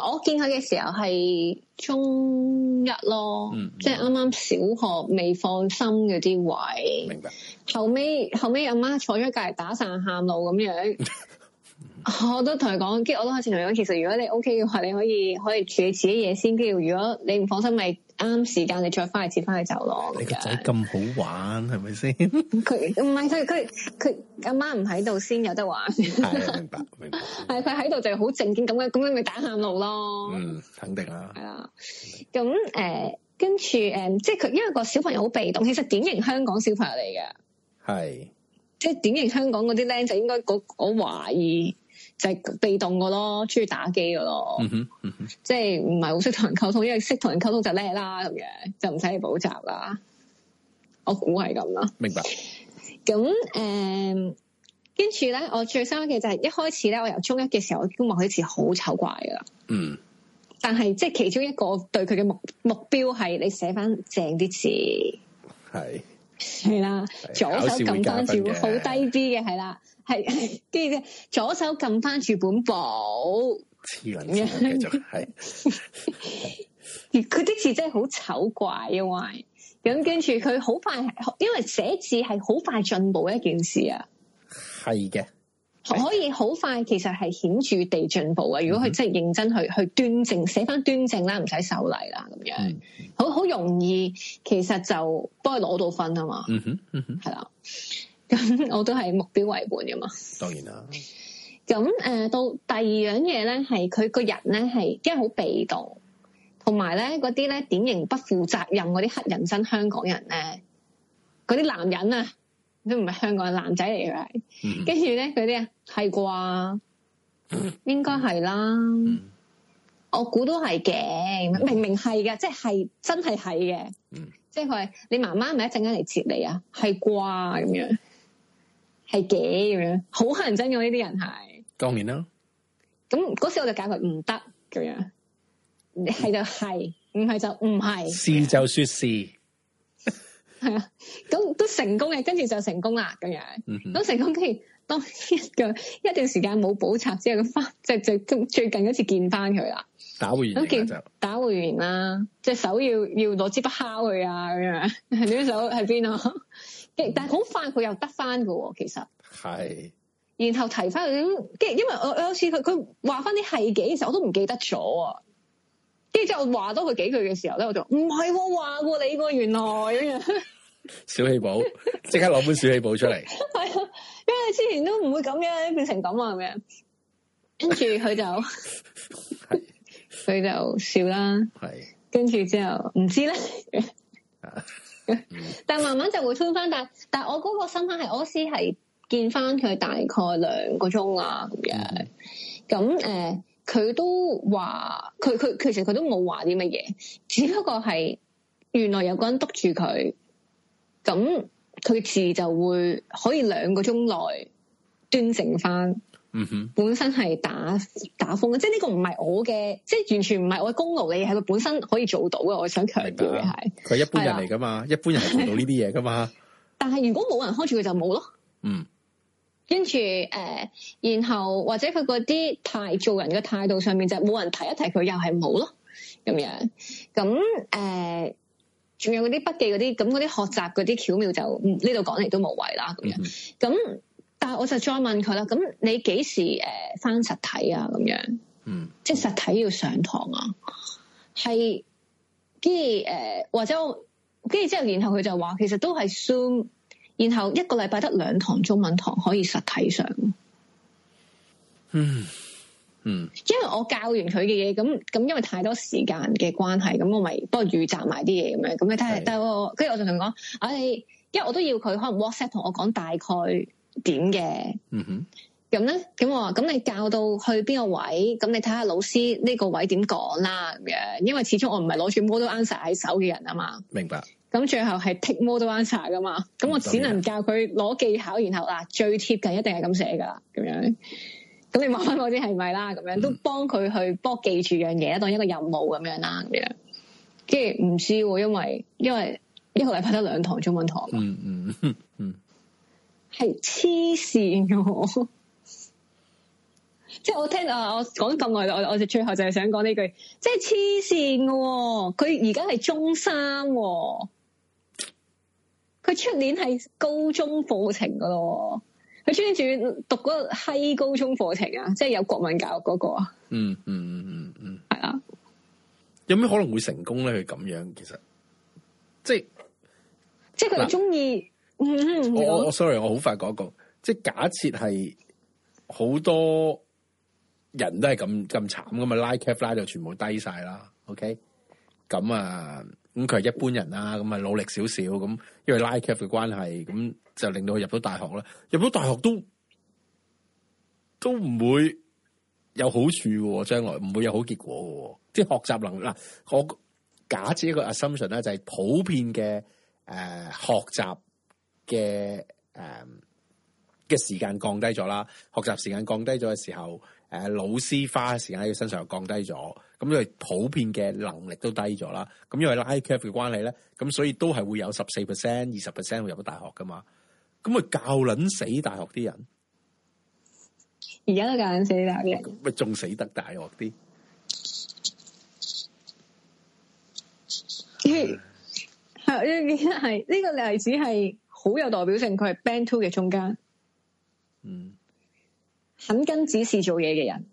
我見佢嘅時候係中一咯，嗯、即係啱啱小學未放心嗰啲位。明白。後尾，後尾阿媽，媽坐咗隔籬打散喊路咁樣 *laughs* 我，我都同佢講，跟住我都開始同佢講，其實如果你 OK 嘅話，你可以可以處理自己嘢先。跟住如果你唔放心，咪。啱時間你再翻嚟，切翻去走廊。你個仔咁好玩係咪先？佢唔係佢佢佢阿媽唔喺度先有得玩。係，明白明白。係佢喺度就好正經咁樣咁樣咪打喊路咯。嗯，肯定啦。係啦，咁誒、呃，跟住誒、呃，即係佢因為個小朋友好被動，其實典型香港小朋友嚟嘅。係是。即係典型香港嗰啲僆仔，應該我我懷疑。就係被動㗎咯，中意打機㗎咯，即係唔係好識同人溝通，因為識同人溝通就叻啦，咁樣就唔使去補習啦。我估係咁啦。明白。咁誒，跟住咧，我最深刻嘅就係、是、一開始咧，我由中一嘅時候，我都望佢啲字好醜怪噶。嗯。但係即係其中一個對佢嘅目目標係你寫翻正啲字。係。係啦，左手撳翻是住好低啲嘅係啦，係，跟住咧左手撳翻住本簿，咁樣係。佢啲 *laughs* 字真係好醜怪啊！咁跟住佢好快，因為寫字係好快進步嘅一件事啊。係嘅。可以好快，其實係顯著地進步㗎！如果佢即係認真去去端正寫翻端正啦，唔使守例啦，咁樣好好容易，其實就幫佢攞到分啊嘛。嗯哼，嗯哼，係啦。咁我都係目標為本嘅嘛。當然啦。咁誒、呃，到第二樣嘢咧，係佢個人咧係因係好被動，同埋咧嗰啲咧典型不負責任嗰啲黑人憎香港人咧，嗰啲男人啊！都唔係香港嘅男仔嚟噶，跟住咧嗰啲啊，係啩，他是 *laughs* 應該係啦，嗯、我估都係嘅，明明係嘅，即係真係係嘅，嗯、即係佢你媽媽咪一陣間嚟接你啊，係啩咁樣，係嘅咁樣，好乞人憎嘅呢啲人係，當然啦，咁嗰時我就教佢唔得咁樣，係就係，唔係就唔係，是就說是。係啊，咁都成功嘅，跟住就成功啦，咁樣、嗯哼。咁成功跟住，當一個一段時間冇補習之後，咁翻，即係最最近一次見翻佢啦。打會員，就打會員啦，隻手要要攞支筆敲佢啊，咁樣。係呢 *laughs* 手喺邊啊？ *laughs* 但係好快佢又得翻噶，其實。係是。然後提翻佢，跟住因為我我有次佢佢話翻啲係幾嘅時候，我都唔記得咗。跟住就話多佢幾句嘅時候咧，我就唔係我話過你喎，原來咁樣。 *laughs* 小氣寶，即刻攞本小氣寶出嚟。係，因為之前都唔會咁樣，變成咁啊，係咪？跟住佢就，佢 *laughs* *laughs* 就笑啦。係是的。跟住之後唔知啦。但係慢慢就會翻翻，但係我嗰個身刻係，屙屎，係見翻佢大概兩個鐘啊咁樣。咁誒、嗯，佢、呃、都話，佢佢其實佢都冇話啲乜嘢，只不過係原來有個人督住佢。咁佢嘅字就會可以兩個鐘內端正返。嗯哼，本身係打打風嘅，即係呢個唔係我嘅，即係完全唔係我嘅功勞，你係佢本身可以做到嘅。我想強調嘅係，佢係一般人嚟噶嘛， *laughs* 一般人係做到呢啲嘢噶嘛。 *laughs* 但係如果冇人睇住佢就冇咯。嗯，跟住誒，然後或者佢嗰啲態做人嘅態度上面就冇人提一提佢又係冇咯，咁樣。咁誒。呃仲有嗰啲筆記嗰啲咁，嗰啲學習嗰啲巧妙就呢度講嚟都無謂啦，咁樣。咁、嗯、哼但係我就再問佢啦。咁你幾時誒翻、呃、實體啊？咁樣，嗯，即係實體要上堂啊，係跟住誒或者跟住之後，然後佢、呃、就話其實都係 Zoom，然後一個禮拜得兩堂中文堂可以實體上。嗯。嗯，因為我教完佢嘅嘢，咁咁因為太多時間嘅關係，咁我咪不過預習埋啲嘢咁樣，咁你睇下。但係是跟住我仲同佢講，你、哎，因為我都要佢可能 WhatsApp 同我講大概點嘅。嗯哼。咁咧，咁我話，咁你教到去邊個位？咁你睇下老師呢個位點講啦。咁樣，因為始終我唔係攞住 model answer 喺手嘅人啊嘛。明白。咁最後係 take model answer 噶嘛？咁我只能教佢攞技巧，然後嗱、嗯、最貼近一定係咁寫噶啦，咁樣。咁你問翻嗰啲係咪啦？咁樣都幫佢去幫記住樣嘢，當一個任務咁樣啦。咁樣即係唔知道，因為因為一個禮拜得兩堂中文堂。嗯嗯嗯，係黐線噶， *laughs* 即係我聽啊！我講咁耐，我我最後就係想講呢句，即係黐線噶。佢而家係中三喎，佢出年係高中課程噶咯。佢專注讀嗰個嗨高中課程，就是，啊，即係有國民教育嗰個啊。嗯嗯嗯嗯嗯，係啊。有咩可能會成功咧？佢咁樣其實，即係即係佢哋中意。啊嗯、我果我 sorry，我好快講一講。即係假設係好多人都係咁咁慘咁嘛 like cap line 就全部低晒啦。OK，咁啊。咁佢係一般人啦，啊，咁啊努力少少，咁因為拉 cap 嘅關係，咁就令到佢入到大學啦。入到大學都都唔會有好處嘅哦，將來唔會有好結果嘅哦，即係學習能力嗱，我、啊、假設一個 assumption 咧，就係普遍嘅誒、呃、學習嘅誒嘅時間降低咗啦，學習時間降低咗嘅時候。誒、啊，老師花嘅時間喺佢身上降低咗，咁因為普遍嘅能力都低咗啦，咁因為拉 c 嘅關係咧，咁所以都係會有十四 percent、二十 percent 會入到大學噶嘛，咁咪教捻死大學啲人，而家都教捻死大學啲人，咪仲死得大學啲，係呢個例子係好有代表性，佢係 band two 嘅中間，嗯。肯跟指示做嘢嘅人，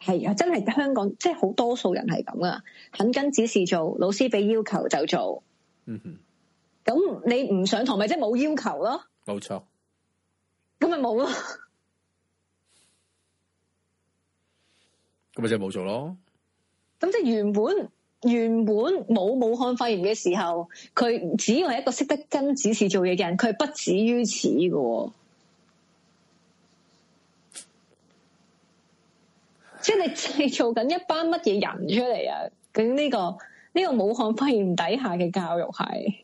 係啊，真係香港，即係好多數人係咁噶。肯跟指示做，老師俾要求就做。嗯哼，咁你唔上堂咪即係冇要求咯？冇錯，咁咪冇咯。咁咪即係冇做咯。咁即係原本原本冇武漢肺炎嘅時候，佢只要係一個識得跟指示做嘢嘅人，佢係不止於此噶。即係你製造緊一班乜嘢人出嚟啊？咁呢個呢個武漢肺炎底下嘅教育係，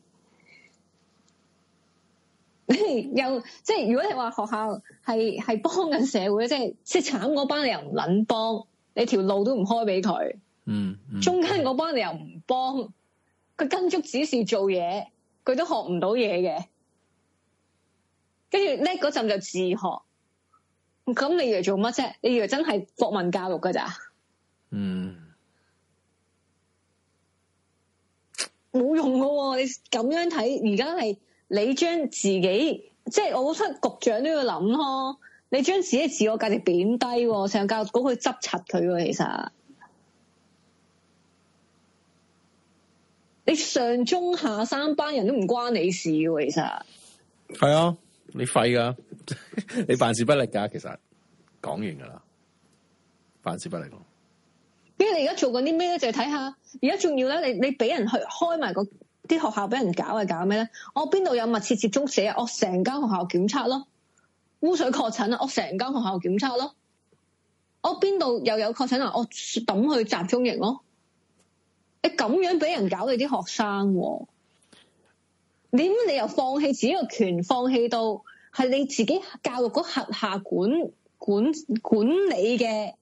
*laughs* 又即係如果你話學校係係幫緊社會，即係即係慘嗰班你又唔捻幫，你條路都唔開俾佢，嗯。嗯，中間嗰班你又唔幫，佢跟足指示做嘢，佢都學唔到嘢嘅。跟住呢陣就自學。咁你以為做乜啫？你以為真係國民教育噶咋？嗯，冇用噶，你咁樣睇，而家係你將自己，即係我覺得局長都要諗咯。你將自己自我價值貶低，上教育局去執察佢，其實你上中下三班人都唔關你事，其實係啊。你廢噶， *laughs* 你辦事不力噶，其實講完噶啦，辦事不力咯。因為你而家做緊啲咩咧？就係睇下，而家仲要咧，你你俾人去開埋個啲學校俾人搞係搞咩咧？我邊度有密切接觸者？我成間學校檢測咯，污水確診啊？我成間學校檢測咯，我邊度又有確診啊？我抌去集中營咯？你咁樣俾人搞你啲學生？點你又放棄自己個權？放棄到係你自己教育局轄下管管管理嘅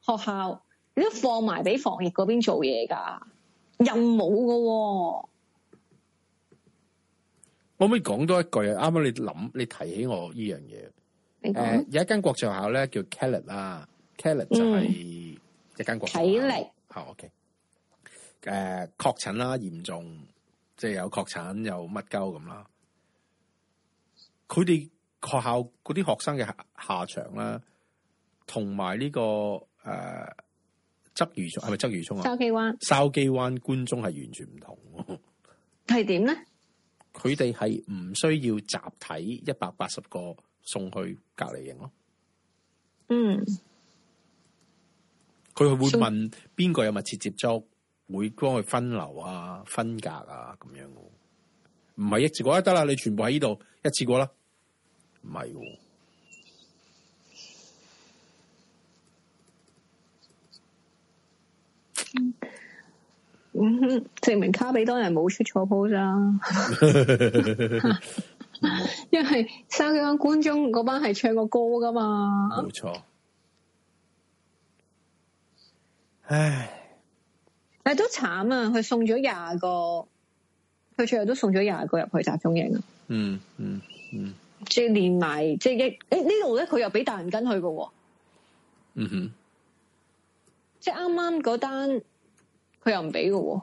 學校，你都放埋俾防疫嗰邊做嘢噶任務噶、哦？可唔可以講多一句？啱啱你諗，你提起我呢樣嘢。誒、呃，有一間國際學校咧叫 Kellett 啦 Kellett 就係一間國際。喺嚟禮。好、oh, OK、呃。誒、啊，確診啦，嚴重。即係有確診有乜鳩咁啦，佢哋學校嗰啲學生嘅下場啦，同埋呢個誒，鰂魚係係咪鰂魚涌啊？筲箕灣筲箕灣官中係完全唔同，係點咧？佢哋係唔需要集體一百八十個送去隔離營咯？嗯，佢係會問邊個有密切接觸，會幫佢分流啊、分隔啊咁樣喎，唔係一次過得、啊、啦，你全部喺呢度一次過啦，唔係喎。嗯嗯，證明卡比當日冇出錯 pose 咋，因為收咗觀眾嗰班係唱過歌噶嘛，冇錯。唉。但係都慘啊！佢送咗廿個，佢最後都送咗廿個入去集中營啊！嗯！嗯嗯嗯，即係連埋即係誒誒呢度咧，佢又俾大人跟去嘅喎。嗯哼，即係啱啱嗰單，佢又唔俾嘅喎。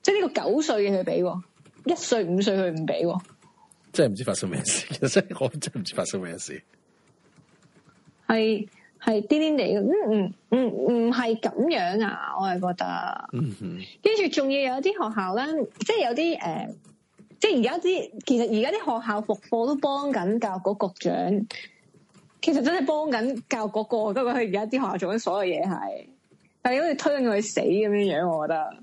即係呢個九歲嘅佢俾，一歲五歲佢唔俾。即係唔知發生咩事，所以我真係唔知發生咩事。係。係癲癲地嘅，嗯嗯嗯，唔係咁樣啊，我係覺得，嗯嗯，跟住仲要有啲學校咧，即係有啲誒、呃，即係而家啲，其實而家啲學校復課都幫緊教育局局長，其實真係幫緊教育局個，不過佢而家啲學校做緊所有嘢係，但係好似推動佢死咁樣樣，我覺得。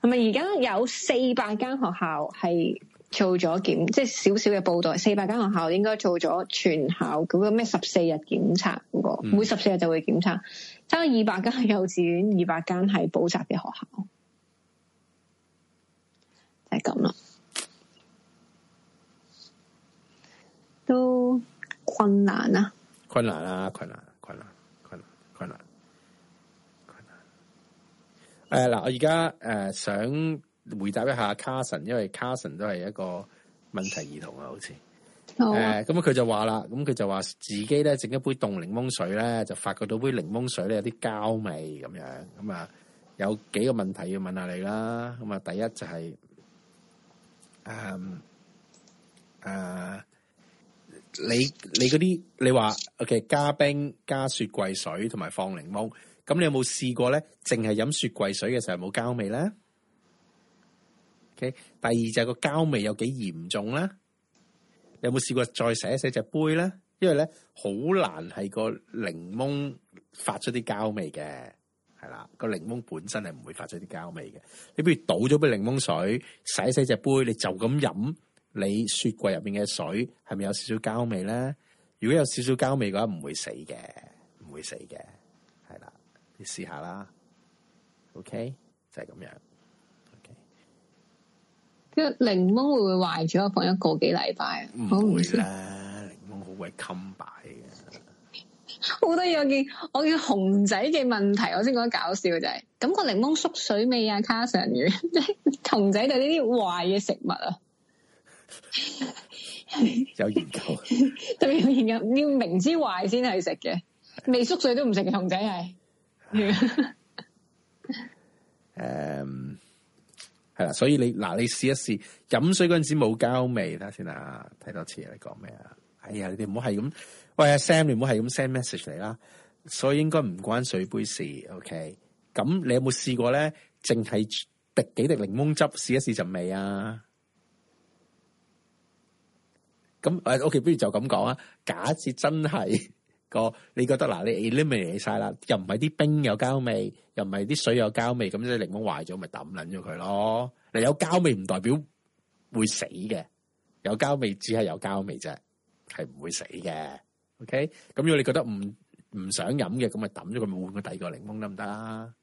係咪而家有四百間學校係？做咗檢，即係少少嘅報道。四百間學校應該做咗全校嗰個咩十四日檢測，每十四日就會檢測。差二百間幼稚園，二百間係補習嘅學校，就係咁啦。都困難啊！困難啊！困難！困難！困難！困難！困難！誒嗱，啊，我而家誒想。回答一下卡神，因為卡神都係一個問題兒童啊，好似、呃，誒、嗯，咁佢就話啦，咁、嗯、佢就話自己咧整一杯凍檸檬水咧，就發覺到杯檸檬水咧有啲膠味咁樣，咁、嗯、啊有幾個問題要問下你啦，咁、嗯、啊第一就係、是，誒、嗯，誒、嗯，你你嗰啲你話，OK 加冰加雪櫃水同埋放檸檬，咁你有冇試過咧，淨係飲雪櫃水嘅時候冇膠味咧？第二就係個膠味有幾嚴重啦？你有冇試過再洗一洗隻杯咧？因為咧好難係個檸檬發出啲膠味嘅，係啦個檸檬本身係唔會發出啲膠味嘅。你不如倒咗杯檸檬水，洗一洗隻杯，你就咁飲，你雪櫃入邊嘅水係咪有少少膠味咧？如果有少少膠味嘅話，唔會死嘅，唔會死嘅，係啦，你試下啦。OK，就係咁樣。跟住檸檬會唔會壞咗？放一個幾禮拜啊？唔會啦，檸檬好鬼襟擺嘅。好多嘢我見，我見熊仔嘅問題，我先覺得搞笑就係、是，感、那、覺、個、檸檬縮水味啊？卡尚宇，熊 *laughs* 仔對呢啲壞嘅食物啊， *laughs* 有研究， *laughs* *laughs* 特別有研究，要明知壞先係食嘅，未縮水都唔食。熊仔係，嗯。 *laughs* Um, 所以你嗱，你試一試飲水嗰陣時冇膠味啦，先啦，睇多次你講咩啊？哎呀，你哋唔好係咁，喂阿 Sam，你唔好係咁 send message 嚟啦。所以應該唔關水杯事，OK？咁你有冇試過咧？淨係滴幾滴檸檬汁，試一試陣味啊？咁，誒，OK，不如就咁講啊？假設真係。個你覺得嗱、啊，你 eliminate 晒啦，又唔係啲冰有膠味，又唔係啲水有膠味，咁即係檸檬壞咗，咪抌撚咗佢咯。你有膠味唔代表會死嘅，有膠味只係有膠味啫，係唔會死嘅。OK，咁如果你覺得唔唔想飲嘅，咁咪抌咗佢，換個第二個檸檬得唔得啦？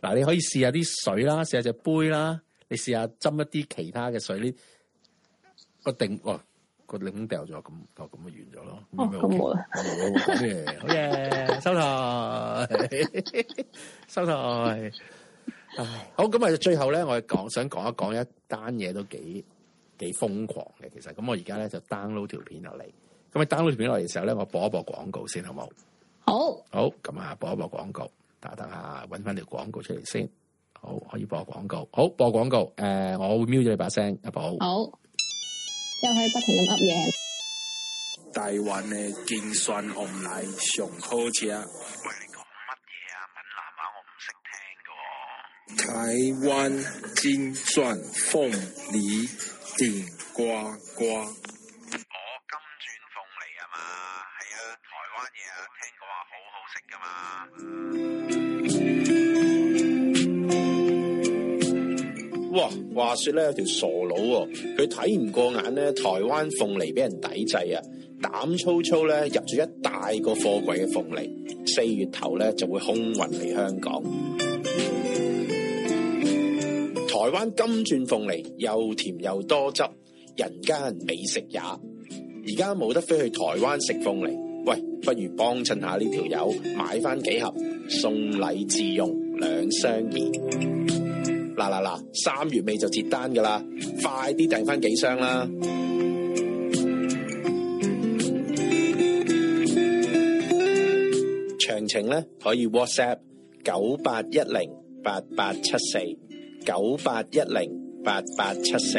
嗱、啊，你可以試下啲水啦，試下隻杯啦，你試下斟一啲其他嘅水，呢個定、哦個領掉咗，咁，咁咪完咗咯。哦，好冇啦，好嘢我，好嘢，收台， *laughs* *laughs* 收台。 *laughs* 唉，好，咁啊，最後咧，我講，想講一講一單嘢都幾幾瘋狂嘅。其實，咁我而家咧就 download 條片入嚟。咁啊，download 條片入嚟嘅時候咧，我播一播廣告先，好冇？好，好，咁啊，播一播廣告。大家等下，搵翻條廣告出嚟先。好，可以播廣告。好，播廣告。誒、呃，我會 mute 住你把聲，阿寶。好。又可以不停咁噏嘢。台灣嘅金鑽鳳梨上好食。喂，你講乜嘢啊？閩南話我唔識聽㗎喎。台灣金鑽鳳梨頂呱呱。哦，金鑽鳳梨係嘛？係啊，台灣嘢啊，聽講話好好食㗎嘛。哇，話說咧有條傻佬，佢睇唔過眼咧，台灣鳳梨俾人抵制啊，膽粗粗咧入咗一大個貨櫃嘅鳳梨，四月頭咧就會空運嚟香港。台灣金鑽鳳梨又甜又多汁，人間美食也。而家冇得飛去台灣食鳳梨，喂，不如幫襯下呢條友，買翻幾盒送禮自用，兩相宜。嗱嗱嗱，三月尾就截單㗎啦，快啲訂翻幾箱啦！詳情咧可以 WhatsApp 九八一零八八七四，九八一零八八七四。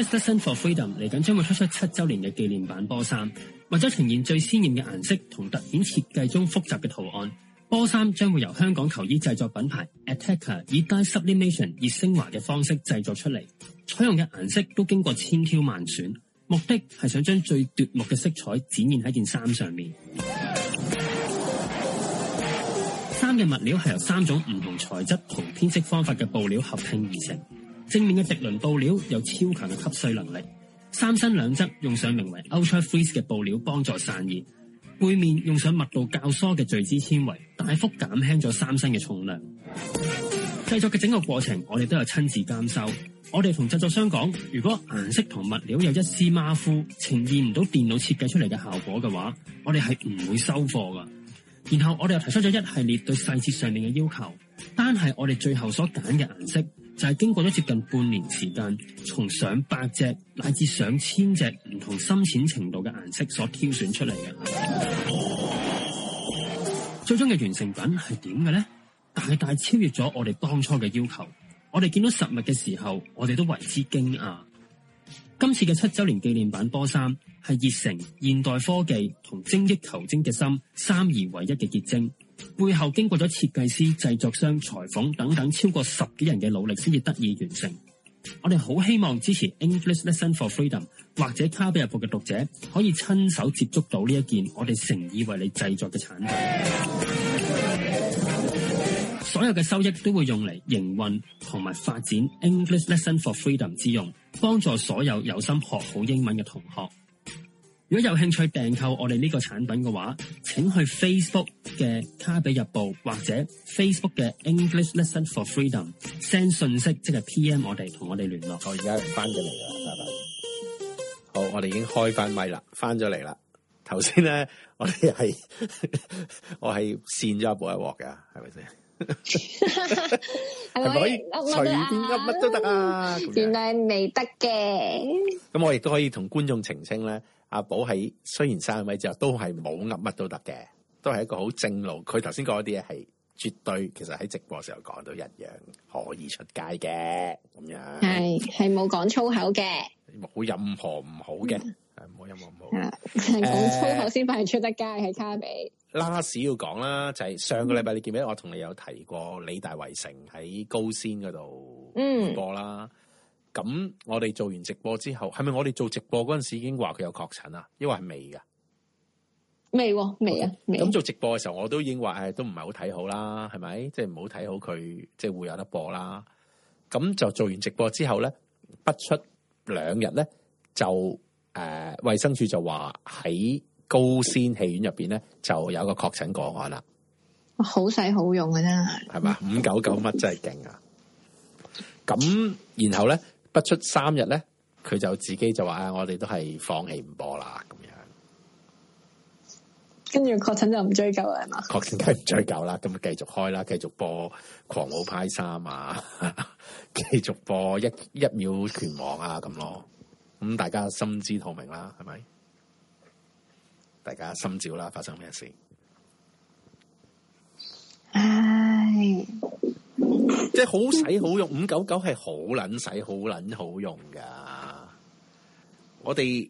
e s t h e for Freedom 嚟緊將會推出七周年嘅紀念版波衫，或者呈現最鮮艷嘅顏色同特顯設計中複雜嘅圖案。波衫將會由香港球衣製作品牌 Attacker 以 Dye Sublimation 熱昇華嘅方式製作出嚟，採用嘅顏色都經過千挑萬選，目的係想將最奪目嘅色彩展現喺件衫上面。衫嘅 *music* 物料係由三種唔同材質同編織方法嘅布料合拼而成。正面嘅滌綸布料有超強嘅吸水能力，三身兩側用上名為 Ultra Freeze 嘅布料幫助散熱，背面用上密度較疏嘅聚酯纖維，大幅減輕咗三身嘅重量。製作嘅整個過程，我哋都有親自監修。我哋同製作商講，如果顏色同物料有一絲馬虎，呈現唔到電腦設計出嚟嘅效果嘅話，我哋係唔會收貨噶。然後我哋又提出咗一系列對細節上面嘅要求，單係我哋最後所揀嘅顏色。就係經過咗接近半年時間，從上百隻乃至上千隻唔同深淺程度嘅顏色所挑選出嚟嘅，最終嘅完成品係點嘅咧？大大超越咗我哋當初嘅要求。我哋見到實物嘅時候，我哋都為之驚訝。今次嘅七周年紀念版波衫係熱誠、現代科技同精益求精嘅心三而為一嘅結晶。背後經過咗設計師、製作商、裁縫等等超過十幾人嘅努力，先至得以完成。我哋好希望支持 English Lesson for Freedom 或者卡比日報嘅讀者，可以親手接觸到呢一件我哋誠意為你製作嘅產品。所有嘅收益都會用嚟營運同埋發展 English Lesson for Freedom 之用，幫助所有有心學好英文嘅同學。如果有興趣訂購我哋呢個產品嘅話，請去 Facebook 嘅卡比日報或者 Facebook 嘅 English Lesson for Freedom send 信息，即係 PM 我哋，同我哋聯絡。我而家翻咗嚟啦，拜拜。好，我哋已經開翻咪啦，翻咗嚟啦。頭先咧，我哋係 *laughs* 我係跣咗一步一鑊嘅，係咪先？係咪可以隨便噏乜都得啊？原來未得嘅。咁我亦都可以同、啊、觀眾澄清咧。阿寶喺雖然三位之後都係冇噏乜都得嘅，都係一個好正路。佢頭先講啲嘢係絕對，其實喺直播時候講到一樣可以出街嘅咁樣。係係冇講粗口嘅，冇任何唔好嘅，係冇任何唔好嘅。講粗口先反而出得街，喺卡比。last 要講啦，就係、是、上個禮拜、嗯、你記唔記得我同你有提過李大為城喺高仙嗰度播啦。嗯嗯。咁我哋做完直播之後，係咪我哋做直播嗰陣時已經話佢有確診啊？因為係未噶，未，未啊，未 Okay。咁做直播嘅時候，我都已經話，誒，都唔係好睇好啦，係咪？即係唔好睇好佢，即係會有得播啦。咁就做完直播之後咧，不出兩日咧，就誒，衛生署就話喺高仙戲院入邊咧就有個確診個案啦。好使好用嘅啦，真係，係嘛？五九九乜真係勁啊！咁、嗯、然後咧。不出三日咧，佢就自己就話啊：我哋都係放棄唔播啦，咁樣。跟住確診就唔追究啦。確診梗唔追究啦，咁繼 *laughs* 續開啦，繼續播《狂舞派三》啊，繼 *laughs* 續播一一秒拳王啊，咁咯。咁大家心知肚明啦，係咪？大家心照啦，發生咩事？唉。 *laughs* 即係好使好用，五九九係好捻使好捻好用噶。我哋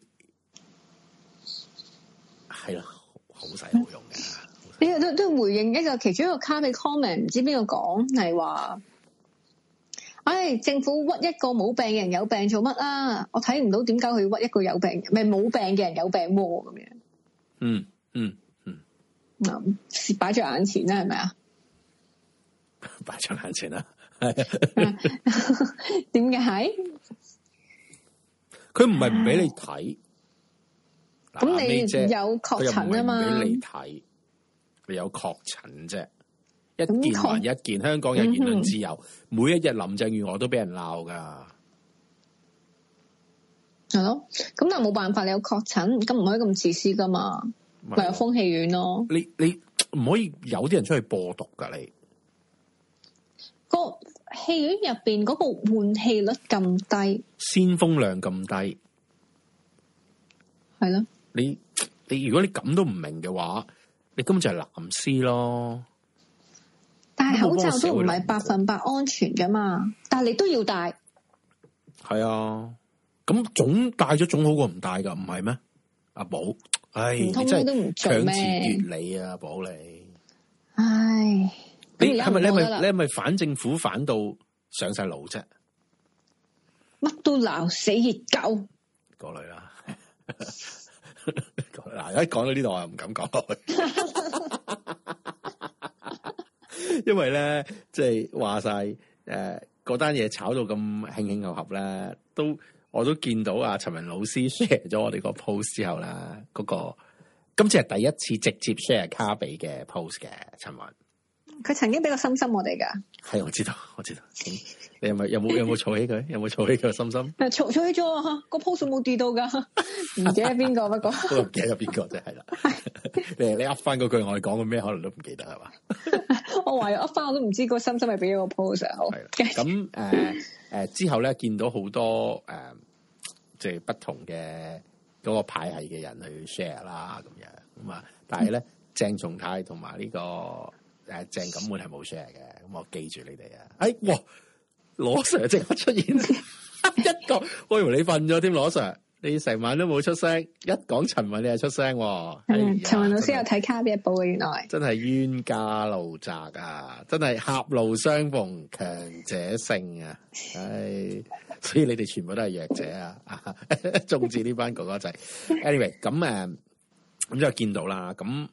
係啦，好使好用㗎。呢個都都回應一個其中一個 comment，comment 唔知邊個講係話，唉，政府屈一個冇病嘅人有病做乜啊？我睇唔到點解佢屈一個有病咪冇病嘅人有病喎？咁樣，嗯嗯嗯，咁擺咗眼前咧，係咪啊？擺咗眼前啦，點解係？佢唔係唔俾你睇，咁、啊啊、你有確診啊嘛？你睇，你有確診啫，嗯、一件還一件。香港人言論自由，嗯、哼每一日林鄭月娥都俾人鬧噶。係咯，咁但係冇辦法，你有確診，咁唔可以咁自私噶嘛？咪有風氣院咯。你你唔可以有啲人出去播毒噶你。個戲院入邊嗰個換氣率咁低，鮮風量咁低，係咯的？你你如果你咁都唔明嘅話，你根本就係藍絲咯。戴口罩都唔係百分百安全噶嘛，但係你都要戴。係啊，咁總戴咗總好過唔戴噶，唔係咩？阿寶，唉，你真係強詞奪理啊，寶你。唉。你係咪你係咪你係咪反政府反到上晒腦啫？乜都鬧死熱狗個女啦！嗱過類， *laughs* 一講到呢度我又唔敢講，因為咧即係話晒誒，嗰單嘢炒到咁㷫㷫烚烚咧，都我都見到阿陳文老師 share 咗我哋個 post 之後啦，嗰、嗰個今次係第一次直接 share 卡比嘅 post 嘅陳文。佢曾經俾個心心我哋噶，係我知道，我知道。 *laughs* 你有冇有冇有冇儲起佢？有冇儲起佢心心？有有心，心？儲起咗，個 pose 冇跌到噶。唔 *laughs* 記得邊個，不過唔記得邊個，即係啦。你噏翻嗰句，我哋講個咩，可能都唔記得係嘛？ *laughs* 我話要噏翻，我都唔知個心心係俾咗個 pose。好咁誒誒，之後咧見到好多誒，即、呃、係不同嘅嗰個派系嘅人去 share 啦，咁樣咁啊。但係咧，鄭松、嗯、泰同埋呢個。誒，鄭錦滿係冇 share 嘅，咁我記住你哋啊！哎，哇，羅 Sir 即刻出現 *laughs* 一喂 Sir, 出，一個我以為你瞓咗添，羅 Sir，你成晚都冇出聲，一講陳文你又出聲，係陳文老師有睇《是卡比一報》嘅，原來真係冤家路窄啊！ *laughs* 真係狹路相逢強者勝啊！唉、哎，所以你哋全部都係弱者啊！中治呢班哥哥仔，anyway，咁誒，咁就見到啦，咁誒，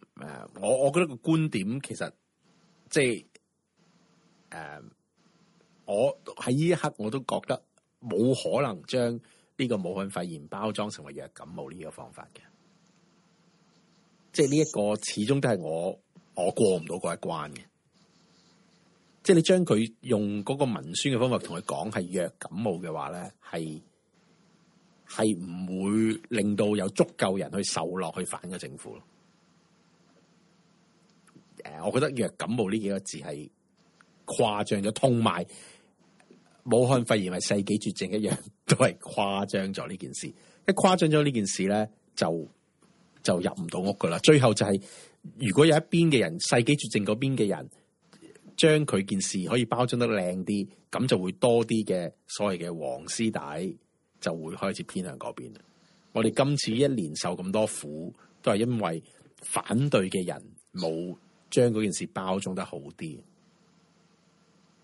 我我覺得個觀點其實。即係誒，我喺呢一刻我都覺得冇可能將呢個武漢肺炎包裝成為藥感冒呢個方法嘅，即係呢一個始終都係我我過唔到嗰一關嘅。即係你將佢用嗰個文宣嘅方法同佢講係藥感冒嘅話咧，係係唔會令到有足夠人去受落去反嘅政府咯。我覺得若感冒呢幾個字係誇張咗，同埋武漢肺炎係世紀絕症一樣，都係誇張咗呢件事。一誇張咗呢件事咧，就就入唔到屋噶啦。最後就係，如果有一邊嘅人，世紀絕症嗰邊嘅人，將佢件事可以包裝得靚啲，咁就會多啲嘅所謂嘅黃絲帶就會開始偏向嗰邊。我哋今次一年受咁多苦，都係因為反對嘅人冇。將嗰件事包裝得好啲，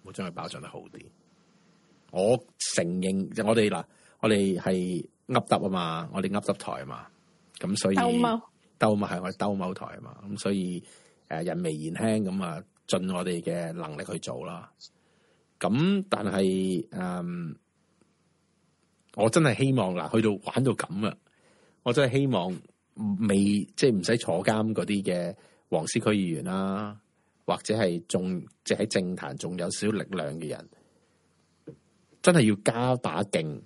我將佢包裝得好啲。我承認，我哋嗱，我哋係噏耷啊嘛，我哋噏耷台啊嘛，咁所以兜踎兜嘛係我哋兜踎台啊嘛，咁所以誒人微言輕，咁啊盡我哋嘅能力去做啦。咁但係誒、嗯，我真係希望嗱，去到玩到咁啊，我真係希望未即係唔使坐監嗰啲嘅。黃絲區議員啦，或者係仲即係政壇仲有少少力量嘅人，真係要加把勁，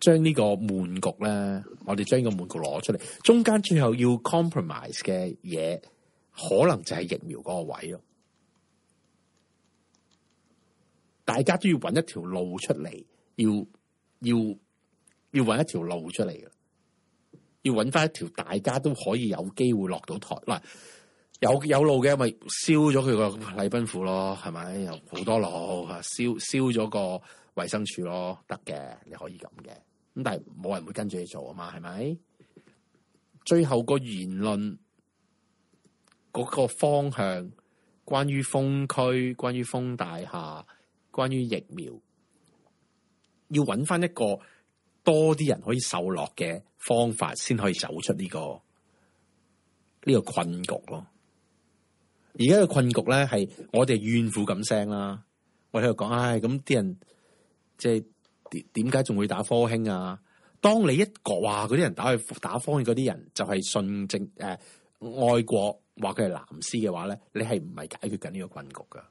將呢個悶局咧，我哋將呢個悶局攞出嚟，中間最後要 compromise 嘅嘢，可能就係疫苗嗰個位咯。大家都要揾一條路出嚟，要要要揾一條路出嚟嘅。要揾翻一條大家都可以有機會落到台有，有有路嘅咪燒咗佢個禮賓府咯，係咪？有好多路，燒燒咗個衛生署咯，得嘅，你可以咁嘅。咁但係冇人會跟住你做啊嘛，係咪？最後個言論嗰個方向關於封區，關於封區，關於封大廈，關於疫苗，要揾翻一個。多啲人可以受落嘅方法，先可以走出呢個呢個困局咯。而家嘅困局咧，係我哋怨婦咁聲啦。我喺度講，唉、哎，咁啲人即係點點解仲會打科興啊？當你一個話啲人打去打科興，啲人就，就係順正誒愛國，話佢係藍絲嘅話咧，你係唔係解決緊呢個困局噶？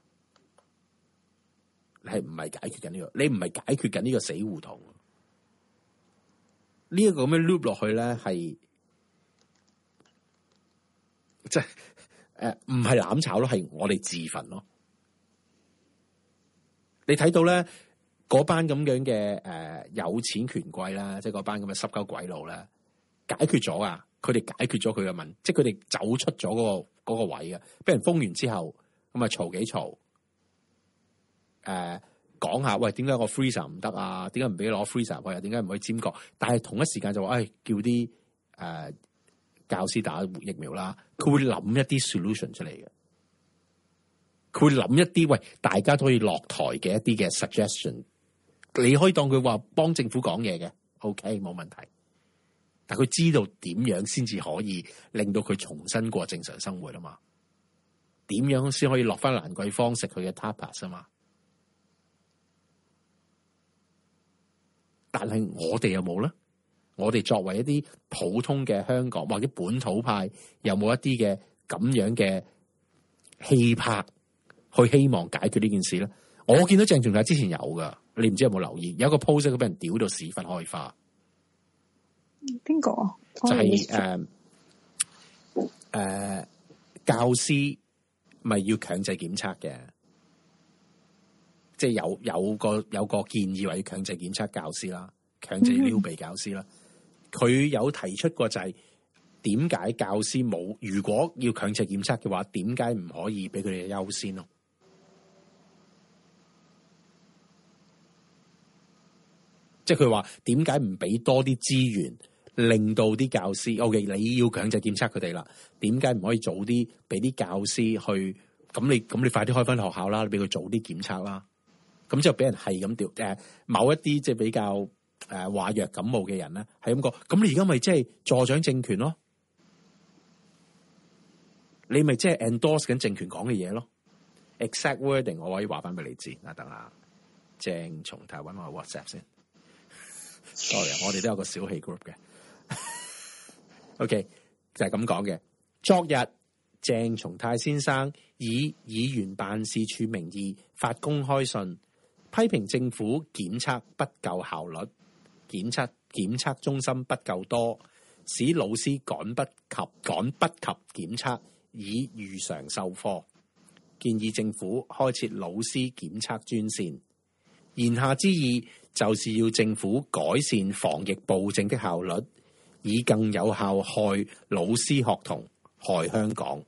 你係唔係解決緊呢個？你唔係解決緊呢個死胡同。呢一個咁嘅 loop 落去咧，係即係誒，唔係攬炒咯，係我哋自焚咯、哦。你睇到咧，嗰班咁樣嘅誒、呃、有錢權貴啦，即係嗰班咁嘅濕鳩鬼佬啦，解決咗啊！佢哋解決咗佢嘅問，即係佢哋走出咗嗰、嗰個、嗰個位啊。俾人封完之後，咁啊嘈幾嘈誒。呃講下喂，點解個 freezer 唔得啊？點解唔俾攞 freezer 啊？喂、啊，點解唔可以尖角？但係同一時間就話，誒、哎，叫啲誒、呃、教師打疫苗啦。佢會諗一啲 solution 出嚟嘅，佢會諗一啲喂，大家都可以落台嘅一啲嘅 suggestion。你可以當佢話幫政府講嘢嘅，OK 冇問題。但係佢知道點樣先至可以令到佢重新過正常生活啊嘛？點樣先可以落翻蘭桂坊食佢嘅 tapas 啊嘛？但係我哋有冇咧？我哋作為一啲普通嘅香港或者本土派，有冇一啲嘅咁樣嘅氣魄去希望解決呢件事咧？啊、我見到鄭仲泰之前有噶，你唔知道有冇留意？有一個 post 佢俾人屌到屎忽開花，邊個、啊？就係誒誒，uh, uh, 教師咪要強制檢測嘅。即係有有個有個建議，或者強制檢測教師啦，強制撩鼻教師啦，佢、嗯、有提出過就係點解教師冇？如果要強制檢測嘅話，點解唔可以俾佢哋優先咯？即係佢話點解唔俾多啲資源，令到啲教師？OK，你要強制檢測佢哋啦，點解唔可以早啲俾啲教師去？咁你咁你快啲開翻學校啦，你俾佢早啲檢測啦。咁就俾人係咁調誒，某一啲即係比較誒、呃、話若感冒嘅人咧，係咁講。咁你而家咪即係助長政權咯？你咪即係 endorse 緊政權講嘅嘢咯？exact wording，我可以話翻俾你知。嗱，等下鄭松泰搵我 whatsapp 先。sorry，我哋都有個小氣 group 嘅。 *laughs* ok，就係咁講嘅。昨日鄭松泰先生以議員辦事處名義發公開信，批評政府檢測不夠效率，檢測檢測中心不夠多，使老師趕不及趕不及檢測，以預防授課。建議政府開設老師檢測專線。言下之意，就是要政府改善防疫暴政的效率，以更有效害老師學童害香港。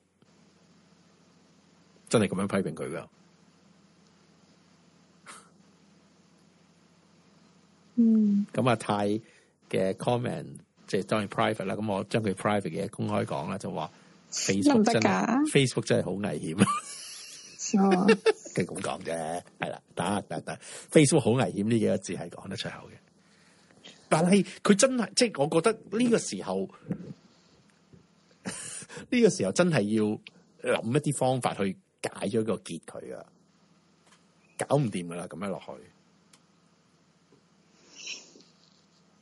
真係咁樣批評佢噶？嗯，咁啊、嗯、泰嘅 comment 即係當然 private 啦，咁我將佢 private 嘅公開講啦，就話、啊、Facebook 真、哦、 *laughs* ，Facebook 真係好危險。傻，佢咁講啫，係啦，打打打 Facebook 好危險呢幾個字係講得出口嘅，但係佢真係，即、就、係、是、我覺得呢個時候，呢、這個時候真係要諗一啲方法去解咗個結佢啊，搞唔掂噶啦，咁樣落去。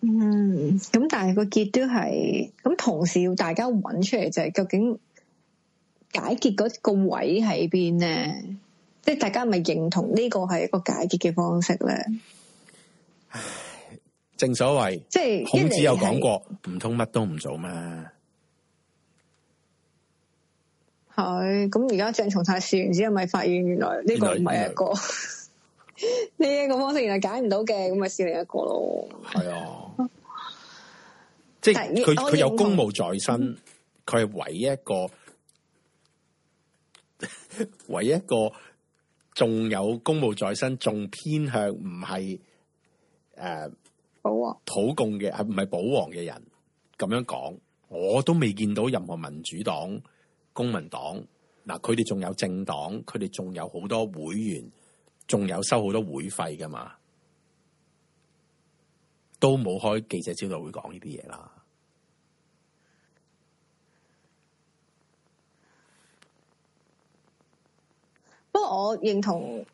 嗯，咁但係個結都係，咁同時要大家搵出嚟就係究竟解結嗰個位喺邊咧？即係大家咪認同呢個係一個解結嘅方式咧？正所謂，即係孔子有講過，唔通乜都唔做咩？係，咁而家鄭松泰試完之後，咪發現原來呢個唔係一個。呢一個方式原來解唔到嘅，咁咪試另一個咯。係啊， *laughs* 即係佢佢有公務在身，佢係、嗯、唯一個唯一個唯一一個仲有公務在身，仲偏向唔係誒保皇土共嘅，係唔係保皇嘅人咁樣講？我都未見到任何民主黨、公民黨嗱，佢哋仲有政黨，佢哋仲有好多會員。仲有收好多會費㗎嘛？都冇開記者招待會講呢啲嘢啦。不過我認同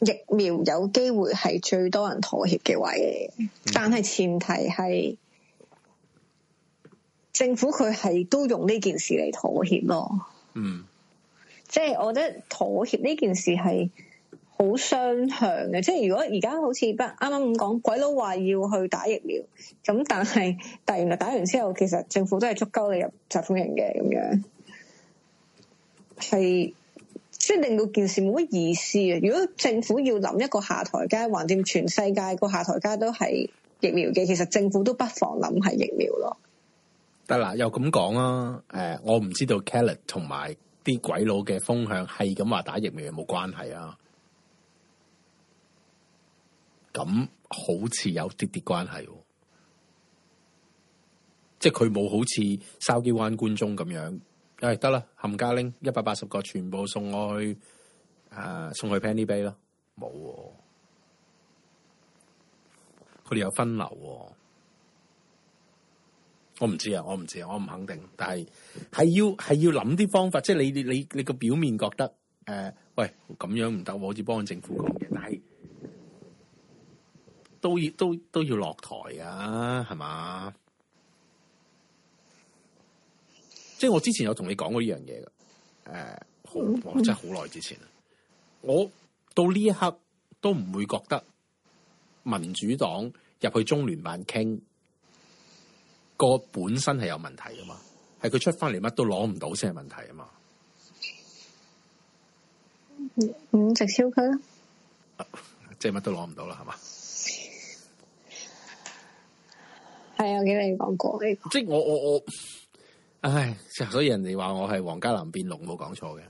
疫苗有機會係最多人妥協嘅位，嗯、但係前提係政府佢係都用呢件事嚟妥協咯。嗯，即係我覺得妥協呢件事係。好雙向嘅，即係如果而家好似不啱啱咁講，鬼佬話要去打疫苗咁，但係但原來打完之後，其實政府都係足夠你入集風營嘅，咁樣係即係令到件事冇乜意思啊。如果政府要諗一個下台階橫掂全世界個下台階都係疫苗嘅，其實政府都不妨諗係疫苗咯。得啦，又咁講啊？誒、呃，我唔知道 Kellett 同埋啲鬼佬嘅風向係咁話打疫苗有冇關係啊？咁好似有啲啲關係、哦，即係佢冇好似筲箕灣觀眾咁樣，哎得啦，冚家拎一百八十個全部送我去誒、呃，送去 Penny Bay 啦，冇、哦，佢哋有分流、哦，我唔知啊，我唔知，我唔肯定，但係係、嗯、要係要諗啲方法，即係你你你個表面覺得誒、呃，喂咁樣唔得，好似幫政府講嘢，但係。都，都，都要都都要落台啊，係嘛？即係我之前有同你講過呢樣嘢嘅，誒、啊，好即係好耐之前啊！我到呢一刻都唔會覺得民主黨入去中聯辦傾個本身係有問題㗎嘛，係佢出翻嚟乜都攞唔到先係問題啊嘛。唔、嗯、直超佢啊，即係乜都攞唔到啦，係嘛？係啊，我記得你講過。講過即係我我我，唉，所以人哋話我係黃加藍變綠冇講錯嘅。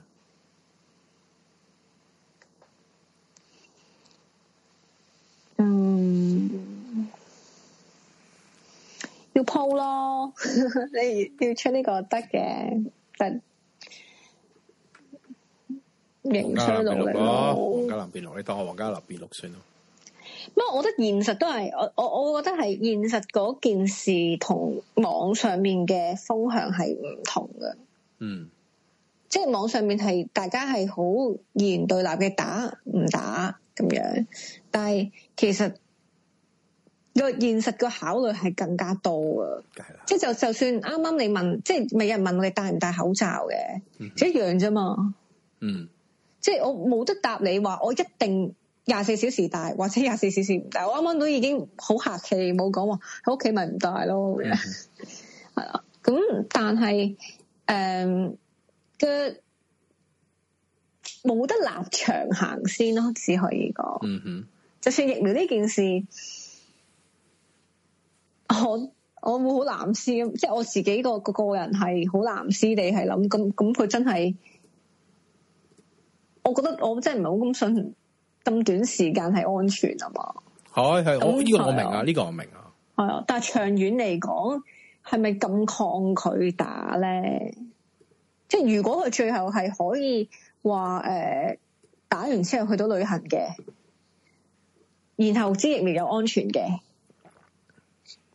嗯，要鋪咯， *laughs* 你要出呢個得嘅，得。係迎咯。黃加藍變綠，變變你當我黃加藍變綠算咯。不過，我覺得現實都係我我我覺得係現實嗰件事同網上面嘅風向係唔同嘅。嗯，即係網上面係大家係好二元對立嘅打唔打咁樣，但係其實個現實個考慮係更加多啊。即係就就算啱啱你問，即係每人問我哋戴唔戴口罩嘅、嗯、哼一樣啫嘛。嗯，即係我冇得答你話我一定。廿四小時戴，或者廿四小時唔戴。我啱啱都已經好客氣，冇講喺屋企咪唔戴咯，係啦 Yeah. *laughs* 咁但係誒嘅冇得立場行先咯，只可以講。嗯哼、mm，hmm. 就算疫苗呢件事，我我會好藍絲，即、就、係、是、我自己個個個人係好藍絲地係諗，咁咁佢真係，我覺得我真係唔係好咁信。咁短時間係安全啊嘛？係係是，好呢那個我明啊，呢的個我明啊。係啊，但係長遠嚟講，係咪咁抗拒打咧？即係如果佢最後係可以話誒、呃，打完之後去到旅行嘅，然後之亦未有安全嘅，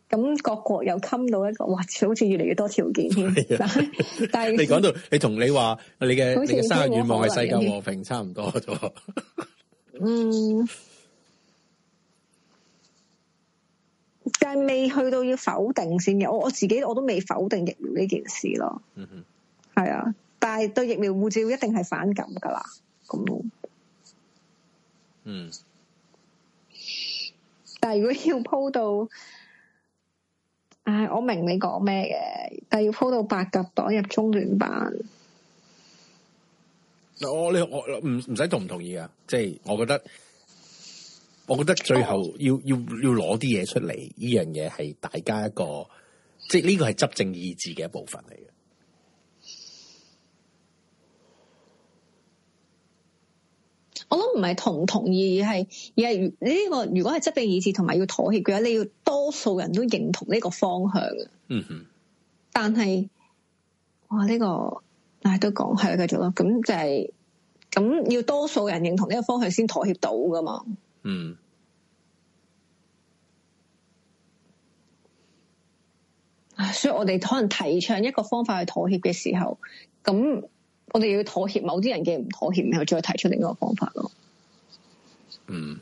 咁各國又冚到一個，哇！好似越嚟越多條件添。但係你講到你同你話你嘅好像 你嘅生日願望係世界和平差不多，差唔多咗。嗯，但係未去到要否定先嘅，我我自己我都未否定疫苗呢件事咯。嗯哼，係啊，但係對疫苗護照一定係反感噶啦。咁，嗯，但係如果要鋪到，唉，我明你講咩嘅，但係要鋪到八甲黨入中聯辦。我你我唔唔使同唔同意啊！即係我覺得，我覺得最後要、哦、要要攞啲嘢出嚟，呢樣嘢係大家一個，即係呢個係執政意志嘅一部分嚟嘅。我諗唔係同唔同意，係而係而係呢個如果係執政意志，同埋要妥協嘅話，你要多數人都認同呢個方向啊！嗯哼，但係哇呢個。唉，都講係啦，繼續咯，咁就係，咁要多數人認同呢個方向先妥協到噶嘛。嗯。所以我哋可能提倡一個方法去妥協嘅時候，咁我哋要妥協某啲人嘅唔妥協，然後再提出另一個方法咯。嗯。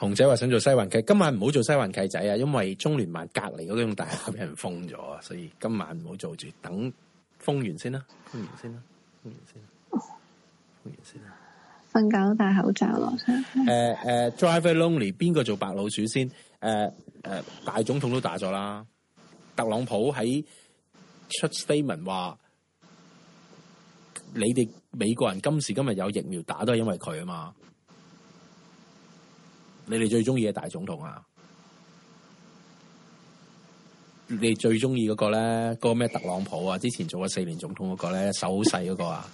紅仔話想做西環契，今晚唔好做西環契仔啊！因為中聯辦隔離嗰棟大廈俾人封咗，所以今晚唔好做住，等封完先啦，啊。封完先啦，啊，封完先，啊。啦，啊！瞓覺都戴，哦，口罩落誒誒，啊呃呃，Drive Alonely，邊個做白老鼠先？誒，呃，誒，呃，大總統都打咗啦。特朗普喺出 statement 話，你哋美國人今時今日有疫苗打，都係因為佢啊嘛。你哋最中意嘅大總統啊？你最中意嗰個咧？嗰個咩特朗普啊？之前做咗四年總統嗰個咧，手細嗰個啊？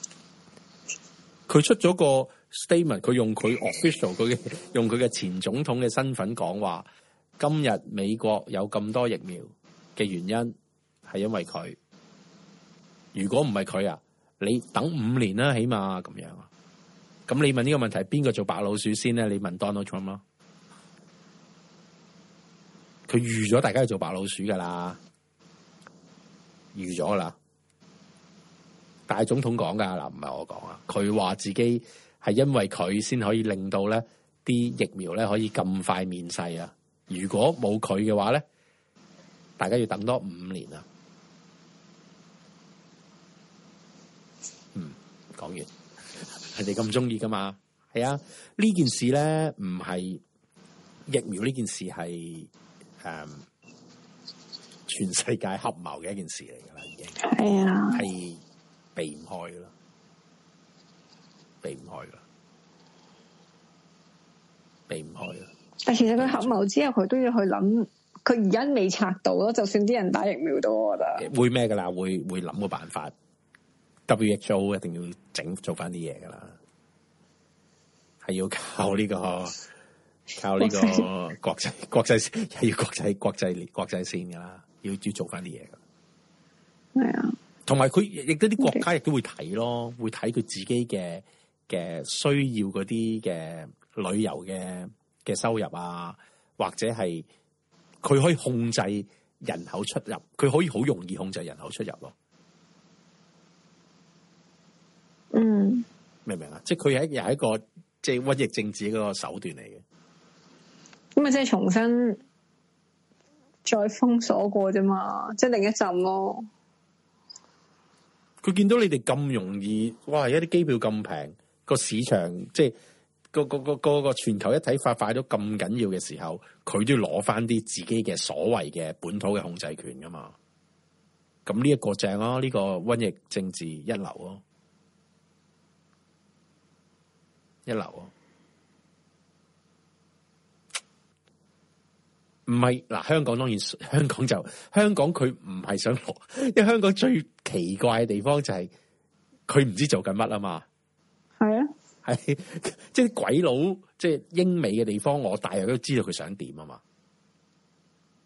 佢出咗個 statement，佢用佢 official 佢用佢嘅前總統嘅身份講話，今日美國有咁多疫苗嘅原因係因為佢。如果唔係佢啊，你等五年啦啊，起碼咁樣啊。咁你問呢個問題，邊個做白老鼠先咧？你問 Donald Trump 咯。佢預咗，預大家要做白老鼠噶啦，預咗喇。啦。大總統講噶，嗱唔係我講啊。佢話自己係因為佢先可以令到咧啲疫苗咧可以咁快面世啊。如果冇佢嘅話咧，大家要等多五年啊。嗯，講完，人哋咁中意噶嘛？係啊，呢件事咧唔係疫苗呢件事係。Um, 全世界合謀嘅一件事嚟噶啦，已經係啊，係避唔開咯，避唔開啦，避唔開啦。但其實佢合謀之後，佢都要去諗，佢而家未拆到咯。就算啲人打疫苗都，我覺得會咩噶啦，會會諗個辦法。WHO 一定要整做翻啲嘢噶啦，係要靠呢個。靠呢個國際國際係要國際國際線嘅啦，要要做翻啲嘢嘅。係啊，同埋佢亦都啲國家亦都會睇咯，Okay. 會睇佢自己嘅嘅需要嗰啲嘅旅遊嘅嘅收入啊，或者係佢可以控制人口出入，佢可以好容易控制人口出入咯。嗯，明唔明啊？即係佢係一又係一個即係、就是、瘟疫政治嗰個手段嚟嘅。咁咪即係重新再封鎖過啫嘛，即係另一陣咯。佢見到你哋咁容易，哇！而家啲機票咁平，個市場即係個個個個個全球一體化快到咁緊要嘅時候，佢都要攞翻啲自己嘅所謂嘅本土嘅控制權噶嘛。咁呢一個正咯，呢個瘟疫政治一流咯，一流啊！唔係嗱，香港當然香港就香港佢唔係想攞，因為香港最奇怪嘅地方就係佢唔知做緊乜啊嘛。係啊的，係即係鬼佬，即係英美嘅地方，我大約都知道佢想點啊嘛。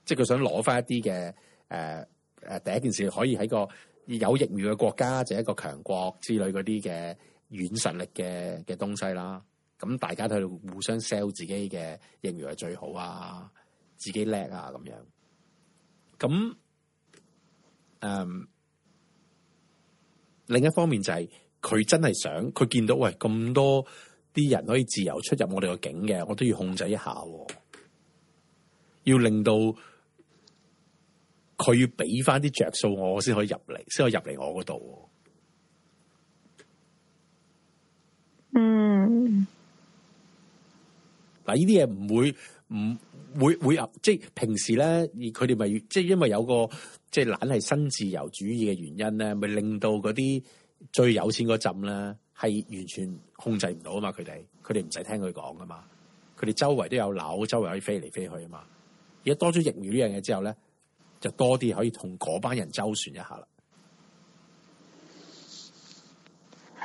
即係佢想攞翻一啲嘅誒誒，第一件事可以喺個有疫苗嘅國家，就係、是、一個強國之類嗰啲嘅軟實力嘅嘅東西啦。咁大家都互相 sell 自己嘅疫苗係最好啊。自己叻啊，咁樣，咁誒、嗯，另一方面就係、是、佢真係想，佢見到喂咁多啲人可以自由出入我哋個境嘅，我都要控制一下、喎，要令到佢要俾翻啲着數我，我先可以入嚟，先可以入嚟我嗰度。嗯，嗱，呢啲嘢唔會唔。會會啊！即係平時咧，佢哋咪即係因為有個即係懶係新自由主義嘅原因咧，咪令到嗰啲最有錢嗰浸咧係完全控制唔到啊嘛！佢哋佢哋唔使聽佢講噶嘛，佢哋周圍都有樓，周圍可以飛嚟飛去啊嘛。而家多咗疫苗呢樣嘢之後咧，就多啲可以同嗰班人周旋一下啦。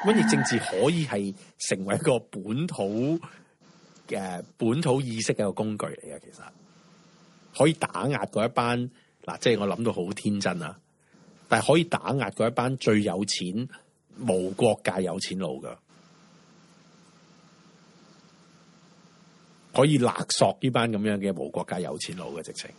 瘟疫政治可以係成為一個本土。本土意識嘅工具嚟嘅，其實可以打壓嗰一班嗱，即係我諗到好天真啦，但係可以打壓嗰一班最有錢無國界有錢佬噶，可以勒索呢班咁樣嘅無國界有錢佬嘅直情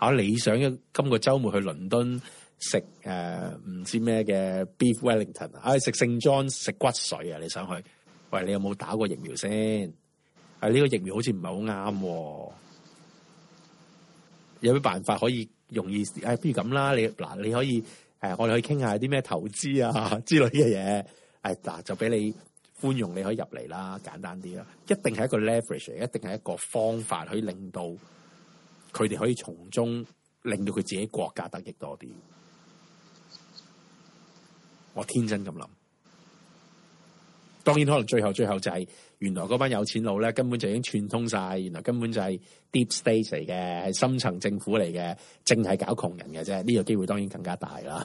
嚇，你想今個週末去倫敦食誒唔知咩嘅 Beef Wellington 啊？食聖莊食骨髓啊？你想去？喂，你有冇打過疫苗先？係呢個疫苗好似唔係好啱，有咩辦法可以容易？誒、哎，不如咁啦，你嗱，你可以誒、呃，我哋可以傾下啲咩投資啊之類嘅嘢。誒，嗱，就俾你寬容，你可以入嚟啦，簡單啲啦。一定係一個 leverage，一定係一個方法可以令到佢哋可以從中令到佢自己國家得益多啲。我天真咁諗，當然可能最後最後就係、是。原來嗰班有錢佬咧，根本就已經串通晒。原來根本就係 deep state 嚟嘅，係深層政府嚟嘅，淨係搞窮人嘅啫。呢、呢個機會當然更加大啦。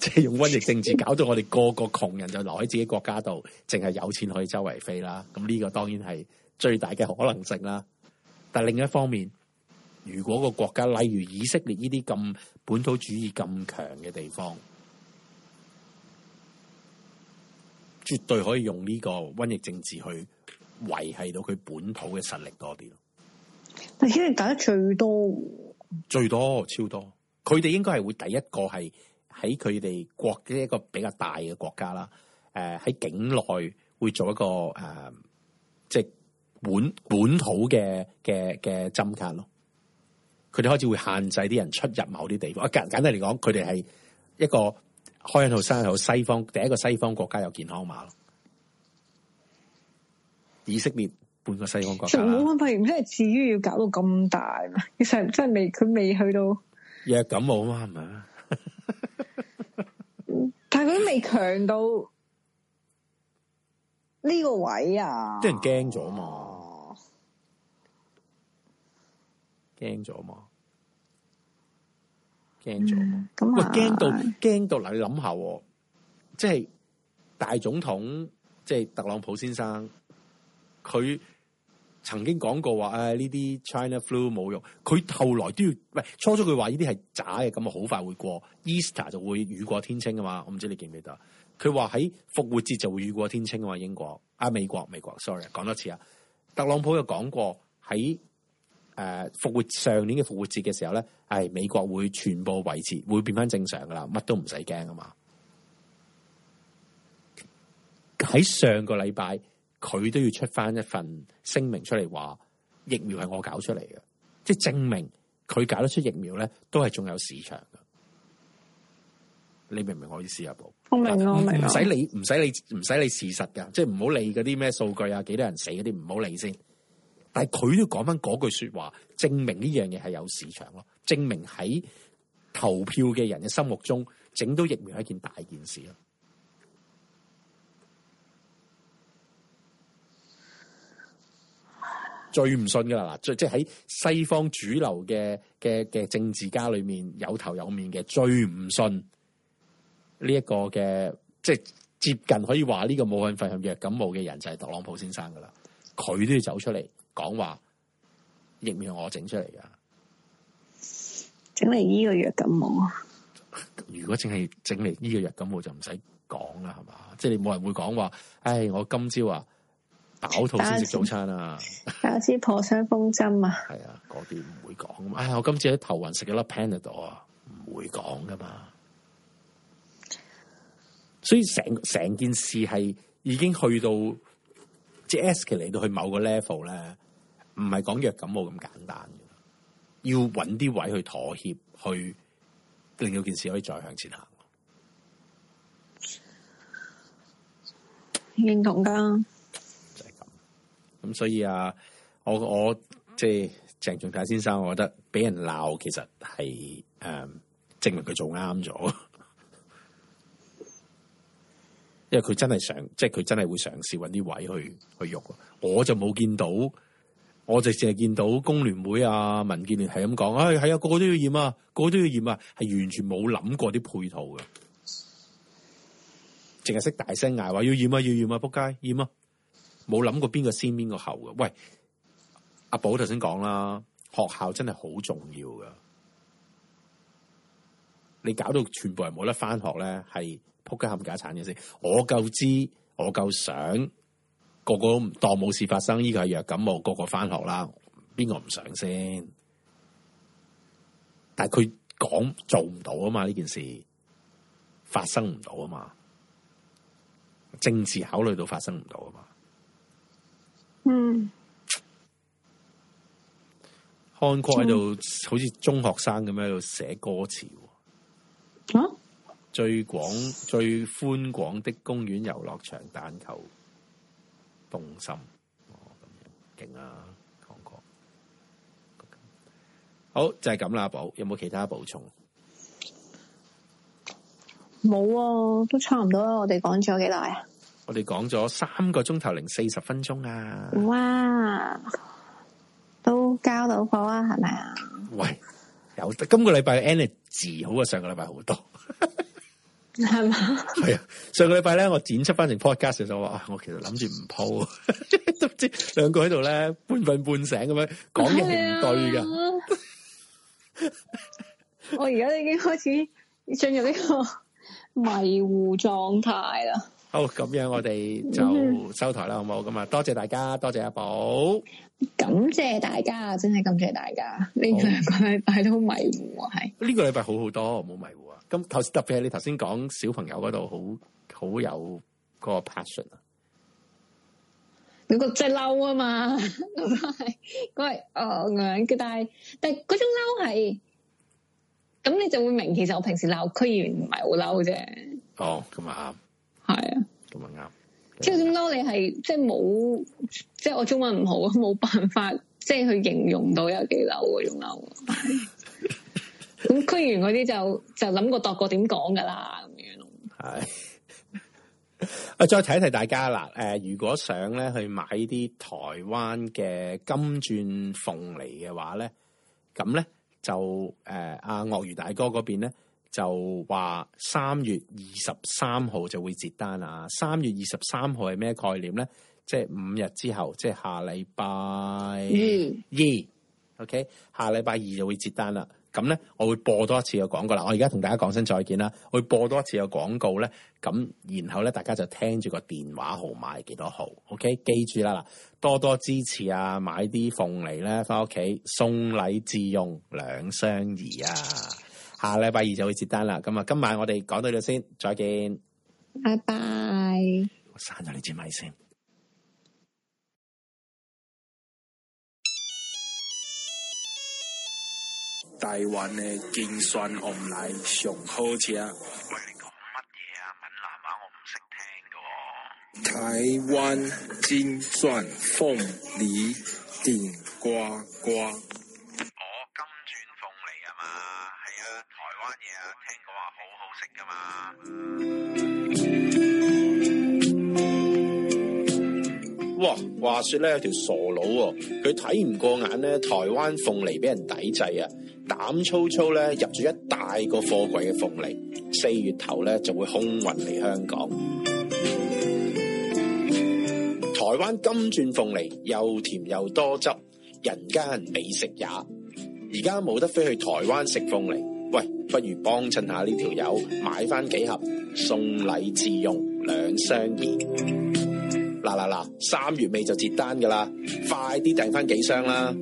即 *laughs* 係用瘟疫政治搞到我哋個個窮人就留喺自己國家度，淨係有錢可以周圍飛啦。咁、呢、呢個當然係最大嘅可能性啦。但另一方面，如果個國家例如以色列呢啲咁本土主義咁強嘅地方，絕對可以用呢個瘟疫政治去維繫到佢本土嘅實力多啲咯。但係佢哋打得最多，最多超多，佢哋應該係會第一個係喺佢哋國嘅一個比較大嘅國家啦。誒，喺境內會做一個誒、呃，即係本本土嘅嘅嘅針隔咯。佢哋開始會限制啲人出入某啲地方。簡簡單嚟講，佢哋係一個。開一頭生一頭西方第一個西方國家有健康碼咯，以色列半個西方國家。其實冇辦法，唔知係至於要搞到咁大咩，其實真係未，佢未去到。又感冒嘛啊，係咪？但係佢都未強到呢個位啊！啲人驚咗嘛？驚咗嘛？驚咗，嗯啊、喂，驚到驚到，嗱，你諗下，即係大總統，即係特朗普先生，佢曾經講過話，誒、哎，呢啲 China flu 冇用，佢後來都要，喂，初初佢話呢啲係渣嘅，咁啊，好快會過 Easter 就會雨過天青啊嘛，我唔知你記唔記得。佢話喺復活節就會雨過天青啊嘛，英國啊，美國，美國，sorry，講多次啊，特朗普又講過喺。誒，復、uh, 活上年嘅復活節嘅時候咧，係美國會全部維持，會變翻正常噶啦，乜都唔使驚啊嘛！喺上個禮拜佢都要出翻一份聲明出嚟話，疫苗係我搞出嚟嘅，即係證明佢搞得出疫苗咧，都係仲有市場噶。你明唔明我意思啊？部我明，冇我明，唔使理，唔使理，唔使理事實噶，即係唔好理嗰啲咩數據啊，幾多人死嗰啲，唔好理先。但係佢都要講翻嗰句說話，證明呢樣嘢係有市場咯，證明喺投票嘅人嘅心目中，整到疫苗係一件大件事咯。最唔信噶啦嗱，最即係喺西方主流嘅嘅嘅政治家裏面有頭有面嘅最唔信呢一個嘅，即係接近可以話呢個武漢肺炎傷風感冒嘅人就係特朗普先生噶啦，佢都要走出嚟。講話疫苗我出來的整出嚟噶，整嚟呢個藥咁冇啊？如果淨係整嚟呢個藥咁，我就唔使講啦，係嘛？即係你冇人會講話，唉、哎，我今朝啊飽肚先食早餐啊，打支破傷風針啊？係 *laughs* 啊，嗰啲唔會講。唉、哎，我今朝頭暈食咗粒 Panadol 啊，唔會講噶嘛。 *laughs* 所以成成件事係已經去到即係 escalate 到去某個 level 咧。唔係講藥感冒咁簡單嘅，要搵啲位去妥協，去令到件事可以再向前行。認同噶、啊，就係咁。咁所以啊，我我即係鄭仲泰先生，我覺得俾人鬧其實係誒、呃、證明佢做啱咗， *laughs* 因為佢真係嘗，即係佢真係會嘗試揾啲位去去喐，我就冇見到。我直情係見到工聯會啊、民建聯係咁講，哎係啊，個個都要驗啊，個個都要驗啊，係、啊、完全冇諗過啲配套噶，淨係識大聲嗌，話要驗啊，要驗啊，扑街驗啊，冇諗過邊個先邊個後嘅。喂，阿寶頭先講啦，學校真係好重要噶，你搞到全部人冇得返學咧，係扑街冚家鏟嘅先，我夠知，我夠想。個個當冇事發生，呢個係弱感冒，個個返學啦，邊個唔想先？但係佢講做唔到啊嘛，呢件事發生唔到啊嘛，政治考慮到發生唔到啊嘛。嗯，韓國喺度中好似中學生咁樣喺度寫歌詞。啊，最廣最寬廣的公園遊樂場球，彈球。重心哦，勁、就、啊、是，韓國好就係咁啦，阿寶有冇其他補充？冇、啊，都差唔多啦。我哋講咗幾耐啊？我哋講咗三個鐘頭零四十分鐘啊！哇，都交到貨啊，係咪啊？喂，有今個禮拜嘅 energy 好過上個禮拜好多。 *laughs* 係嘛？係啊！上個禮拜咧，我剪輯翻成 podcast 就話、啊，我其實諗住唔鋪，都知兩個喺度咧半瞓半醒咁樣講嘢唔對噶。啊、 *laughs* 我而家已經開始進入呢個迷糊狀態啦。好，咁樣我哋就收台啦，嗯、哼好冇？咁啊，多謝大家，多謝阿寶，感謝大家，真係感謝大家。呢兩個禮拜都好迷糊，係呢個禮拜好好多，我冇迷糊。咁，特別特別係你頭先講小朋友嗰度，好，好有個 passion 啊！你個真嬲啊嘛，係，佢係，哦，咁樣，但係，但係嗰種嬲係，咁你就會明，其實我平時鬧區議員唔係好嬲啫。哦，咁啊啱，係啊，咁啊啱。即係嗰種嬲你係，即係冇，即係我中文唔好，冇辦法，即係去形容到有幾嬲嗰種嬲。 *laughs* 咁區議員嗰啲就就諗過度過點講噶啦咁樣咯。係，啊再提一提大家啦，誒，如果想咧去買啲台灣嘅金鑽鳳梨嘅話咧，咁咧就誒阿鱷魚大哥嗰邊咧就話三月二十三號就會截單啦。三月二十三號係咩概念咧？即係五日之後，即係下禮拜二，嗯，OK，下禮拜二就會截單啦。咁咧，我會播多一次嘅廣告啦。我而家同大家講聲再見啦。我會播多一次嘅廣告咧，咁然後咧，大家就聽住個電話號碼係幾多號。OK，記住啦，嗱，多多支持啊，買啲鳳梨咧，翻屋企送禮自用兩相宜啊！下禮拜二就會接單啦。咁啊，今晚我哋講到呢度先，再見，拜拜。我刪咗你支咪先。台灣嘅金鑽鳳梨上好食。喂，你講乜嘢啊？閩南話我唔識聽噶台灣金鑽鳳梨頂呱呱，我、哦、金鑽鳳梨啊嘛？係啊，台灣嘢啊，聽講話好好食噶嘛。哇，話說咧有條傻佬、哦，佢睇唔過眼咧，台灣鳳梨俾人抵制啊！膽粗粗咧入咗一大個貨櫃嘅鳳梨，四月頭咧就會空運嚟香港。台灣金鑽鳳梨又甜又多汁，人間美食也。而家冇得飛去台灣食鳳梨，喂，不如幫襯下呢條友，買翻幾盒送禮自用，兩相宜。嗱嗱嗱，三月尾就截單噶啦，快啲訂翻幾箱啦！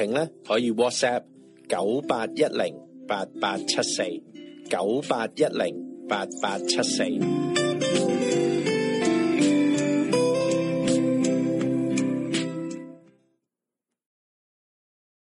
請咧可以 WhatsApp 九八一零八八七四，九八一零八八七四。